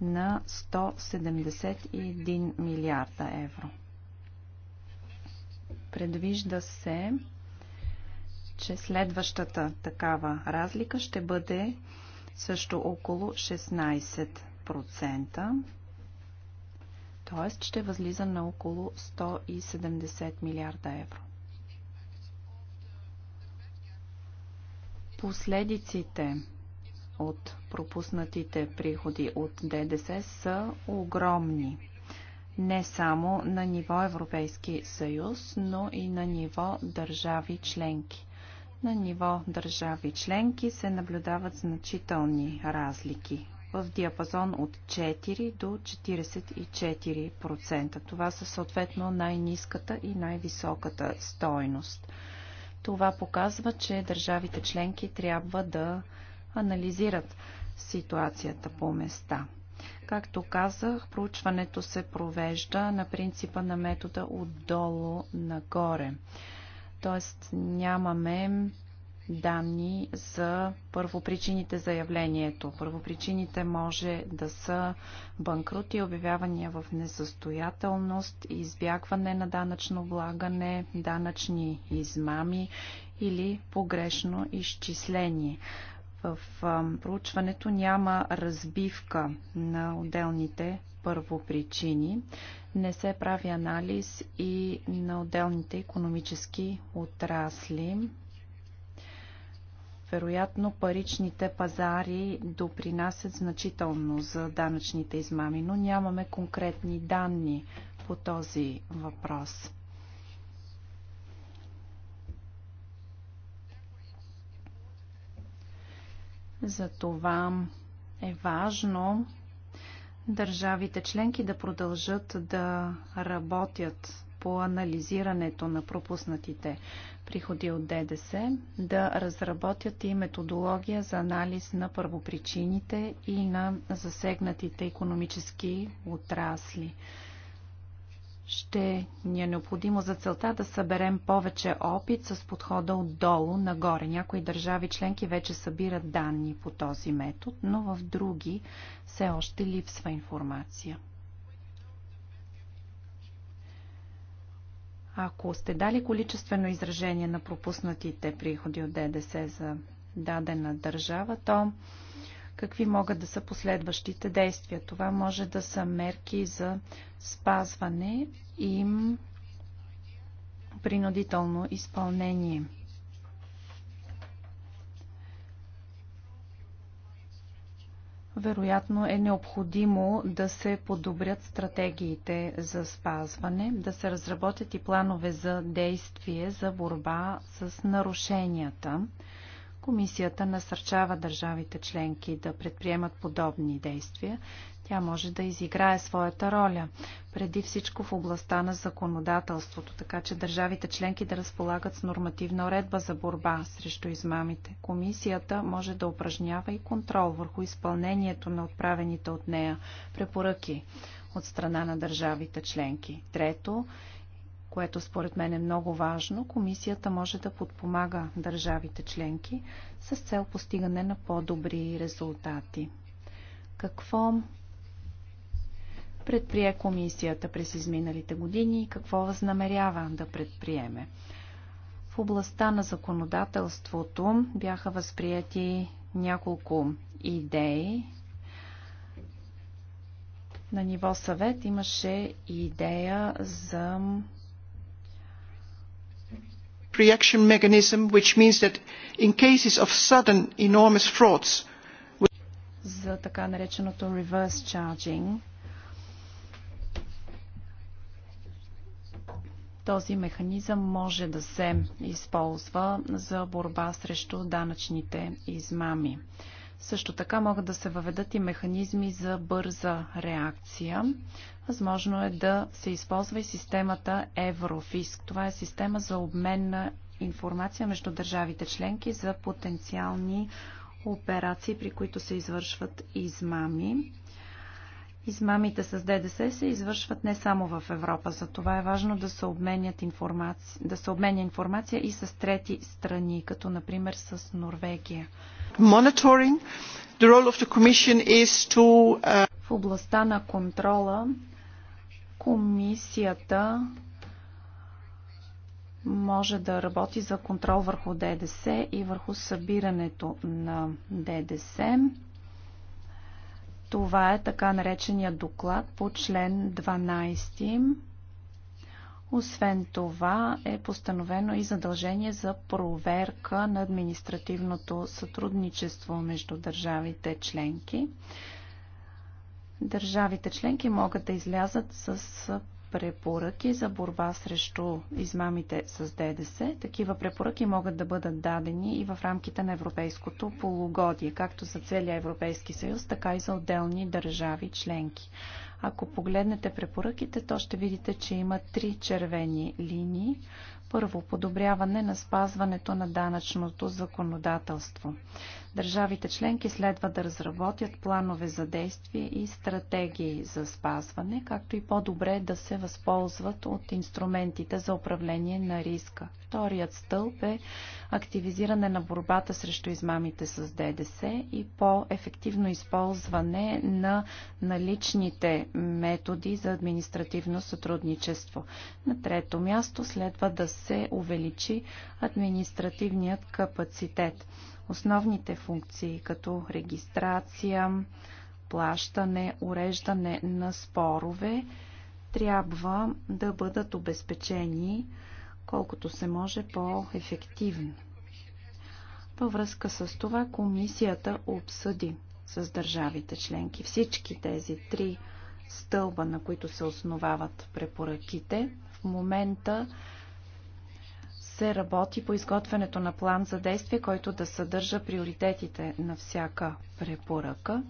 на 171 милиарда евро. Предвижда се, че следващата такава разлика ще бъде също около 16%, т.е. ще възлиза на около 170 милиарда евро. Последиците от пропуснатите приходи от ДДС са огромни не само на ниво Европейски съюз, но и на ниво държави членки. На ниво държави членки се наблюдават значителни разлики в диапазон от 4 до 44%. Това са съответно най-низката и най-високата стойност. Това показва, че държавите членки трябва да анализират ситуацията по места. Както казах, проучването се провежда на принципа на метода отдолу нагоре. Тоест нямаме данни за първопричините за явлението. Първопричините може да са банкрути, обявявания в несъстоятелност, избягване на данъчно влагане, данъчни измами или погрешно изчисление. В проучването няма разбивка на отделните първопричини. Не се прави анализ и на отделните економически отрасли. Вероятно паричните пазари допринасят значително за данъчните измами, но нямаме конкретни данни по този въпрос. Затова е важно държавите членки да продължат да работят по анализирането на пропуснатите приходи от ДДС, да разработят и методология за анализ на първопричините и на засегнатите економически отрасли ще ни е необходимо за целта да съберем повече опит с подхода отдолу нагоре. Някои държави членки вече събират данни по този метод, но в други все още липсва информация. Ако сте дали количествено изражение на пропуснатите приходи от ДДС за дадена държава, то какви могат да са последващите действия. Това може да са мерки за спазване и принудително изпълнение. вероятно е необходимо да се подобрят стратегиите за спазване, да се разработят и планове за действие за борба с нарушенията. Комисията насърчава държавите членки да предприемат подобни действия. Тя може да изиграе своята роля, преди всичко в областта на законодателството, така че държавите членки да разполагат с нормативна уредба за борба срещу измамите. Комисията може да упражнява и контрол върху изпълнението на отправените от нея препоръки от страна на държавите членки. Трето, което според мен е много важно, комисията може да подпомага държавите членки с цел постигане на по-добри резултати. Какво предприе комисията през изминалите години и какво възнамерява да предприеме? В областта на законодателството бяха възприяти няколко идеи. На ниво съвет имаше идея за pre action mechanism which means that in cases of sudden enormous frauds за така нареченото reverse charging този механизъм може да се използва за борба срещу данъчните измами. Също така могат да се въведат и механизми за бърза реакция. Възможно е да се използва и системата Еврофиск. Това е система за обмен на информация между държавите членки за потенциални операции, при които се извършват измами. Измамите с ДДС се извършват не само в Европа, за това е важно да се, обменят информация, да се обменя информация и с трети страни, като например с Норвегия monitoring. The role of the Commission is to... В областта на контрола комисията може да работи за контрол върху ДДС и върху събирането на ДДС. Това е така наречения доклад по член 12. Освен това е постановено и задължение за проверка на административното сътрудничество между държавите членки. Държавите членки могат да излязат с препоръки за борба срещу измамите с ДДС. Такива препоръки могат да бъдат дадени и в рамките на европейското полугодие, както за целия Европейски съюз, така и за отделни държави членки. Ако погледнете препоръките, то ще видите, че има три червени линии. Първо, подобряване на спазването на данъчното законодателство. Държавите членки следва да разработят планове за действие и стратегии за спазване, както и по-добре да се възползват от инструментите за управление на риска. Вторият стълб е активизиране на борбата срещу измамите с ДДС и по-ефективно използване на наличните методи за административно сътрудничество. На трето място следва да се увеличи административният капацитет. Основните функции, като регистрация, плащане, уреждане на спорове, трябва да бъдат обезпечени колкото се може по-ефективно. Във връзка с това комисията обсъди с държавите членки всички тези три стълба, на които се основават препоръките. В момента се работи по изготвянето на план за действие, който да съдържа приоритетите на всяка препоръка.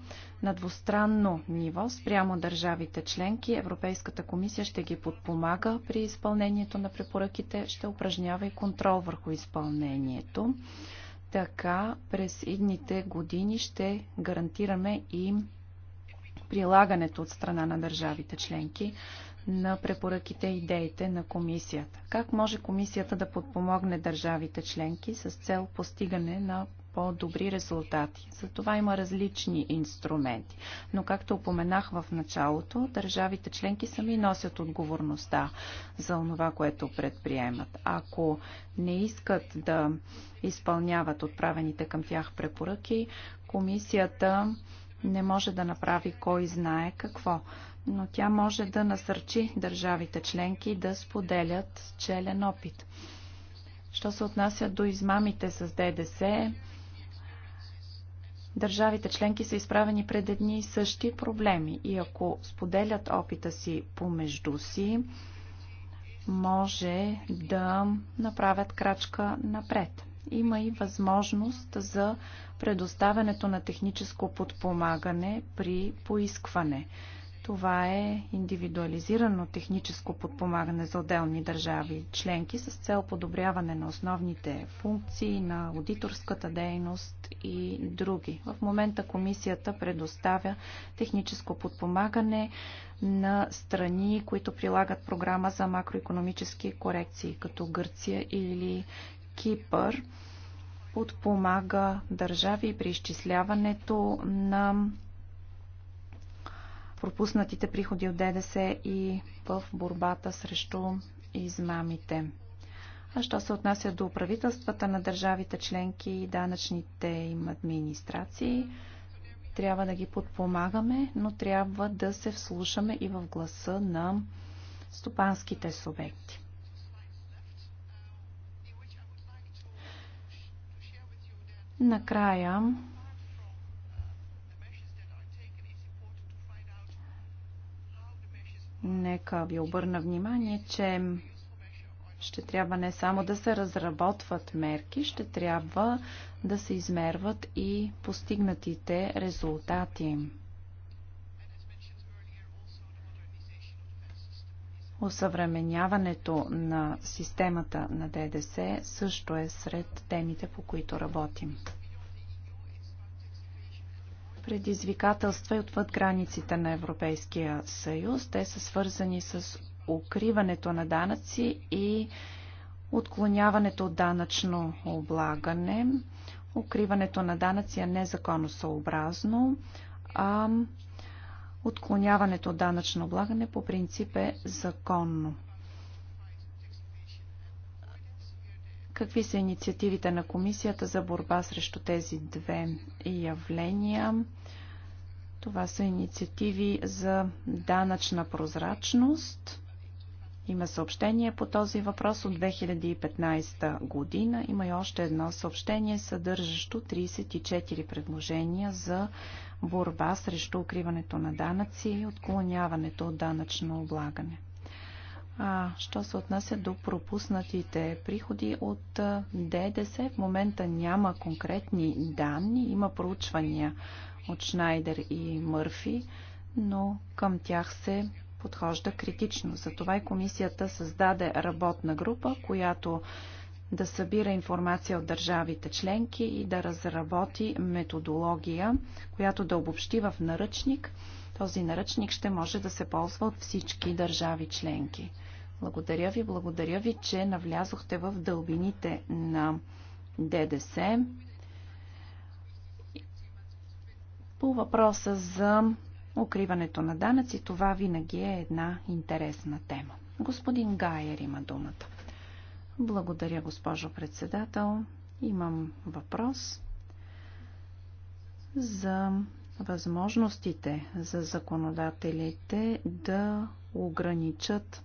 На двустранно ниво, спрямо държавите членки, Европейската комисия ще ги подпомага при изпълнението на препоръките, ще упражнява и контрол върху изпълнението. Така през идните години ще гарантираме и прилагането от страна на държавите членки на препоръките и идеите на комисията. Как може комисията да подпомогне държавите членки с цел постигане на по-добри резултати. За това има различни инструменти. Но както упоменах в началото, държавите членки сами носят отговорността за това, което предприемат. Ако не искат да изпълняват отправените към тях препоръки, комисията не може да направи кой знае какво но тя може да насърчи държавите членки да споделят челен опит. Що се отнася до измамите с ДДС, държавите членки са изправени пред едни и същи проблеми и ако споделят опита си помежду си, може да направят крачка напред. Има и възможност за предоставянето на техническо подпомагане при поискване. Това е индивидуализирано техническо подпомагане за отделни държави членки с цел подобряване на основните функции, на аудиторската дейност и други. В момента комисията предоставя техническо подпомагане на страни, които прилагат програма за макроекономически корекции, като Гърция или Кипър подпомага държави при изчисляването на пропуснатите приходи от ДДС и в борбата срещу измамите. А що се отнася до правителствата на държавите членки и данъчните им администрации, трябва да ги подпомагаме, но трябва да се вслушаме и в гласа на стопанските субекти. Накрая Нека ви обърна внимание, че ще трябва не само да се разработват мерки, ще трябва да се измерват и постигнатите резултати. Осъвременяването на системата на ДДС също е сред темите, по които работим предизвикателства и отвъд границите на Европейския съюз. Те са свързани с укриването на данъци и отклоняването от данъчно облагане, укриването на данъци е незаконосъобразно, а отклоняването от данъчно облагане по принцип е законно. Какви са инициативите на Комисията за борба срещу тези две явления? Това са инициативи за данъчна прозрачност. Има съобщение по този въпрос от 2015 година. Има и още едно съобщение, съдържащо 34 предложения за борба срещу укриването на данъци и отклоняването от данъчно облагане. А, що се отнася до пропуснатите приходи от ДДС, в момента няма конкретни данни, има проучвания от Шнайдер и Мърфи, но към тях се подхожда критично. Затова и комисията създаде работна група, която да събира информация от държавите членки и да разработи методология, която да обобщи в наръчник. Този наръчник ще може да се ползва от всички държави членки. Благодаря ви, благодаря ви, че навлязохте в дълбините на ДДС. По въпроса за укриването на данъци, това винаги е една интересна тема. Господин Гайер има думата. Благодаря, госпожо председател. Имам въпрос за възможностите за законодателите да ограничат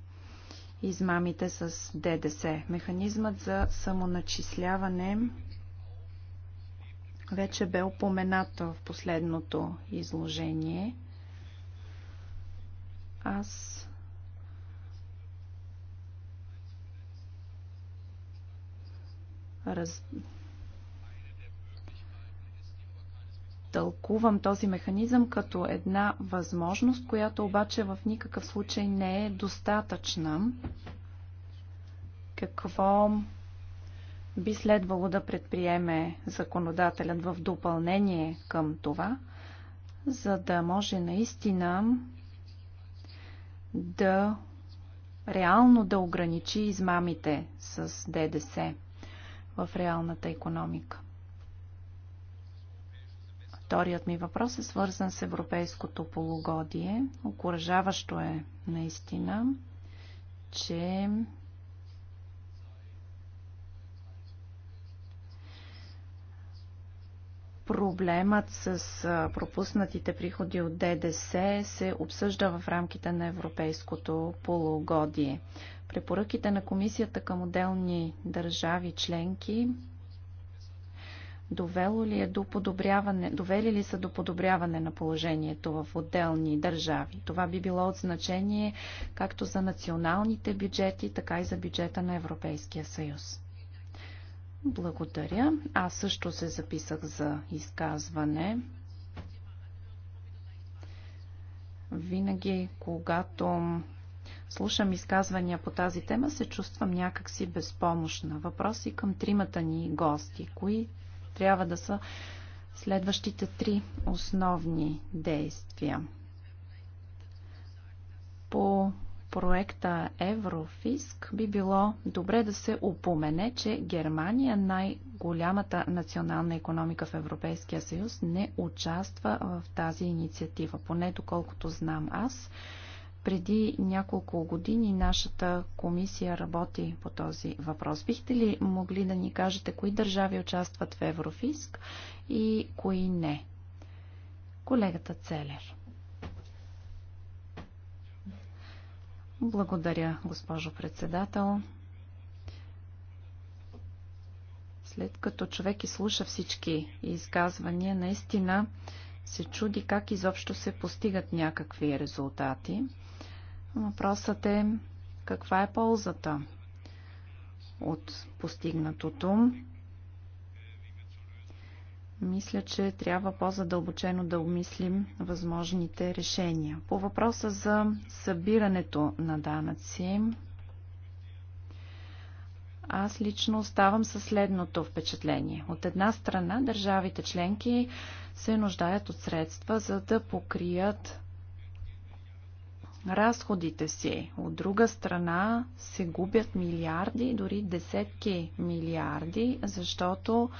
измамите с ДДС. Механизмът за самоначисляване вече бе упоменат в последното изложение. Аз раз... тълкувам този механизъм като една възможност, която обаче в никакъв случай не е достатъчна. Какво би следвало да предприеме законодателят в допълнение към това, за да може наистина да реално да ограничи измамите с ДДС в реалната економика. Вторият ми въпрос е свързан с европейското полугодие. Окоръжаващо е наистина, че проблемът с пропуснатите приходи от ДДС се обсъжда в рамките на европейското полугодие. Препоръките на комисията към отделни държави членки довело ли е до подобряване, довели ли са до подобряване на положението в отделни държави. Това би било от значение както за националните бюджети, така и за бюджета на Европейския съюз. Благодаря. Аз също се записах за изказване. Винаги, когато слушам изказвания по тази тема, се чувствам някакси безпомощна. Въпроси към тримата ни гости. Кои трябва да са следващите три основни действия. По проекта Еврофиск би било добре да се упомене, че Германия, най-голямата национална економика в Европейския съюз, не участва в тази инициатива. Поне доколкото знам аз, преди няколко години нашата комисия работи по този въпрос. Бихте ли могли да ни кажете кои държави участват в Еврофиск и кои не? Колегата Целер. Благодаря, госпожо председател. След като човек изслуша всички изказвания, наистина се чуди как изобщо се постигат някакви резултати. Въпросът е каква е ползата от постигнатото. Мисля, че трябва по-задълбочено да обмислим възможните решения. По въпроса за събирането на данъци, аз лично оставам със следното впечатление. От една страна, държавите членки се нуждаят от средства, за да покрият разходите си. От друга страна се губят милиарди, дори десетки милиарди, защото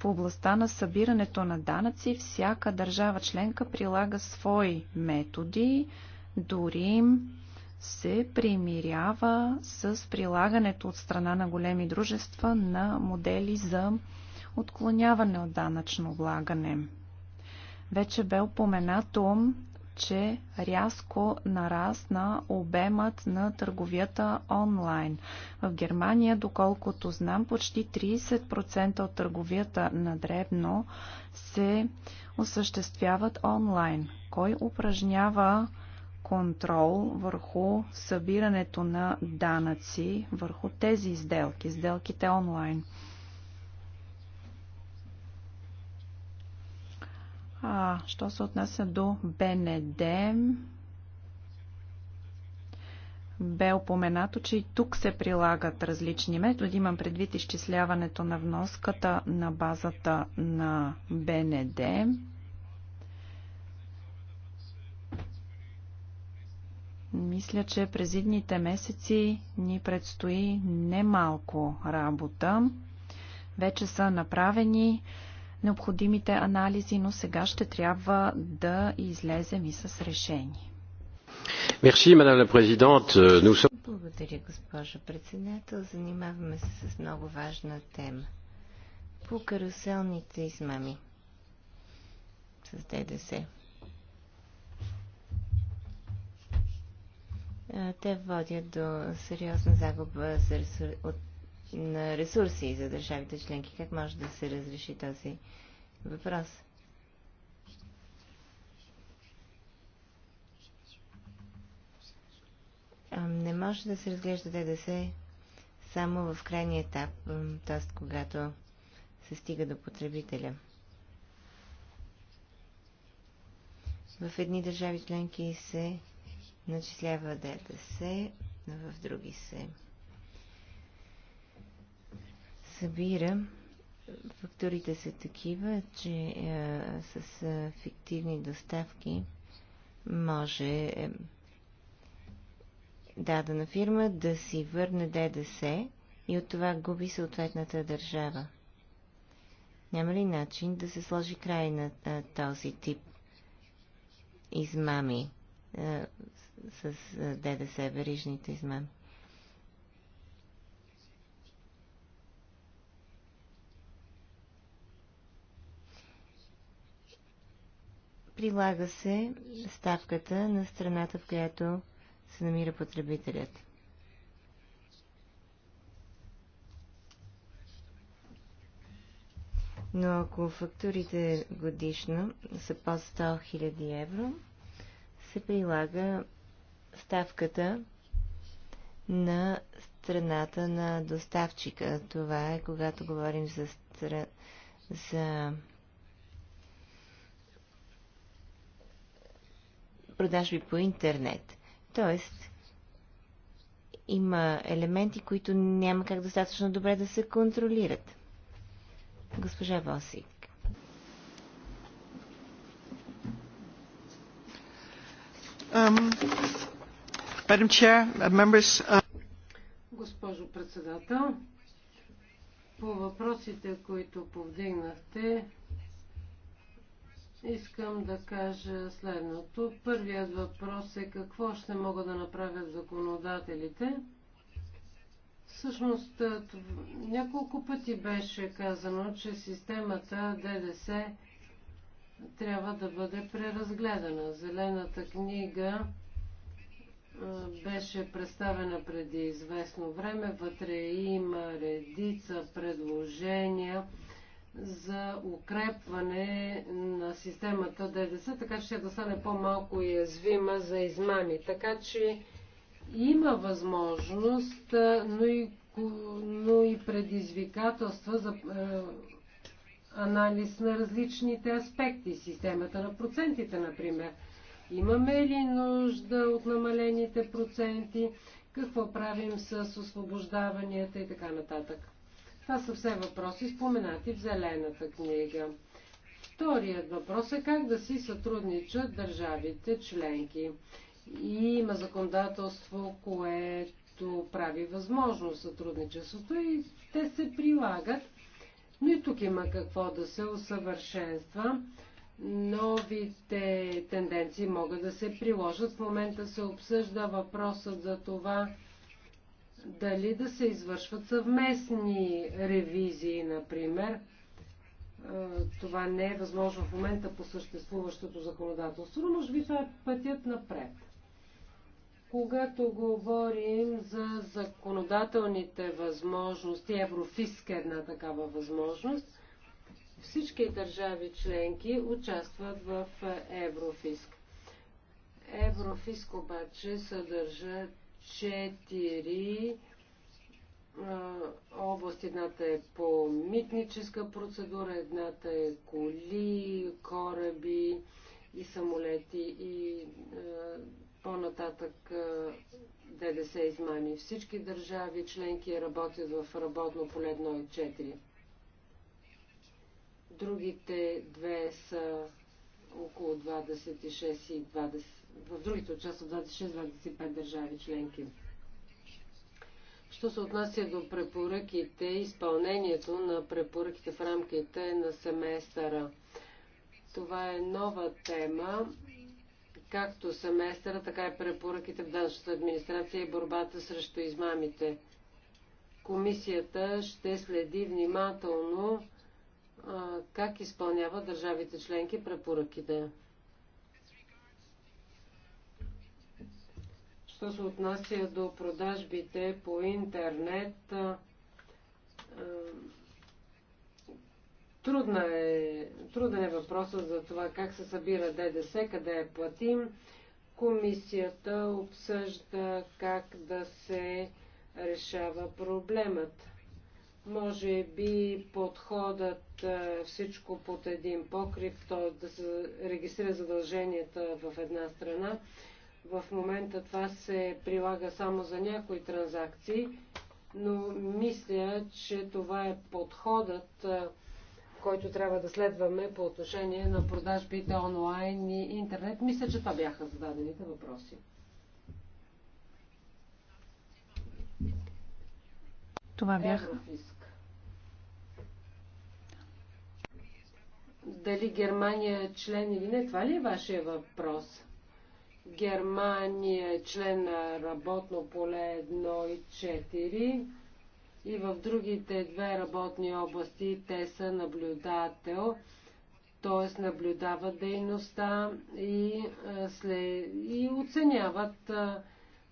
в областта на събирането на данъци всяка държава членка прилага свои методи, дори се примирява с прилагането от страна на големи дружества на модели за отклоняване от данъчно облагане. Вече бе упоменато, че рязко нарасна обемът на търговията онлайн. В Германия, доколкото знам, почти 30% от търговията на дребно се осъществяват онлайн. Кой упражнява контрол върху събирането на данъци върху тези сделки, сделките онлайн? А, що се отнася до БНД, бе упоменато, че и тук се прилагат различни методи. Имам предвид изчисляването на вноската на базата на БНД. Мисля, че през идните месеци ни предстои немалко работа. Вече са направени необходимите анализи, но сега ще трябва да излезем и с решение. Благодаря, госпожо председател. Занимаваме се с много важна тема. По каруселните измами с ДДС. Те водят до сериозна загуба от на ресурси за държавите членки. Как може да се разреши този въпрос? Не може да се разглежда ДДС само в крайния етап, т.е. когато се стига до потребителя. В едни държави членки се начислява ДДС, в други се събира. Фактурите са такива, че а, е, с а, е, фиктивни доставки може е, дадена фирма да си върне ДДС и от това губи съответната държава. Няма ли начин да се сложи край на а, е, този тип измами а, с, а, ДДС, верижните измами? прилага се ставката на страната, в която се намира потребителят. Но ако фактурите годишно са под 100 000 евро, се прилага ставката на страната на доставчика. Това е когато говорим за, стра... за продажби по интернет. Тоест, има елементи, които няма как достатъчно добре да се контролират. Госпожа Восик. Uh, Госпожо председател, по въпросите, които повдигнахте, Искам да кажа следното. Първият въпрос е какво ще могат да направят законодателите. Всъщност, няколко пъти беше казано, че системата ДДС трябва да бъде преразгледана. Зелената книга беше представена преди известно време. Вътре има редица предложения за укрепване на системата ДДС, така че да стане по-малко уязвима за измами. Така че има възможност, но и, но и предизвикателства за анализ на различните аспекти, системата на процентите, например. Имаме ли нужда от намалените проценти? Какво правим с освобождаванията и така нататък? Това са все въпроси, споменати в Зелената книга. Вторият въпрос е как да си сътрудничат държавите членки. И има законодателство, което прави възможно сътрудничеството и те се прилагат. Но и тук има какво да се усъвършенства. Новите тенденции могат да се приложат. В момента се обсъжда въпросът за това, дали да се извършват съвместни ревизии, например. Това не е възможно в момента по съществуващото законодателство, но може би това е пътят напред. Когато говорим за законодателните възможности, Еврофиск е една такава възможност, всички държави членки участват в Еврофиск. Еврофиск обаче съдържа четири област. Едната е по митническа процедура, едната е коли, кораби и самолети и по-нататък ДДС измами. Всички държави членки работят в работно поле 1 и 4. Другите две са около 26 и 20 в другите участват 26-25 държави членки. Що се отнася до препоръките, изпълнението на препоръките в рамките на семестъра. Това е нова тема, както семестъра, така и препоръките в данъчната администрация и борбата срещу измамите. Комисията ще следи внимателно как изпълняват държавите членки препоръките. Що се отнася до продажбите по интернет, трудна е, труден е въпросът за това как се събира ДДС, къде е платим. Комисията обсъжда как да се решава проблемът. Може би подходът всичко под един покрив, то да се регистрира задълженията в една страна, в момента това се прилага само за някои транзакции, но мисля, че това е подходът, който трябва да следваме по отношение на продажбите онлайн и интернет. Мисля, че това бяха зададените въпроси. Това е, бяха. Дали Германия е член или не, това ли е вашия въпрос? Германия е член на работно поле 1 и 4 и в другите две работни области те са наблюдател, т.е. наблюдават дейността и, след, и оценяват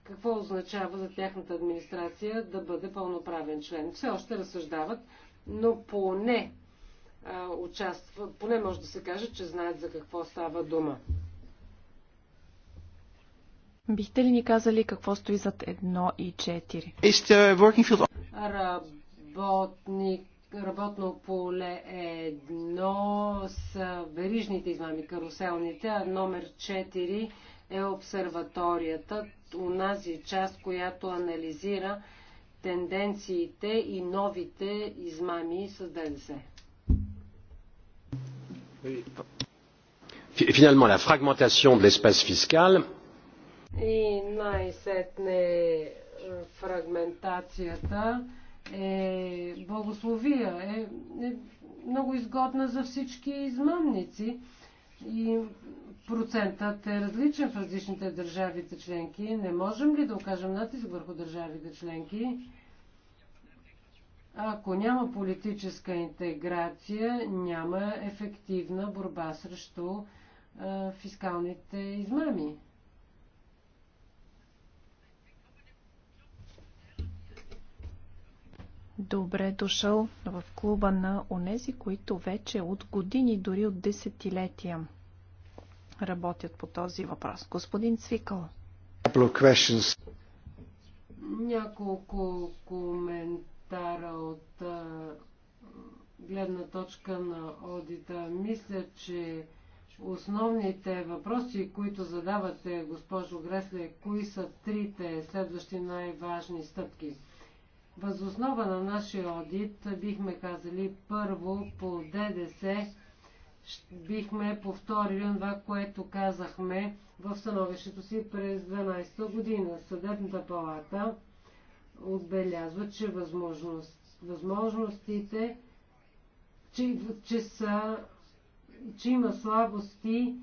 какво означава за тяхната администрация да бъде пълноправен член. Все още разсъждават, но поне участва, поне може да се каже, че знаят за какво става дума. Бихте ли ни казали какво стои зад 1 и 4? Работник, работно поле е едно с верижните измами, каруселните, а номер 4 е обсерваторията, унази е част, която анализира тенденциите и новите измами с ДДС. Finalement, la fragmentation de l'espace fiscal и най-сетне е, фрагментацията е благословия, е, е много изгодна за всички измамници. И процентът е различен в различните държавите членки. Не можем ли да окажем натиск върху държавите членки? Ако няма политическа интеграция, няма ефективна борба срещу фискалните измами. Добре е дошъл в клуба на онези, които вече от години, дори от десетилетия работят по този въпрос. Господин Цвикъл. Няколко коментара от гледна точка на одита. Мисля, че основните въпроси, които задавате, госпожо Гресле, кои са трите следващи най-важни стъпки – Възоснова на нашия одит бихме казали първо по ДДС бихме повторили това, което казахме в становището си през 12 година. Съдебната палата отбелязва, че възможност, възможностите, че, че, са, че има слабости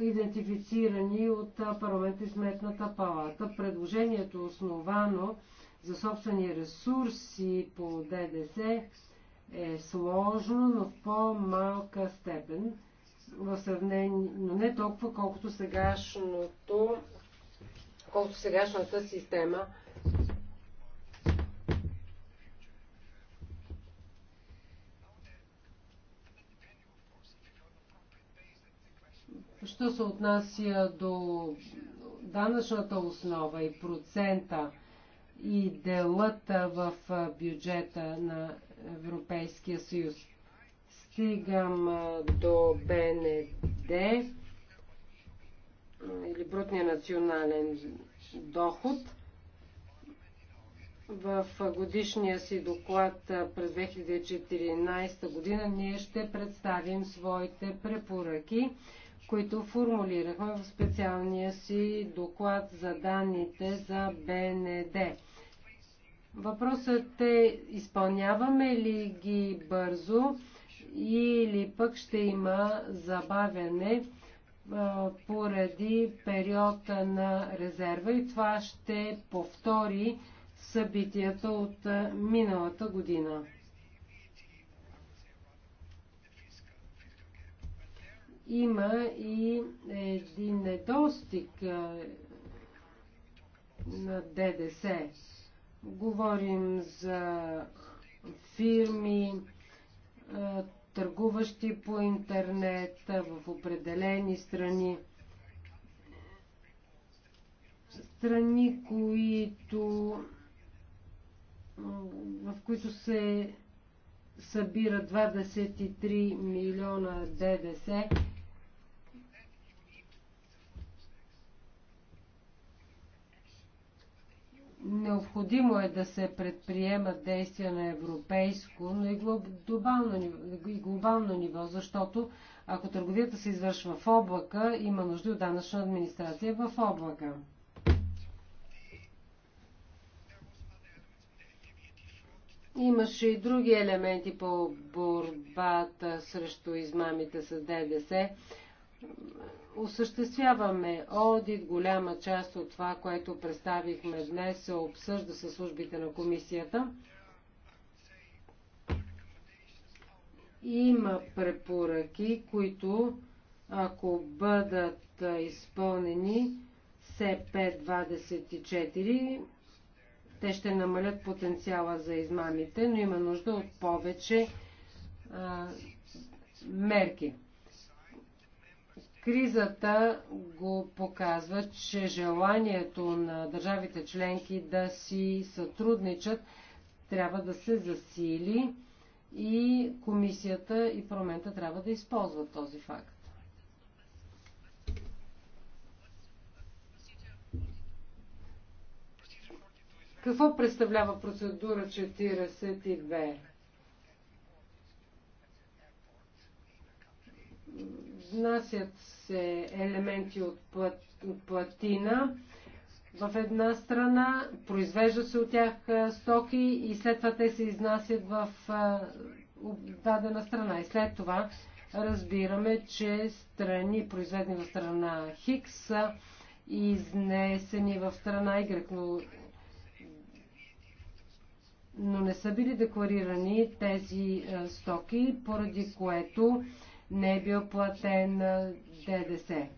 идентифицирани от парламент и сметната палата. Предложението е основано за собствени ресурси по ДДС е сложно, но в по-малка степен в сравнение, но не толкова, колкото сегашното, колкото сегашната система. Що се отнася до данъчната основа и процента и делата в бюджета на Европейския съюз. Стигам до БНД или брутния национален доход. В годишния си доклад през 2014 година ние ще представим своите препоръки, които формулирахме в специалния си доклад за данните за БНД. Въпросът е, изпълняваме ли ги бързо или пък ще има забавяне поради периода на резерва и това ще повтори събитията от миналата година. Има и един недостиг на ДДС. Говорим за фирми, е, търгуващи по интернет е, в определени страни. Страни, които, в които се събира 23 милиона ДДС Необходимо е да се предприемат действия на европейско, но и глобално, и глобално ниво, защото ако търговията се извършва в облака, има нужда от данъчна администрация в облака. Имаше и други елементи по борбата срещу измамите с ДДС. Осъществяваме одит. Голяма част от това, което представихме днес, се обсъжда със службите на комисията. Има препоръки, които, ако бъдат изпълнени, СП-24, те ще намалят потенциала за измамите, но има нужда от повече а, мерки. Кризата го показва, че желанието на държавите членки да си сътрудничат трябва да се засили и комисията и парламента трябва да използват този факт. Какво представлява процедура 42? внасят се елементи от платина в една страна, произвеждат се от тях стоки и след това те се изнасят в дадена страна. И след това разбираме, че страни, произведени в страна Хикс, са изнесени в страна Y, но, но не са били декларирани тези стоки, поради което не е бил платен ДДС.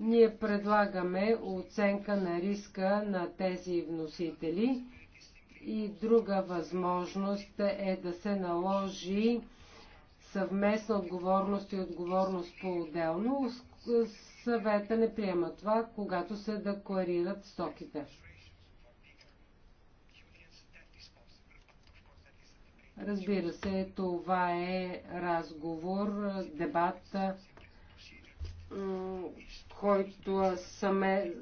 Ние предлагаме оценка на риска на тези вносители и друга възможност е да се наложи съвместна отговорност и отговорност по-отделно. Съвета не приема това, когато се декларират стоките. Разбира се, това е разговор, дебат, който, саме,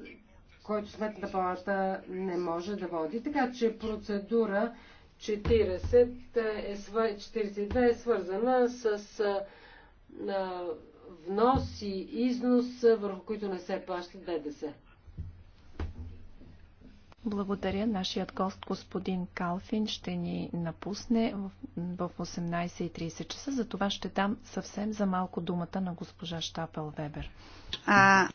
който сметната палата не може да води. Така че процедура 40 е, 42 е свързана с внос и износ, върху които не се плаща ДДС. Благодаря. Нашият гост, господин Калфин, ще ни напусне в 18.30 часа. За това ще дам съвсем за малко думата на госпожа Штапел Вебер. А...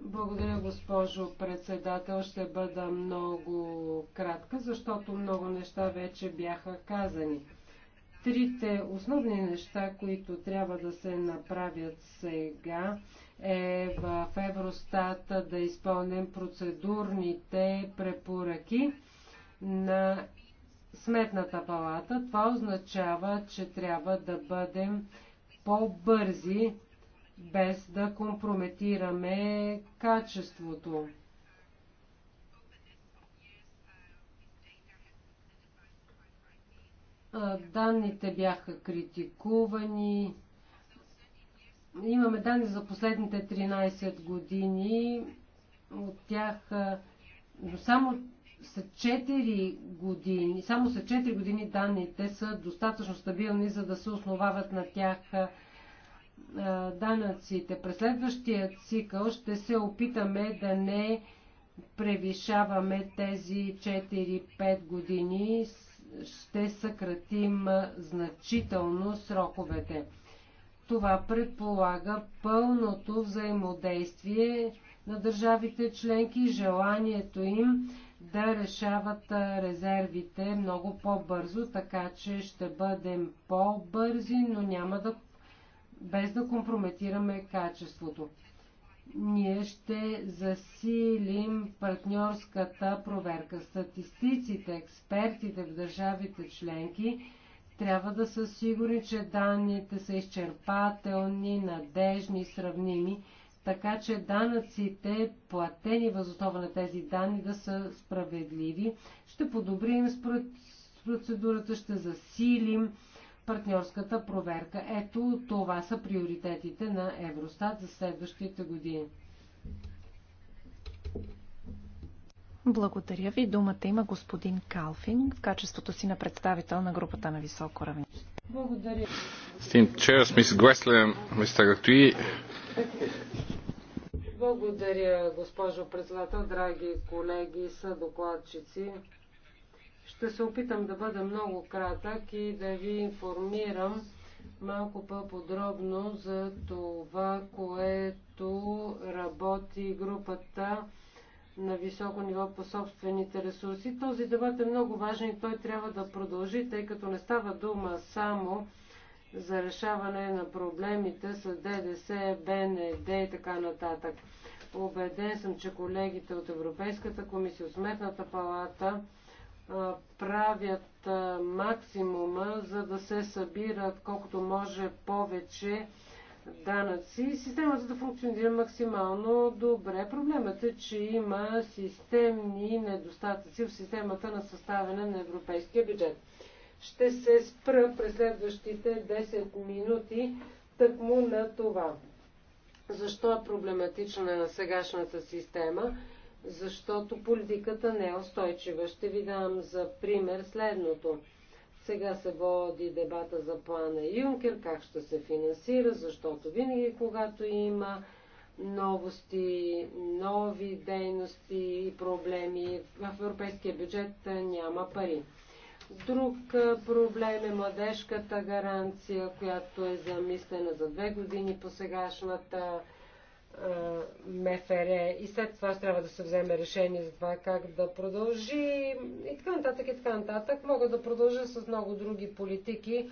Благодаря, госпожо председател. Ще бъда много кратка, защото много неща вече бяха казани. Трите основни неща, които трябва да се направят сега, е в Евростат да изпълним процедурните препоръки на Сметната палата. Това означава, че трябва да бъдем по-бързи, без да компрометираме качеството. Данните бяха критикувани. Имаме данни за последните 13 години. От тях, но само след 4 години, само след 4 години данните са достатъчно стабилни, за да се основават на тях данъците. През следващия цикъл ще се опитаме да не превишаваме тези 4-5 години, ще съкратим значително сроковете. Това предполага пълното взаимодействие на държавите членки и желанието им да решават резервите много по-бързо, така че ще бъдем по-бързи, но няма да без да компрометираме качеството. Ние ще засилим партньорската проверка. Статистиците, експертите в държавите членки трябва да са сигурни, че данните са изчерпателни, надежни и сравними, така че данъците, платени възоснова на тези данни, да са справедливи. Ще подобрим процедурата, ще засилим партньорската проверка. Ето това са приоритетите на Евростат за следващите години. Благодаря ви. Думата има господин Калфин в качеството си на представител на групата на високо равнище. Благодаря. Стим Чеос, мис Гуеслен, Благодаря, госпожо председател, драги колеги, са докладчици. Ще се опитам да бъда много кратък и да ви информирам малко по-подробно за това, което работи групата на високо ниво по собствените ресурси. Този дебат е много важен и той трябва да продължи, тъй като не става дума само за решаване на проблемите с ДДС, БНД и така нататък. Обеден съм, че колегите от Европейската комисия, от Сметната палата правят максимума, за да се събират колкото може повече данъци, системата да функционира максимално добре. Проблемът е, че има системни недостатъци в системата на съставяне на европейския бюджет. Ще се спра през следващите 10 минути тъкмо на това. Защо е проблематична на сегашната система? Защото политиката не е устойчива. Ще ви дам за пример следното – сега се води дебата за плана Юнкер, как ще се финансира, защото винаги, когато има новости, нови дейности и проблеми, в европейския бюджет няма пари. Друг проблем е младежката гаранция, която е замислена за две години по сегашната МФР и след това трябва да се вземе решение за това как да продължи и така нататък и така нататък. Мога да продължа с много други политики,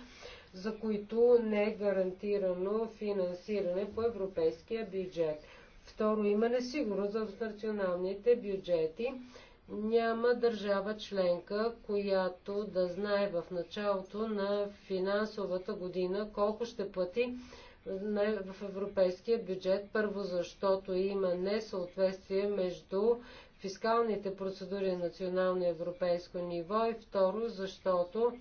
за които не е гарантирано финансиране по европейския бюджет. Второ, има несигурност в националните бюджети. Няма държава членка, която да знае в началото на финансовата година колко ще плати в европейския бюджет. Първо, защото има несъответствие между фискалните процедури на национално и европейско ниво и второ, защото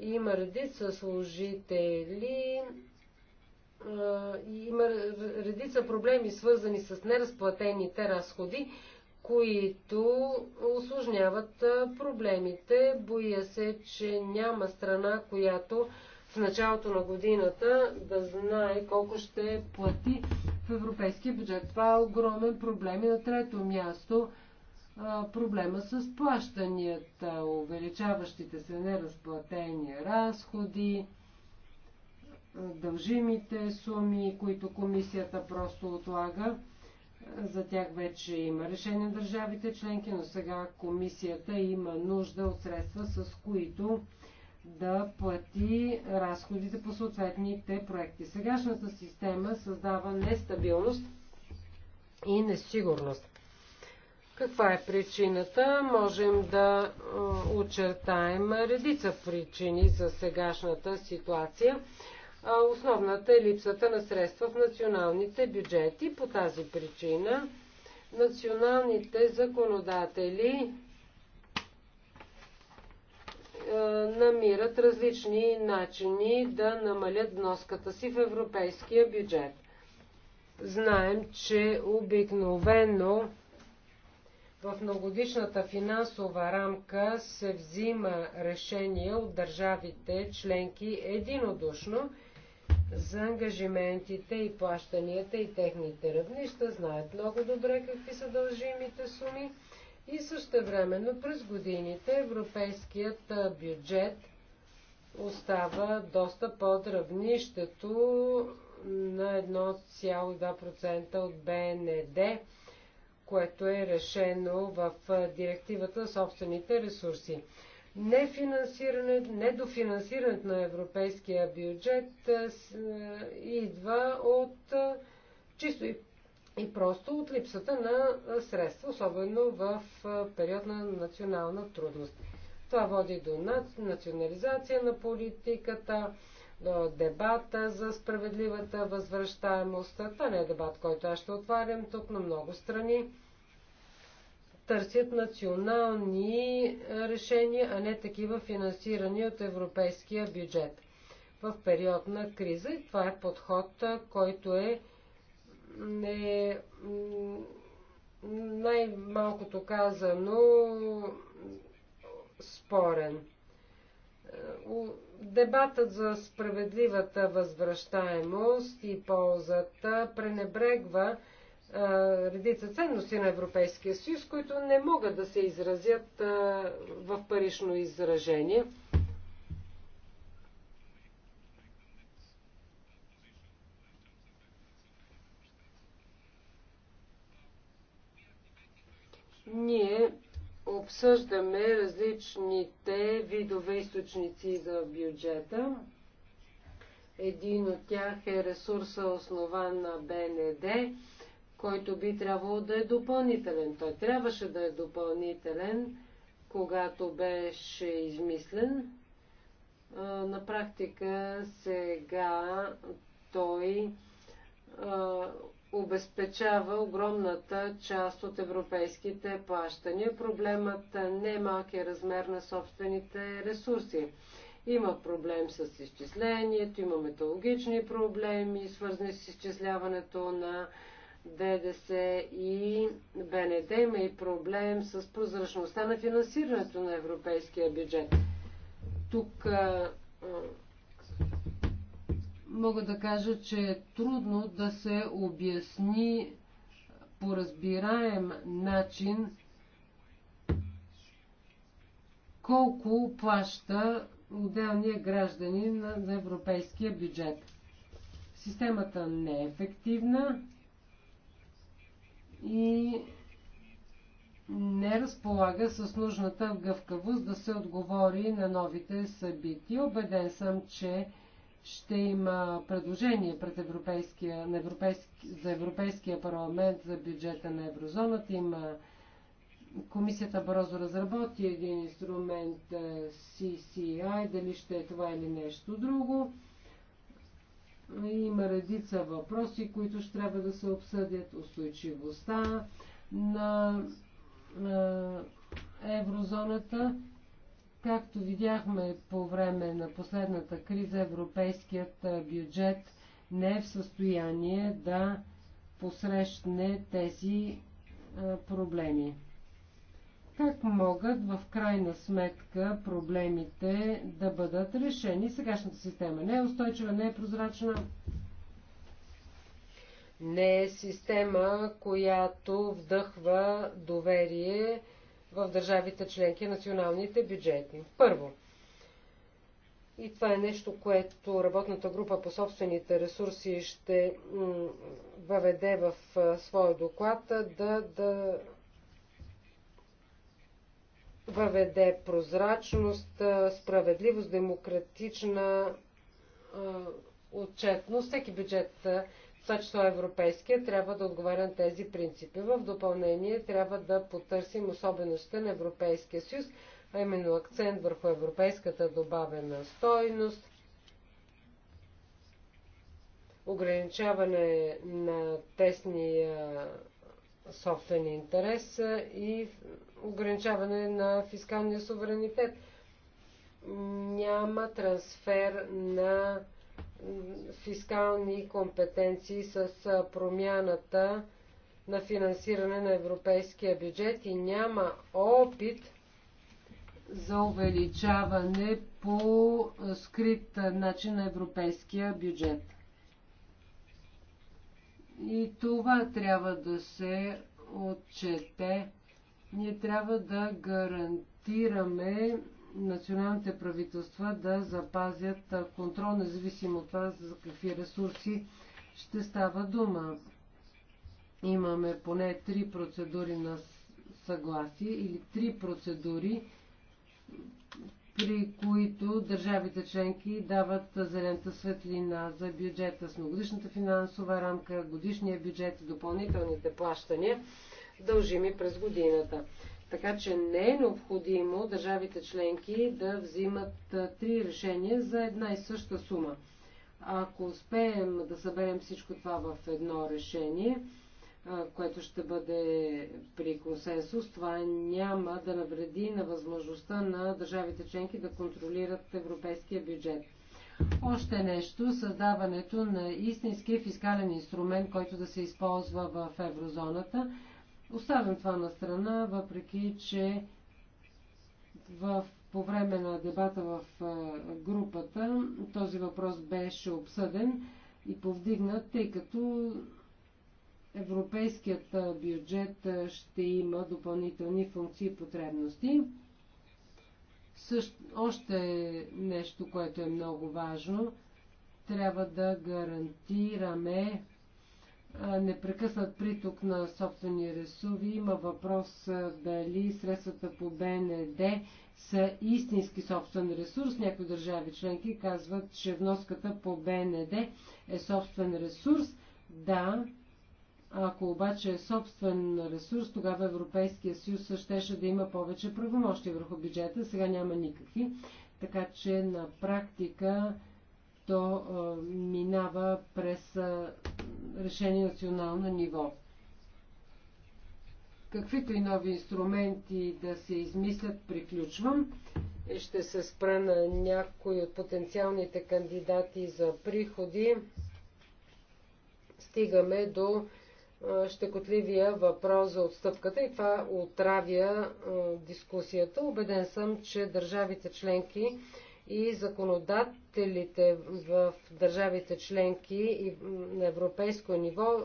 има редица служители има редица проблеми, свързани с неразплатените разходи, които осложняват проблемите. Боя се, че няма страна, която в началото на годината да знае колко ще плати в европейския бюджет. Това е огромен проблем и на трето място проблема с плащанията, увеличаващите се неразплатени разходи, дължимите суми, които комисията просто отлага. За тях вече има решение на държавите членки, но сега комисията има нужда от средства, с които да плати разходите по съответните проекти. Сегашната система създава нестабилност и несигурност. Каква е причината? Можем да очертаем редица причини за сегашната ситуация. Основната е липсата на средства в националните бюджети. По тази причина националните законодатели е, намират различни начини да намалят вноската си в европейския бюджет. Знаем, че обикновено в многодишната финансова рамка се взима решение от държавите членки единодушно за ангажиментите и плащанията и техните равнища, знаят много добре какви са дължимите суми и също времено през годините европейският бюджет остава доста под равнището на 1,2% от БНД, което е решено в директивата за собствените ресурси. Нефинансиране, недофинансирането на европейския бюджет идва от чисто и и просто от липсата на средства, особено в период на национална трудност. Това води до национализация на политиката, до дебата за справедливата възвръщаемост. Това не е дебат, който аз ще отварям тук, на много страни търсят национални решения, а не такива финансирани от европейския бюджет в период на криза. И това е подход, който е не е най-малкото казано спорен. Е, дебатът за справедливата възвръщаемост и ползата пренебрегва а, е, редица ценности на Европейския съюз, които не могат да се изразят а, в парично изражение – Ние обсъждаме различните видове източници за бюджета. Един от тях е ресурса основан на БНД, който би трябвало да е допълнителен. Той трябваше да е допълнителен, когато беше измислен. На практика сега той обезпечава огромната част от европейските плащания. Проблемът не е малкият размер на собствените ресурси. Има проблем с изчислението, има метологични проблеми, свързани с изчисляването на ДДС и БНД. Има и проблем с прозрачността на финансирането на европейския бюджет. Тук мога да кажа, че е трудно да се обясни по разбираем начин колко плаща отделния гражданин на европейския бюджет. Системата не е ефективна и не разполага с нужната гъвкавост да се отговори на новите събития. Обеден съм, че ще има предложение пред европейския, на европейски, за Европейския парламент за бюджета на еврозоната. Има Комисията Борозо разработи един инструмент е, CCI, дали ще е това или нещо друго. Има редица въпроси, които ще трябва да се обсъдят. Устойчивостта на е, еврозоната Както видяхме по време на последната криза, европейският бюджет не е в състояние да посрещне тези проблеми. Как могат в крайна сметка проблемите да бъдат решени? Сегашната система не е устойчива, не е прозрачна. Не е система, която вдъхва доверие в държавите членки националните бюджети. Първо, и това е нещо, което работната група по собствените ресурси ще въведе в своя доклад, да, да въведе прозрачност, справедливост, демократична отчетност. Всеки бюджет това число европейския, трябва да отговаря на тези принципи. В допълнение трябва да потърсим особеността на Европейския съюз, а именно акцент върху европейската добавена стойност, ограничаване на тесния собствен интерес и ограничаване на фискалния суверенитет. Няма трансфер на фискални компетенции с промяната на финансиране на европейския бюджет и няма опит за увеличаване по скрит начин на европейския бюджет. И това трябва да се отчете. Ние трябва да гарантираме националните правителства да запазят контрол, независимо от това за какви ресурси ще става дума. Имаме поне три процедури на съгласие или три процедури, при които държавите членки дават зелената светлина за бюджета с многодишната финансова рамка, годишния бюджет и допълнителните плащания, дължими през годината. Така че не е необходимо държавите членки да взимат три решения за една и съща сума. Ако успеем да съберем всичко това в едно решение, което ще бъде при консенсус, това няма да навреди на възможността на държавите членки да контролират европейския бюджет. Още нещо, създаването на истински фискален инструмент, който да се използва в еврозоната Оставям това на страна, въпреки че в, по време на дебата в групата този въпрос беше обсъден и повдигнат, тъй като европейският бюджет ще има допълнителни функции и потребности. Също, още нещо, което е много важно, трябва да гарантираме непрекъснат приток на собствени ресурси. Има въпрос дали средствата по БНД са истински собствен ресурс. Някои държави членки казват, че вноската по БНД е собствен ресурс. Да, ако обаче е собствен ресурс, тогава Европейския съюз щеше да има повече правомощи върху бюджета. Сега няма никакви. Така че на практика то а, минава през а, решение национално ниво. Каквито и нови инструменти да се измислят, приключвам. Ще се спра на някои от потенциалните кандидати за приходи. Стигаме до щекотливия въпрос за отстъпката и това отравя дискусията. Обеден съм, че държавите членки и законодателите в държавите членки и на европейско ниво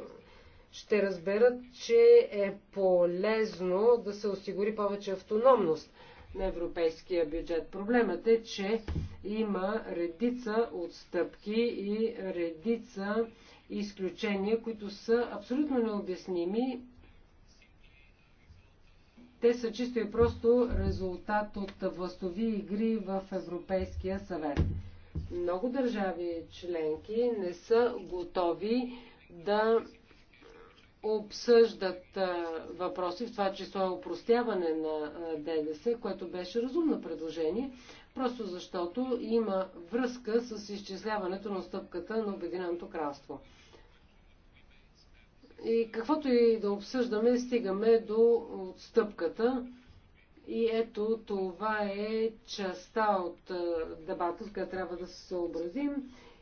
ще разберат, че е полезно да се осигури повече автономност на европейския бюджет. Проблемът е, че има редица отстъпки и редица изключения, които са абсолютно необясними те са чисто и просто резултат от властови игри в Европейския съвет. Много държави членки не са готови да обсъждат въпроси, в това число е упростяване на ДДС, което беше разумно предложение, просто защото има връзка с изчисляването на стъпката на Обединеното кралство. И каквото и да обсъждаме, стигаме до отстъпката. И ето това е частта от дебата, с която трябва да се съобразим.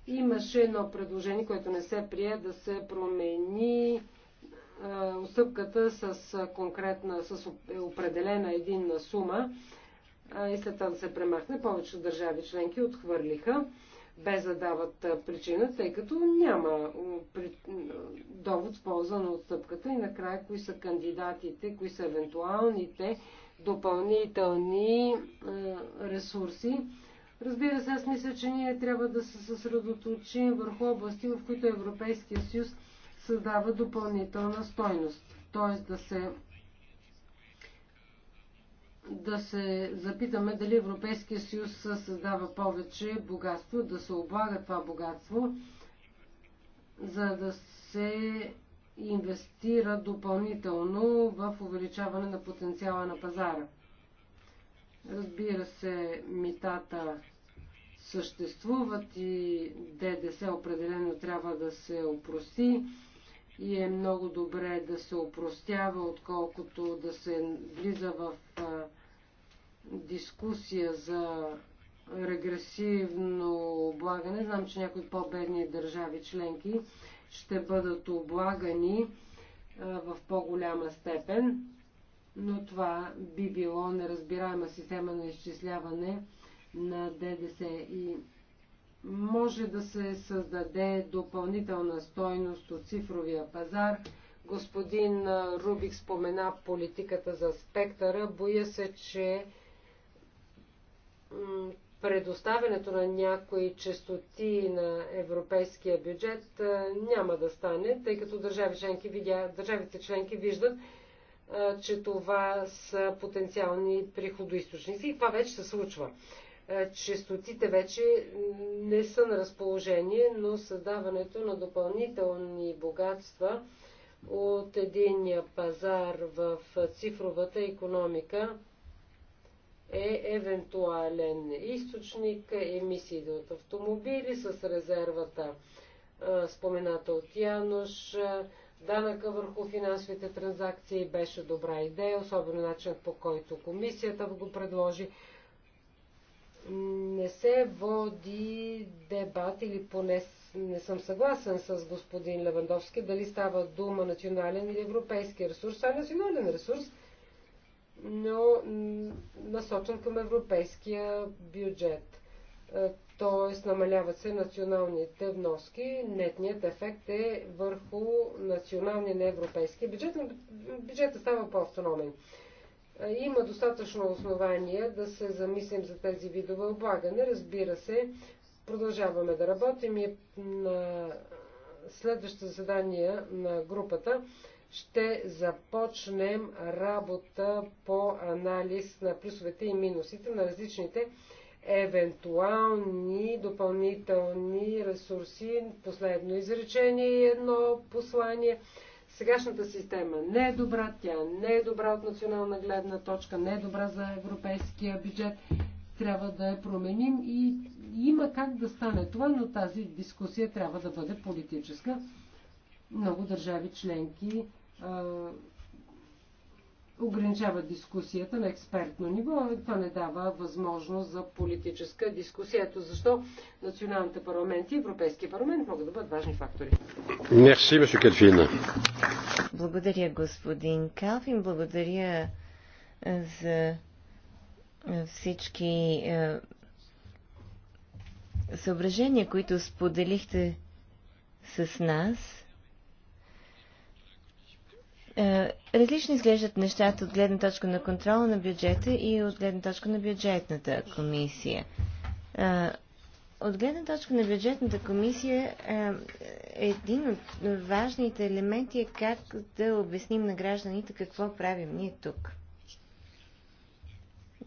Имаше едно предложение, което не се прие да се промени отстъпката с конкретна, с е определена единна сума и след това да се премахне. Повечето държави членки отхвърлиха без да дават причина, тъй като няма довод в полза на отстъпката и накрая кои са кандидатите, кои са евентуалните допълнителни ресурси. Разбира се, аз мисля, че ние трябва да се съсредоточим върху области, в които Европейския съюз създава допълнителна стойност, т.е. да се да се запитаме дали Европейския съюз създава повече богатство, да се облага това богатство, за да се инвестира допълнително в увеличаване на потенциала на пазара. Разбира се, митата съществуват и ДДС определено трябва да се опрости и е много добре да се опростява, отколкото да се влиза в дискусия за регресивно облагане. Знам, че някои по-бедни държави членки ще бъдат облагани в по-голяма степен, но това би било неразбираема система на изчисляване на ДДС и може да се създаде допълнителна стойност от цифровия пазар. Господин Рубик спомена политиката за спектъра. Боя се, че предоставянето на някои частоти на европейския бюджет няма да стане, тъй като държави членки видя, държавите членки виждат, че това са потенциални приходоисточници и това вече се случва. Честотите вече не са на разположение, но създаването на допълнителни богатства от единния пазар в цифровата економика – е евентуален източник, емисиите от автомобили с резервата спомената от Янош, данъка върху финансовите транзакции беше добра идея, особено начинът по който комисията го предложи. Не се води дебат или поне не съм съгласен с господин Левандовски дали става дума национален или европейски ресурс, а е национален ресурс – но насочен към европейския бюджет. Т.е. намаляват се националните вноски. Нетният ефект е върху националния на европейския бюджет, но бюджетът става по-автономен. Е, има достатъчно основания да се замислим за тези видове облагане. Разбира се, продължаваме да работим и на следващото заседание на групата ще започнем работа по анализ на плюсовете и минусите на различните евентуални допълнителни ресурси. Последно изречение и едно послание. Сегашната система не е добра, тя не е добра от национална гледна точка, не е добра за европейския бюджет. Трябва да я променим и има как да стане това, но тази дискусия трябва да бъде политическа. Много държави членки ограничава дискусията на експертно ниво. Това не дава възможност за политическа дискусия. Ето защо националните парламенти и Европейския парламент могат да бъдат важни фактори. Мерси, месье Благодаря, господин Калфин. Благодаря за всички съображения, които споделихте с нас. Е, различно изглеждат нещата от гледна точка на контрола на бюджета и от гледна точка на бюджетната комисия. Е, от гледна точка на бюджетната комисия, е, един от важните елементи е как да обясним на гражданите какво правим ние тук.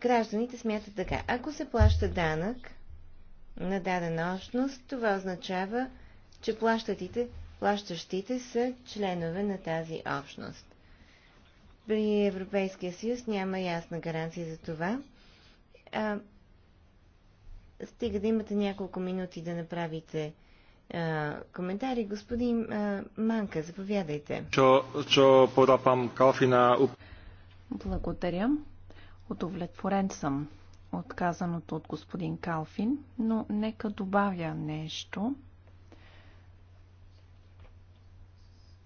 Гражданите смятат така. Ако се плаща данък на дадена общност, това означава, че плащатите Плащащите са членове на тази общност. При Европейския съюз няма ясна гаранция за това. А, стига да имате няколко минути да направите а, коментари. Господин а, Манка, заповядайте. Чо, чо подапам на... Благодаря. Удовлетворен съм отказаното от господин Калфин, но нека добавя нещо.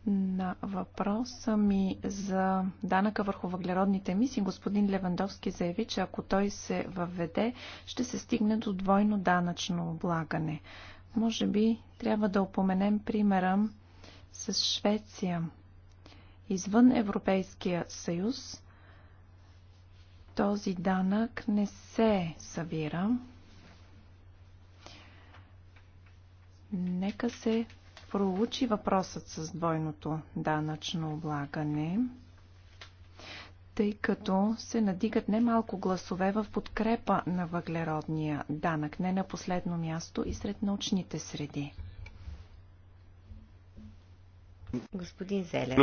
На въпроса ми за данъка върху въглеродните емисии, господин Левандовски заяви, че ако той се въведе, ще се стигне до двойно данъчно облагане. Може би трябва да опоменем примера с Швеция. Извън Европейския съюз този данък не се събира. Нека се проучи въпросът с двойното данъчно облагане, тъй като се надигат немалко гласове в подкрепа на въглеродния данък, не на последно място и сред научните среди. Господин Зелен.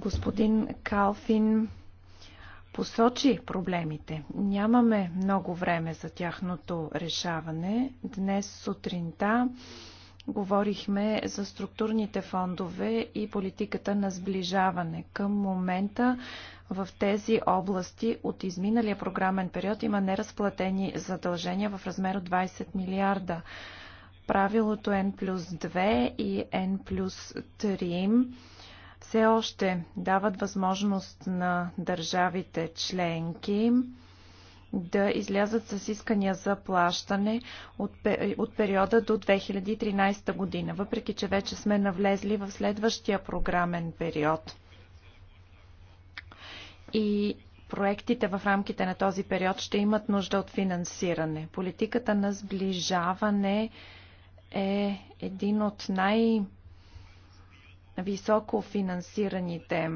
Господин Калфин посочи проблемите. Нямаме много време за тяхното решаване. Днес сутринта говорихме за структурните фондове и политиката на сближаване. Към момента в тези области от изминалия програмен период има неразплатени задължения в размер от 20 милиарда. Правилото N плюс 2 и N плюс 3 все още дават възможност на държавите членки да излязат с искания за плащане от, от периода до 2013 година, въпреки че вече сме навлезли в следващия програмен период. И проектите в рамките на този период ще имат нужда от финансиране. Политиката на сближаване е един от най- високо финансираните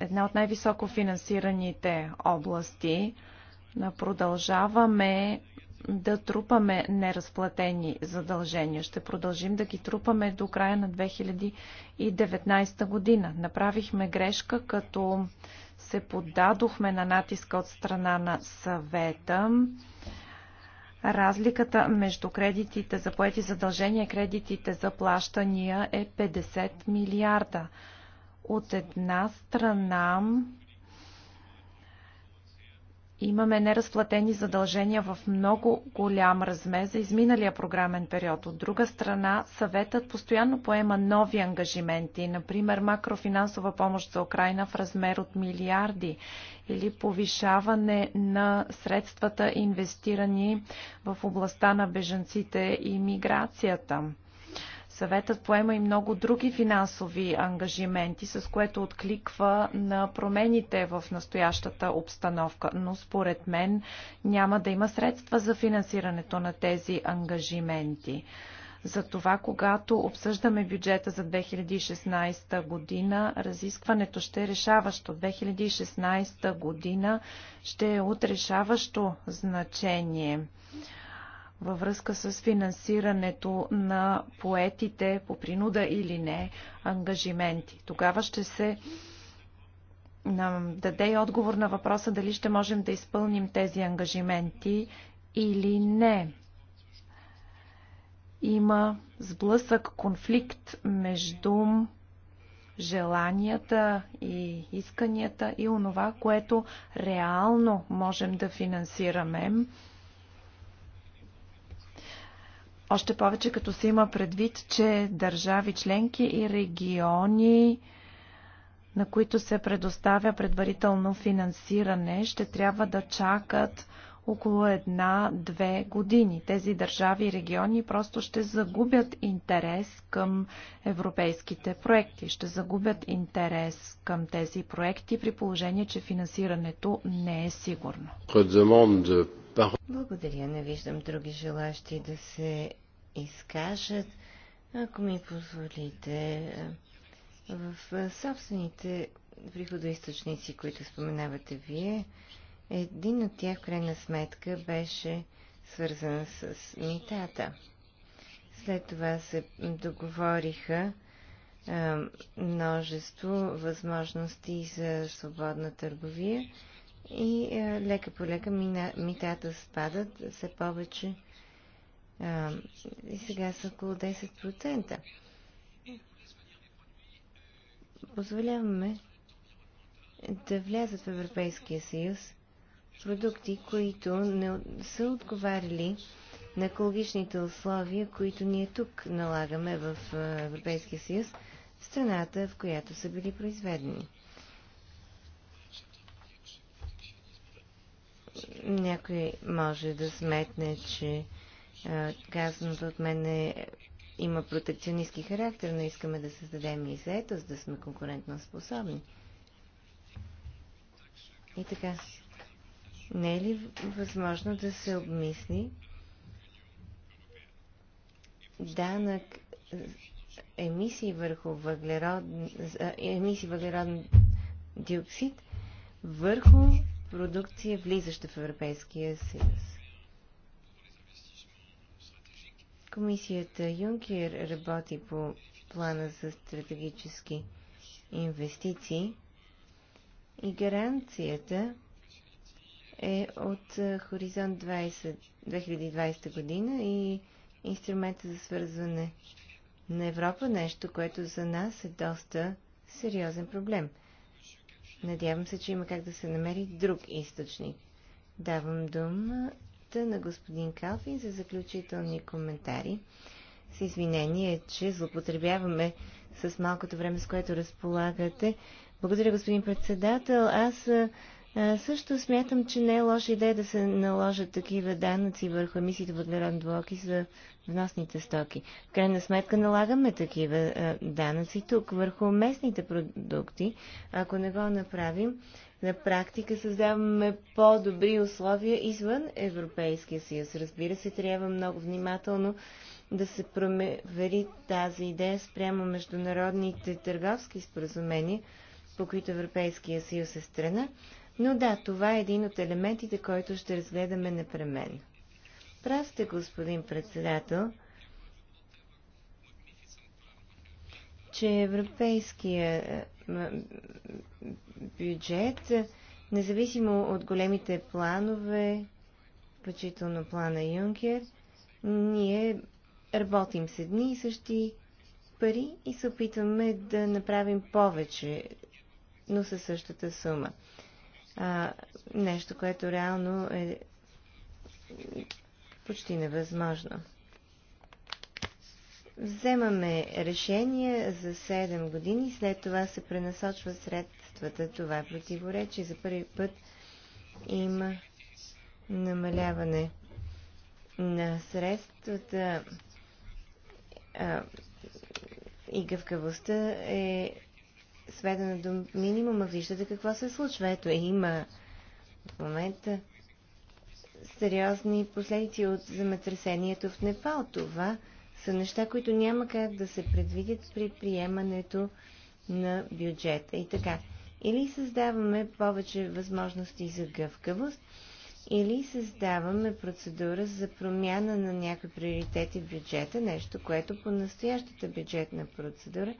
една от най-високо финансираните области. Продължаваме да трупаме неразплатени задължения. Ще продължим да ги трупаме до края на 2019 година. Направихме грешка, като се поддадохме на натиска от страна на съвета Разликата между кредитите за поети задължения и кредитите за плащания е 50 милиарда. От една страна Имаме неразплатени задължения в много голям размер за изминалия програмен период. От друга страна, съветът постоянно поема нови ангажименти, например макрофинансова помощ за Украина в размер от милиарди или повишаване на средствата инвестирани в областта на бежанците и миграцията. Съветът поема и много други финансови ангажименти, с което откликва на промените в настоящата обстановка, но според мен няма да има средства за финансирането на тези ангажименти. Затова, когато обсъждаме бюджета за 2016 година, разискването ще е решаващо. 2016 година ще е от решаващо значение във връзка с финансирането на поетите по принуда или не ангажименти. Тогава ще се нам даде отговор на въпроса дали ще можем да изпълним тези ангажименти или не. Има сблъсък, конфликт между желанията и исканията и онова, което реално можем да финансираме още повече като се има предвид, че държави членки и региони, на които се предоставя предварително финансиране, ще трябва да чакат около една-две години. Тези държави и региони просто ще загубят интерес към европейските проекти. Ще загубят интерес към тези проекти при положение, че финансирането не е сигурно. Благодаря. Не виждам други желащи да се изкажат. Ако ми позволите, в собствените приходоисточници, които споменавате вие, един от тях в крайна сметка беше свързан с митата. След това се договориха множество възможности за свободна търговия и а, е, лека по лека мина, митата спадат все повече а, и сега са около 10%. Позволяваме да влязат в Европейския съюз продукти, които не са отговаряли на екологичните условия, които ние тук налагаме в е, Европейския съюз, страната, в която са били произведени. някой може да сметне, че казаното от мен е, има протекционистски характер, но искаме да създадем и заетост, да сме конкурентно способни. И така, не е ли възможно да се обмисли данък емисии върху въглерод, емисии въглероден диоксид върху продукция, влизаща в Европейския съюз. Комисията Юнкер работи по плана за стратегически инвестиции и гаранцията е от Хоризонт 20, 2020 година и инструмента за свързване на Европа, нещо, което за нас е доста сериозен проблем – Надявам се, че има как да се намери друг източник. Давам думата на господин Калфин за заключителни коментари. С извинение, че злоупотребяваме с малкото време, с което разполагате. Благодаря, господин председател. Аз също смятам, че не е лоша идея да се наложат такива данъци върху емисиите въглероден двуокис за вносните стоки. В крайна сметка налагаме такива данъци тук върху местните продукти. Ако не го направим, на практика създаваме по-добри условия извън Европейския съюз. Разбира се, трябва много внимателно да се провери тази идея спрямо международните търговски споразумения, по които Европейския съюз е страна, но да, това е един от елементите, който ще разгледаме непременно. Прав сте, господин председател, че европейския бюджет, независимо от големите планове, включително плана Юнкер, ние работим с едни и същи пари и се опитваме да направим повече, но със същата сума а, нещо, което реално е почти невъзможно. Вземаме решение за 7 години, след това се пренасочва средствата. Това е противоречие. За първи път има намаляване на средствата а, и гъвкавостта е Сведена до минимума, виждате какво се случва. Ето има в момента сериозни последици от земетресението в Непал. Това са неща, които няма как да се предвидят при приемането на бюджета. И така, или създаваме повече възможности за гъвкавост, или създаваме процедура за промяна на някои приоритети в бюджета, нещо, което по настоящата бюджетна процедура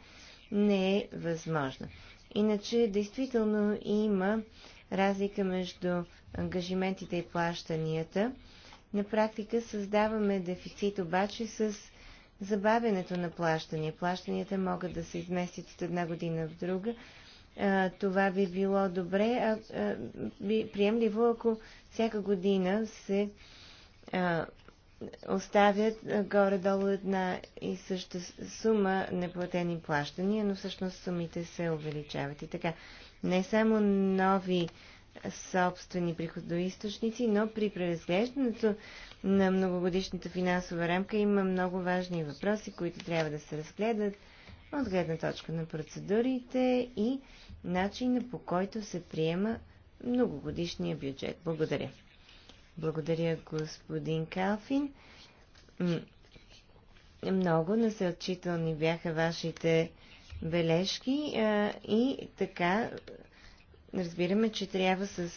не е възможна. Иначе, действително има разлика между ангажиментите и плащанията. На практика създаваме дефицит обаче с забавянето на плащания. Плащанията могат да се изместят от една година в друга. това би било добре, а, а, би приемливо, ако всяка година се а, оставят горе-долу една и съща сума неплатени плащания, но всъщност сумите се увеличават. И така, не само нови собствени приходоисточници, но при преразглеждането на многогодишната финансова рамка има много важни въпроси, които трябва да се разгледат от гледна точка на процедурите и начина по който се приема многогодишния бюджет. Благодаря. Благодаря, господин Калфин. Много насърчителни бяха вашите бележки и така разбираме, че трябва с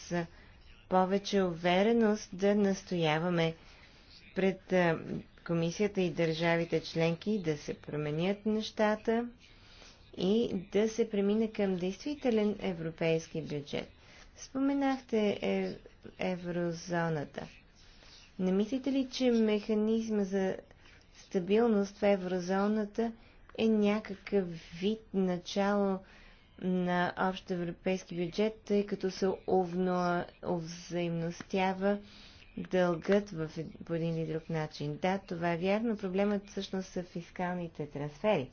повече увереност да настояваме пред комисията и държавите членки да се променят нещата и да се премине към действителен европейски бюджет. Споменахте е, еврозоната. Не мислите ли, че механизма за стабилност в еврозоната е някакъв вид начало на общ европейски бюджет, тъй като се взаимностява овзаимностява дългът в, по един или друг начин. Да, това е вярно. Проблемът всъщност са фискалните трансфери.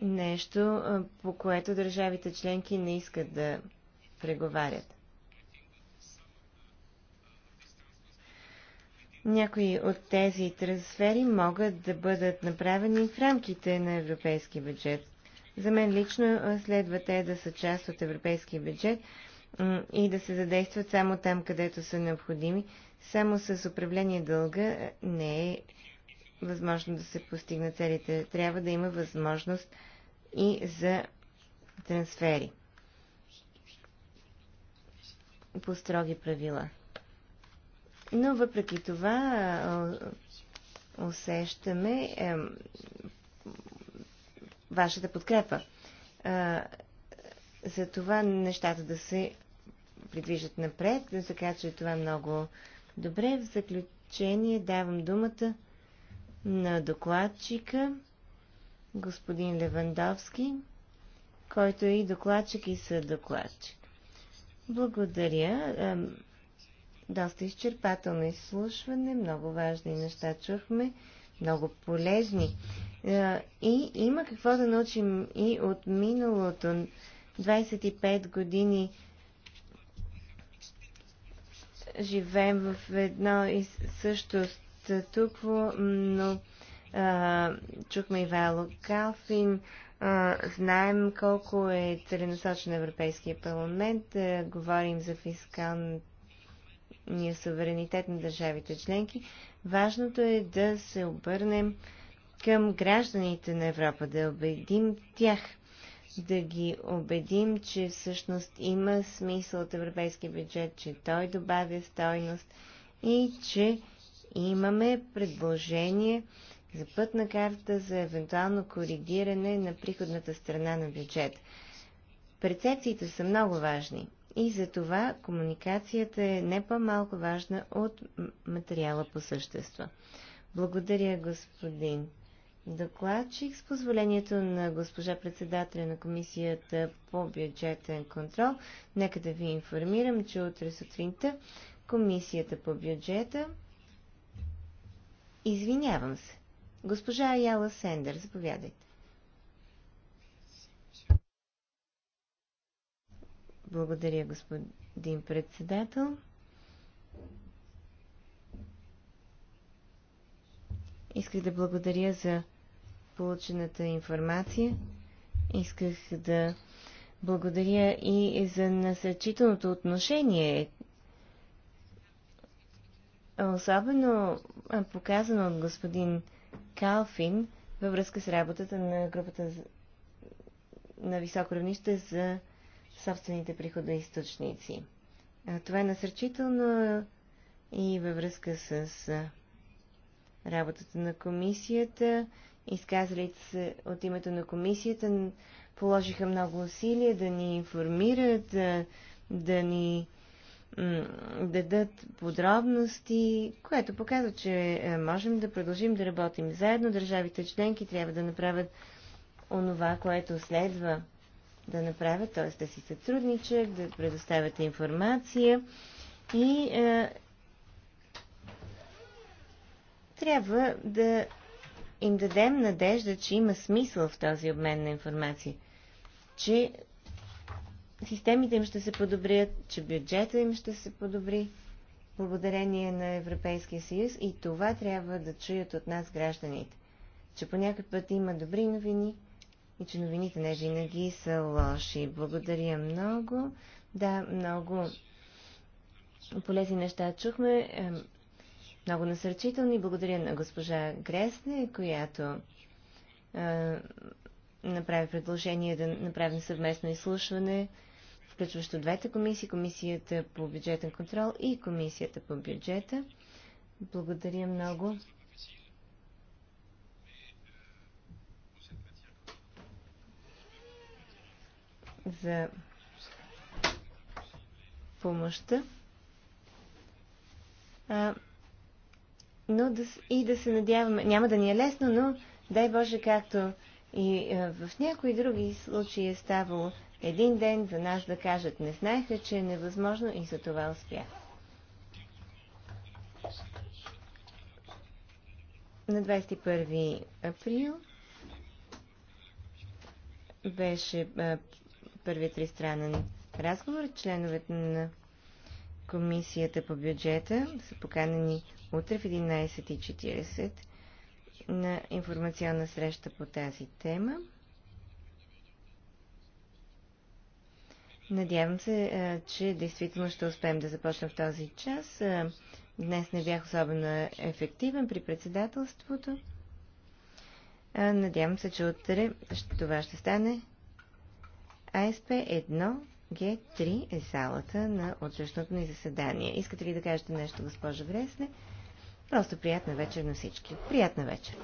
Нещо, по което държавите членки не искат да преговарят. Някои от тези трансфери могат да бъдат направени в рамките на европейски бюджет. За мен лично следва те да са част от европейския бюджет и да се задействат само там, където са необходими. Само с управление дълга не е възможно да се постигнат целите. Трябва да има възможност и за трансфери по строги правила. Но въпреки това усещаме е, вашата подкрепа. Е, за това нещата да се придвижат напред, така че това е много добре. В заключение давам думата на докладчика господин Левандовски, който е и докладчик и съдокладчик. Благодаря. Е, доста изчерпателно изслушване, много важни неща чухме, много полезни. Е, и има какво да научим и от миналото. 25 години живеем в едно и също статукво, но а, е, чухме Вайло Калфин, а, е, знаем колко е целенасочен Европейския парламент, а, говорим за фискалната е суверенитет на държавите членки, важното е да се обърнем към гражданите на Европа, да убедим тях, да ги убедим, че всъщност има смисъл от европейския бюджет, че той добавя стойност и че имаме предложение за пътна карта за евентуално коригиране на приходната страна на бюджет. Перцепциите са много важни и за това комуникацията е не по-малко важна от материала по същество. Благодаря, господин докладчик. С позволението на госпожа председателя на Комисията по бюджетен контрол, нека да ви информирам, че утре сутринта Комисията по бюджета... Извинявам се. Госпожа Аяла Сендер, заповядайте. Благодаря, господин председател. Исках да благодаря за получената информация. Исках да благодаря и за насърчителното отношение, особено показано от господин Калфин във връзка с работата на групата на високо равнище за собствените приходоисточници. Това е насърчително и във връзка с работата на комисията. Изказалите се от името на комисията положиха много усилия да ни информират, да, да ни дадат подробности, което показва, че можем да продължим да работим заедно. Държавите членки трябва да направят онова, което следва да направят, т.е. да си сътрудничат, да предоставят информация и е, трябва да им дадем надежда, че има смисъл в този обмен на информация, че системите им ще се подобрят, че бюджета им ще се подобри благодарение на Европейския съюз и това трябва да чуят от нас гражданите, че по някакъв път има добри новини – и че новините не винаги са лоши. Благодаря много. Да, много полезни неща чухме. Много насърчителни. Благодаря на госпожа Гресне, която е, направи предложение да направим съвместно изслушване, включващо двете комисии, комисията по бюджетен контрол и комисията по бюджета. Благодаря много. за помощта, а, но да, и да се надяваме, няма да ни е лесно, но дай Боже, както и а, в някои други случаи е ставало един ден за нас да кажат не знаеха, че е невъзможно и за това успях. На 21 април беше първия тристранен разговор. Членовете на Комисията по бюджета са поканени утре в 11.40 на информационна среща по тази тема. Надявам се, че действително ще успеем да започнем в този час. Днес не бях особено ефективен при председателството. Надявам се, че утре това ще стане. АСП-1 Г3 е залата на отсъщното ни заседание. Искате ли да кажете нещо, госпожа Гресне? Просто приятна вечер на всички. Приятна вечер!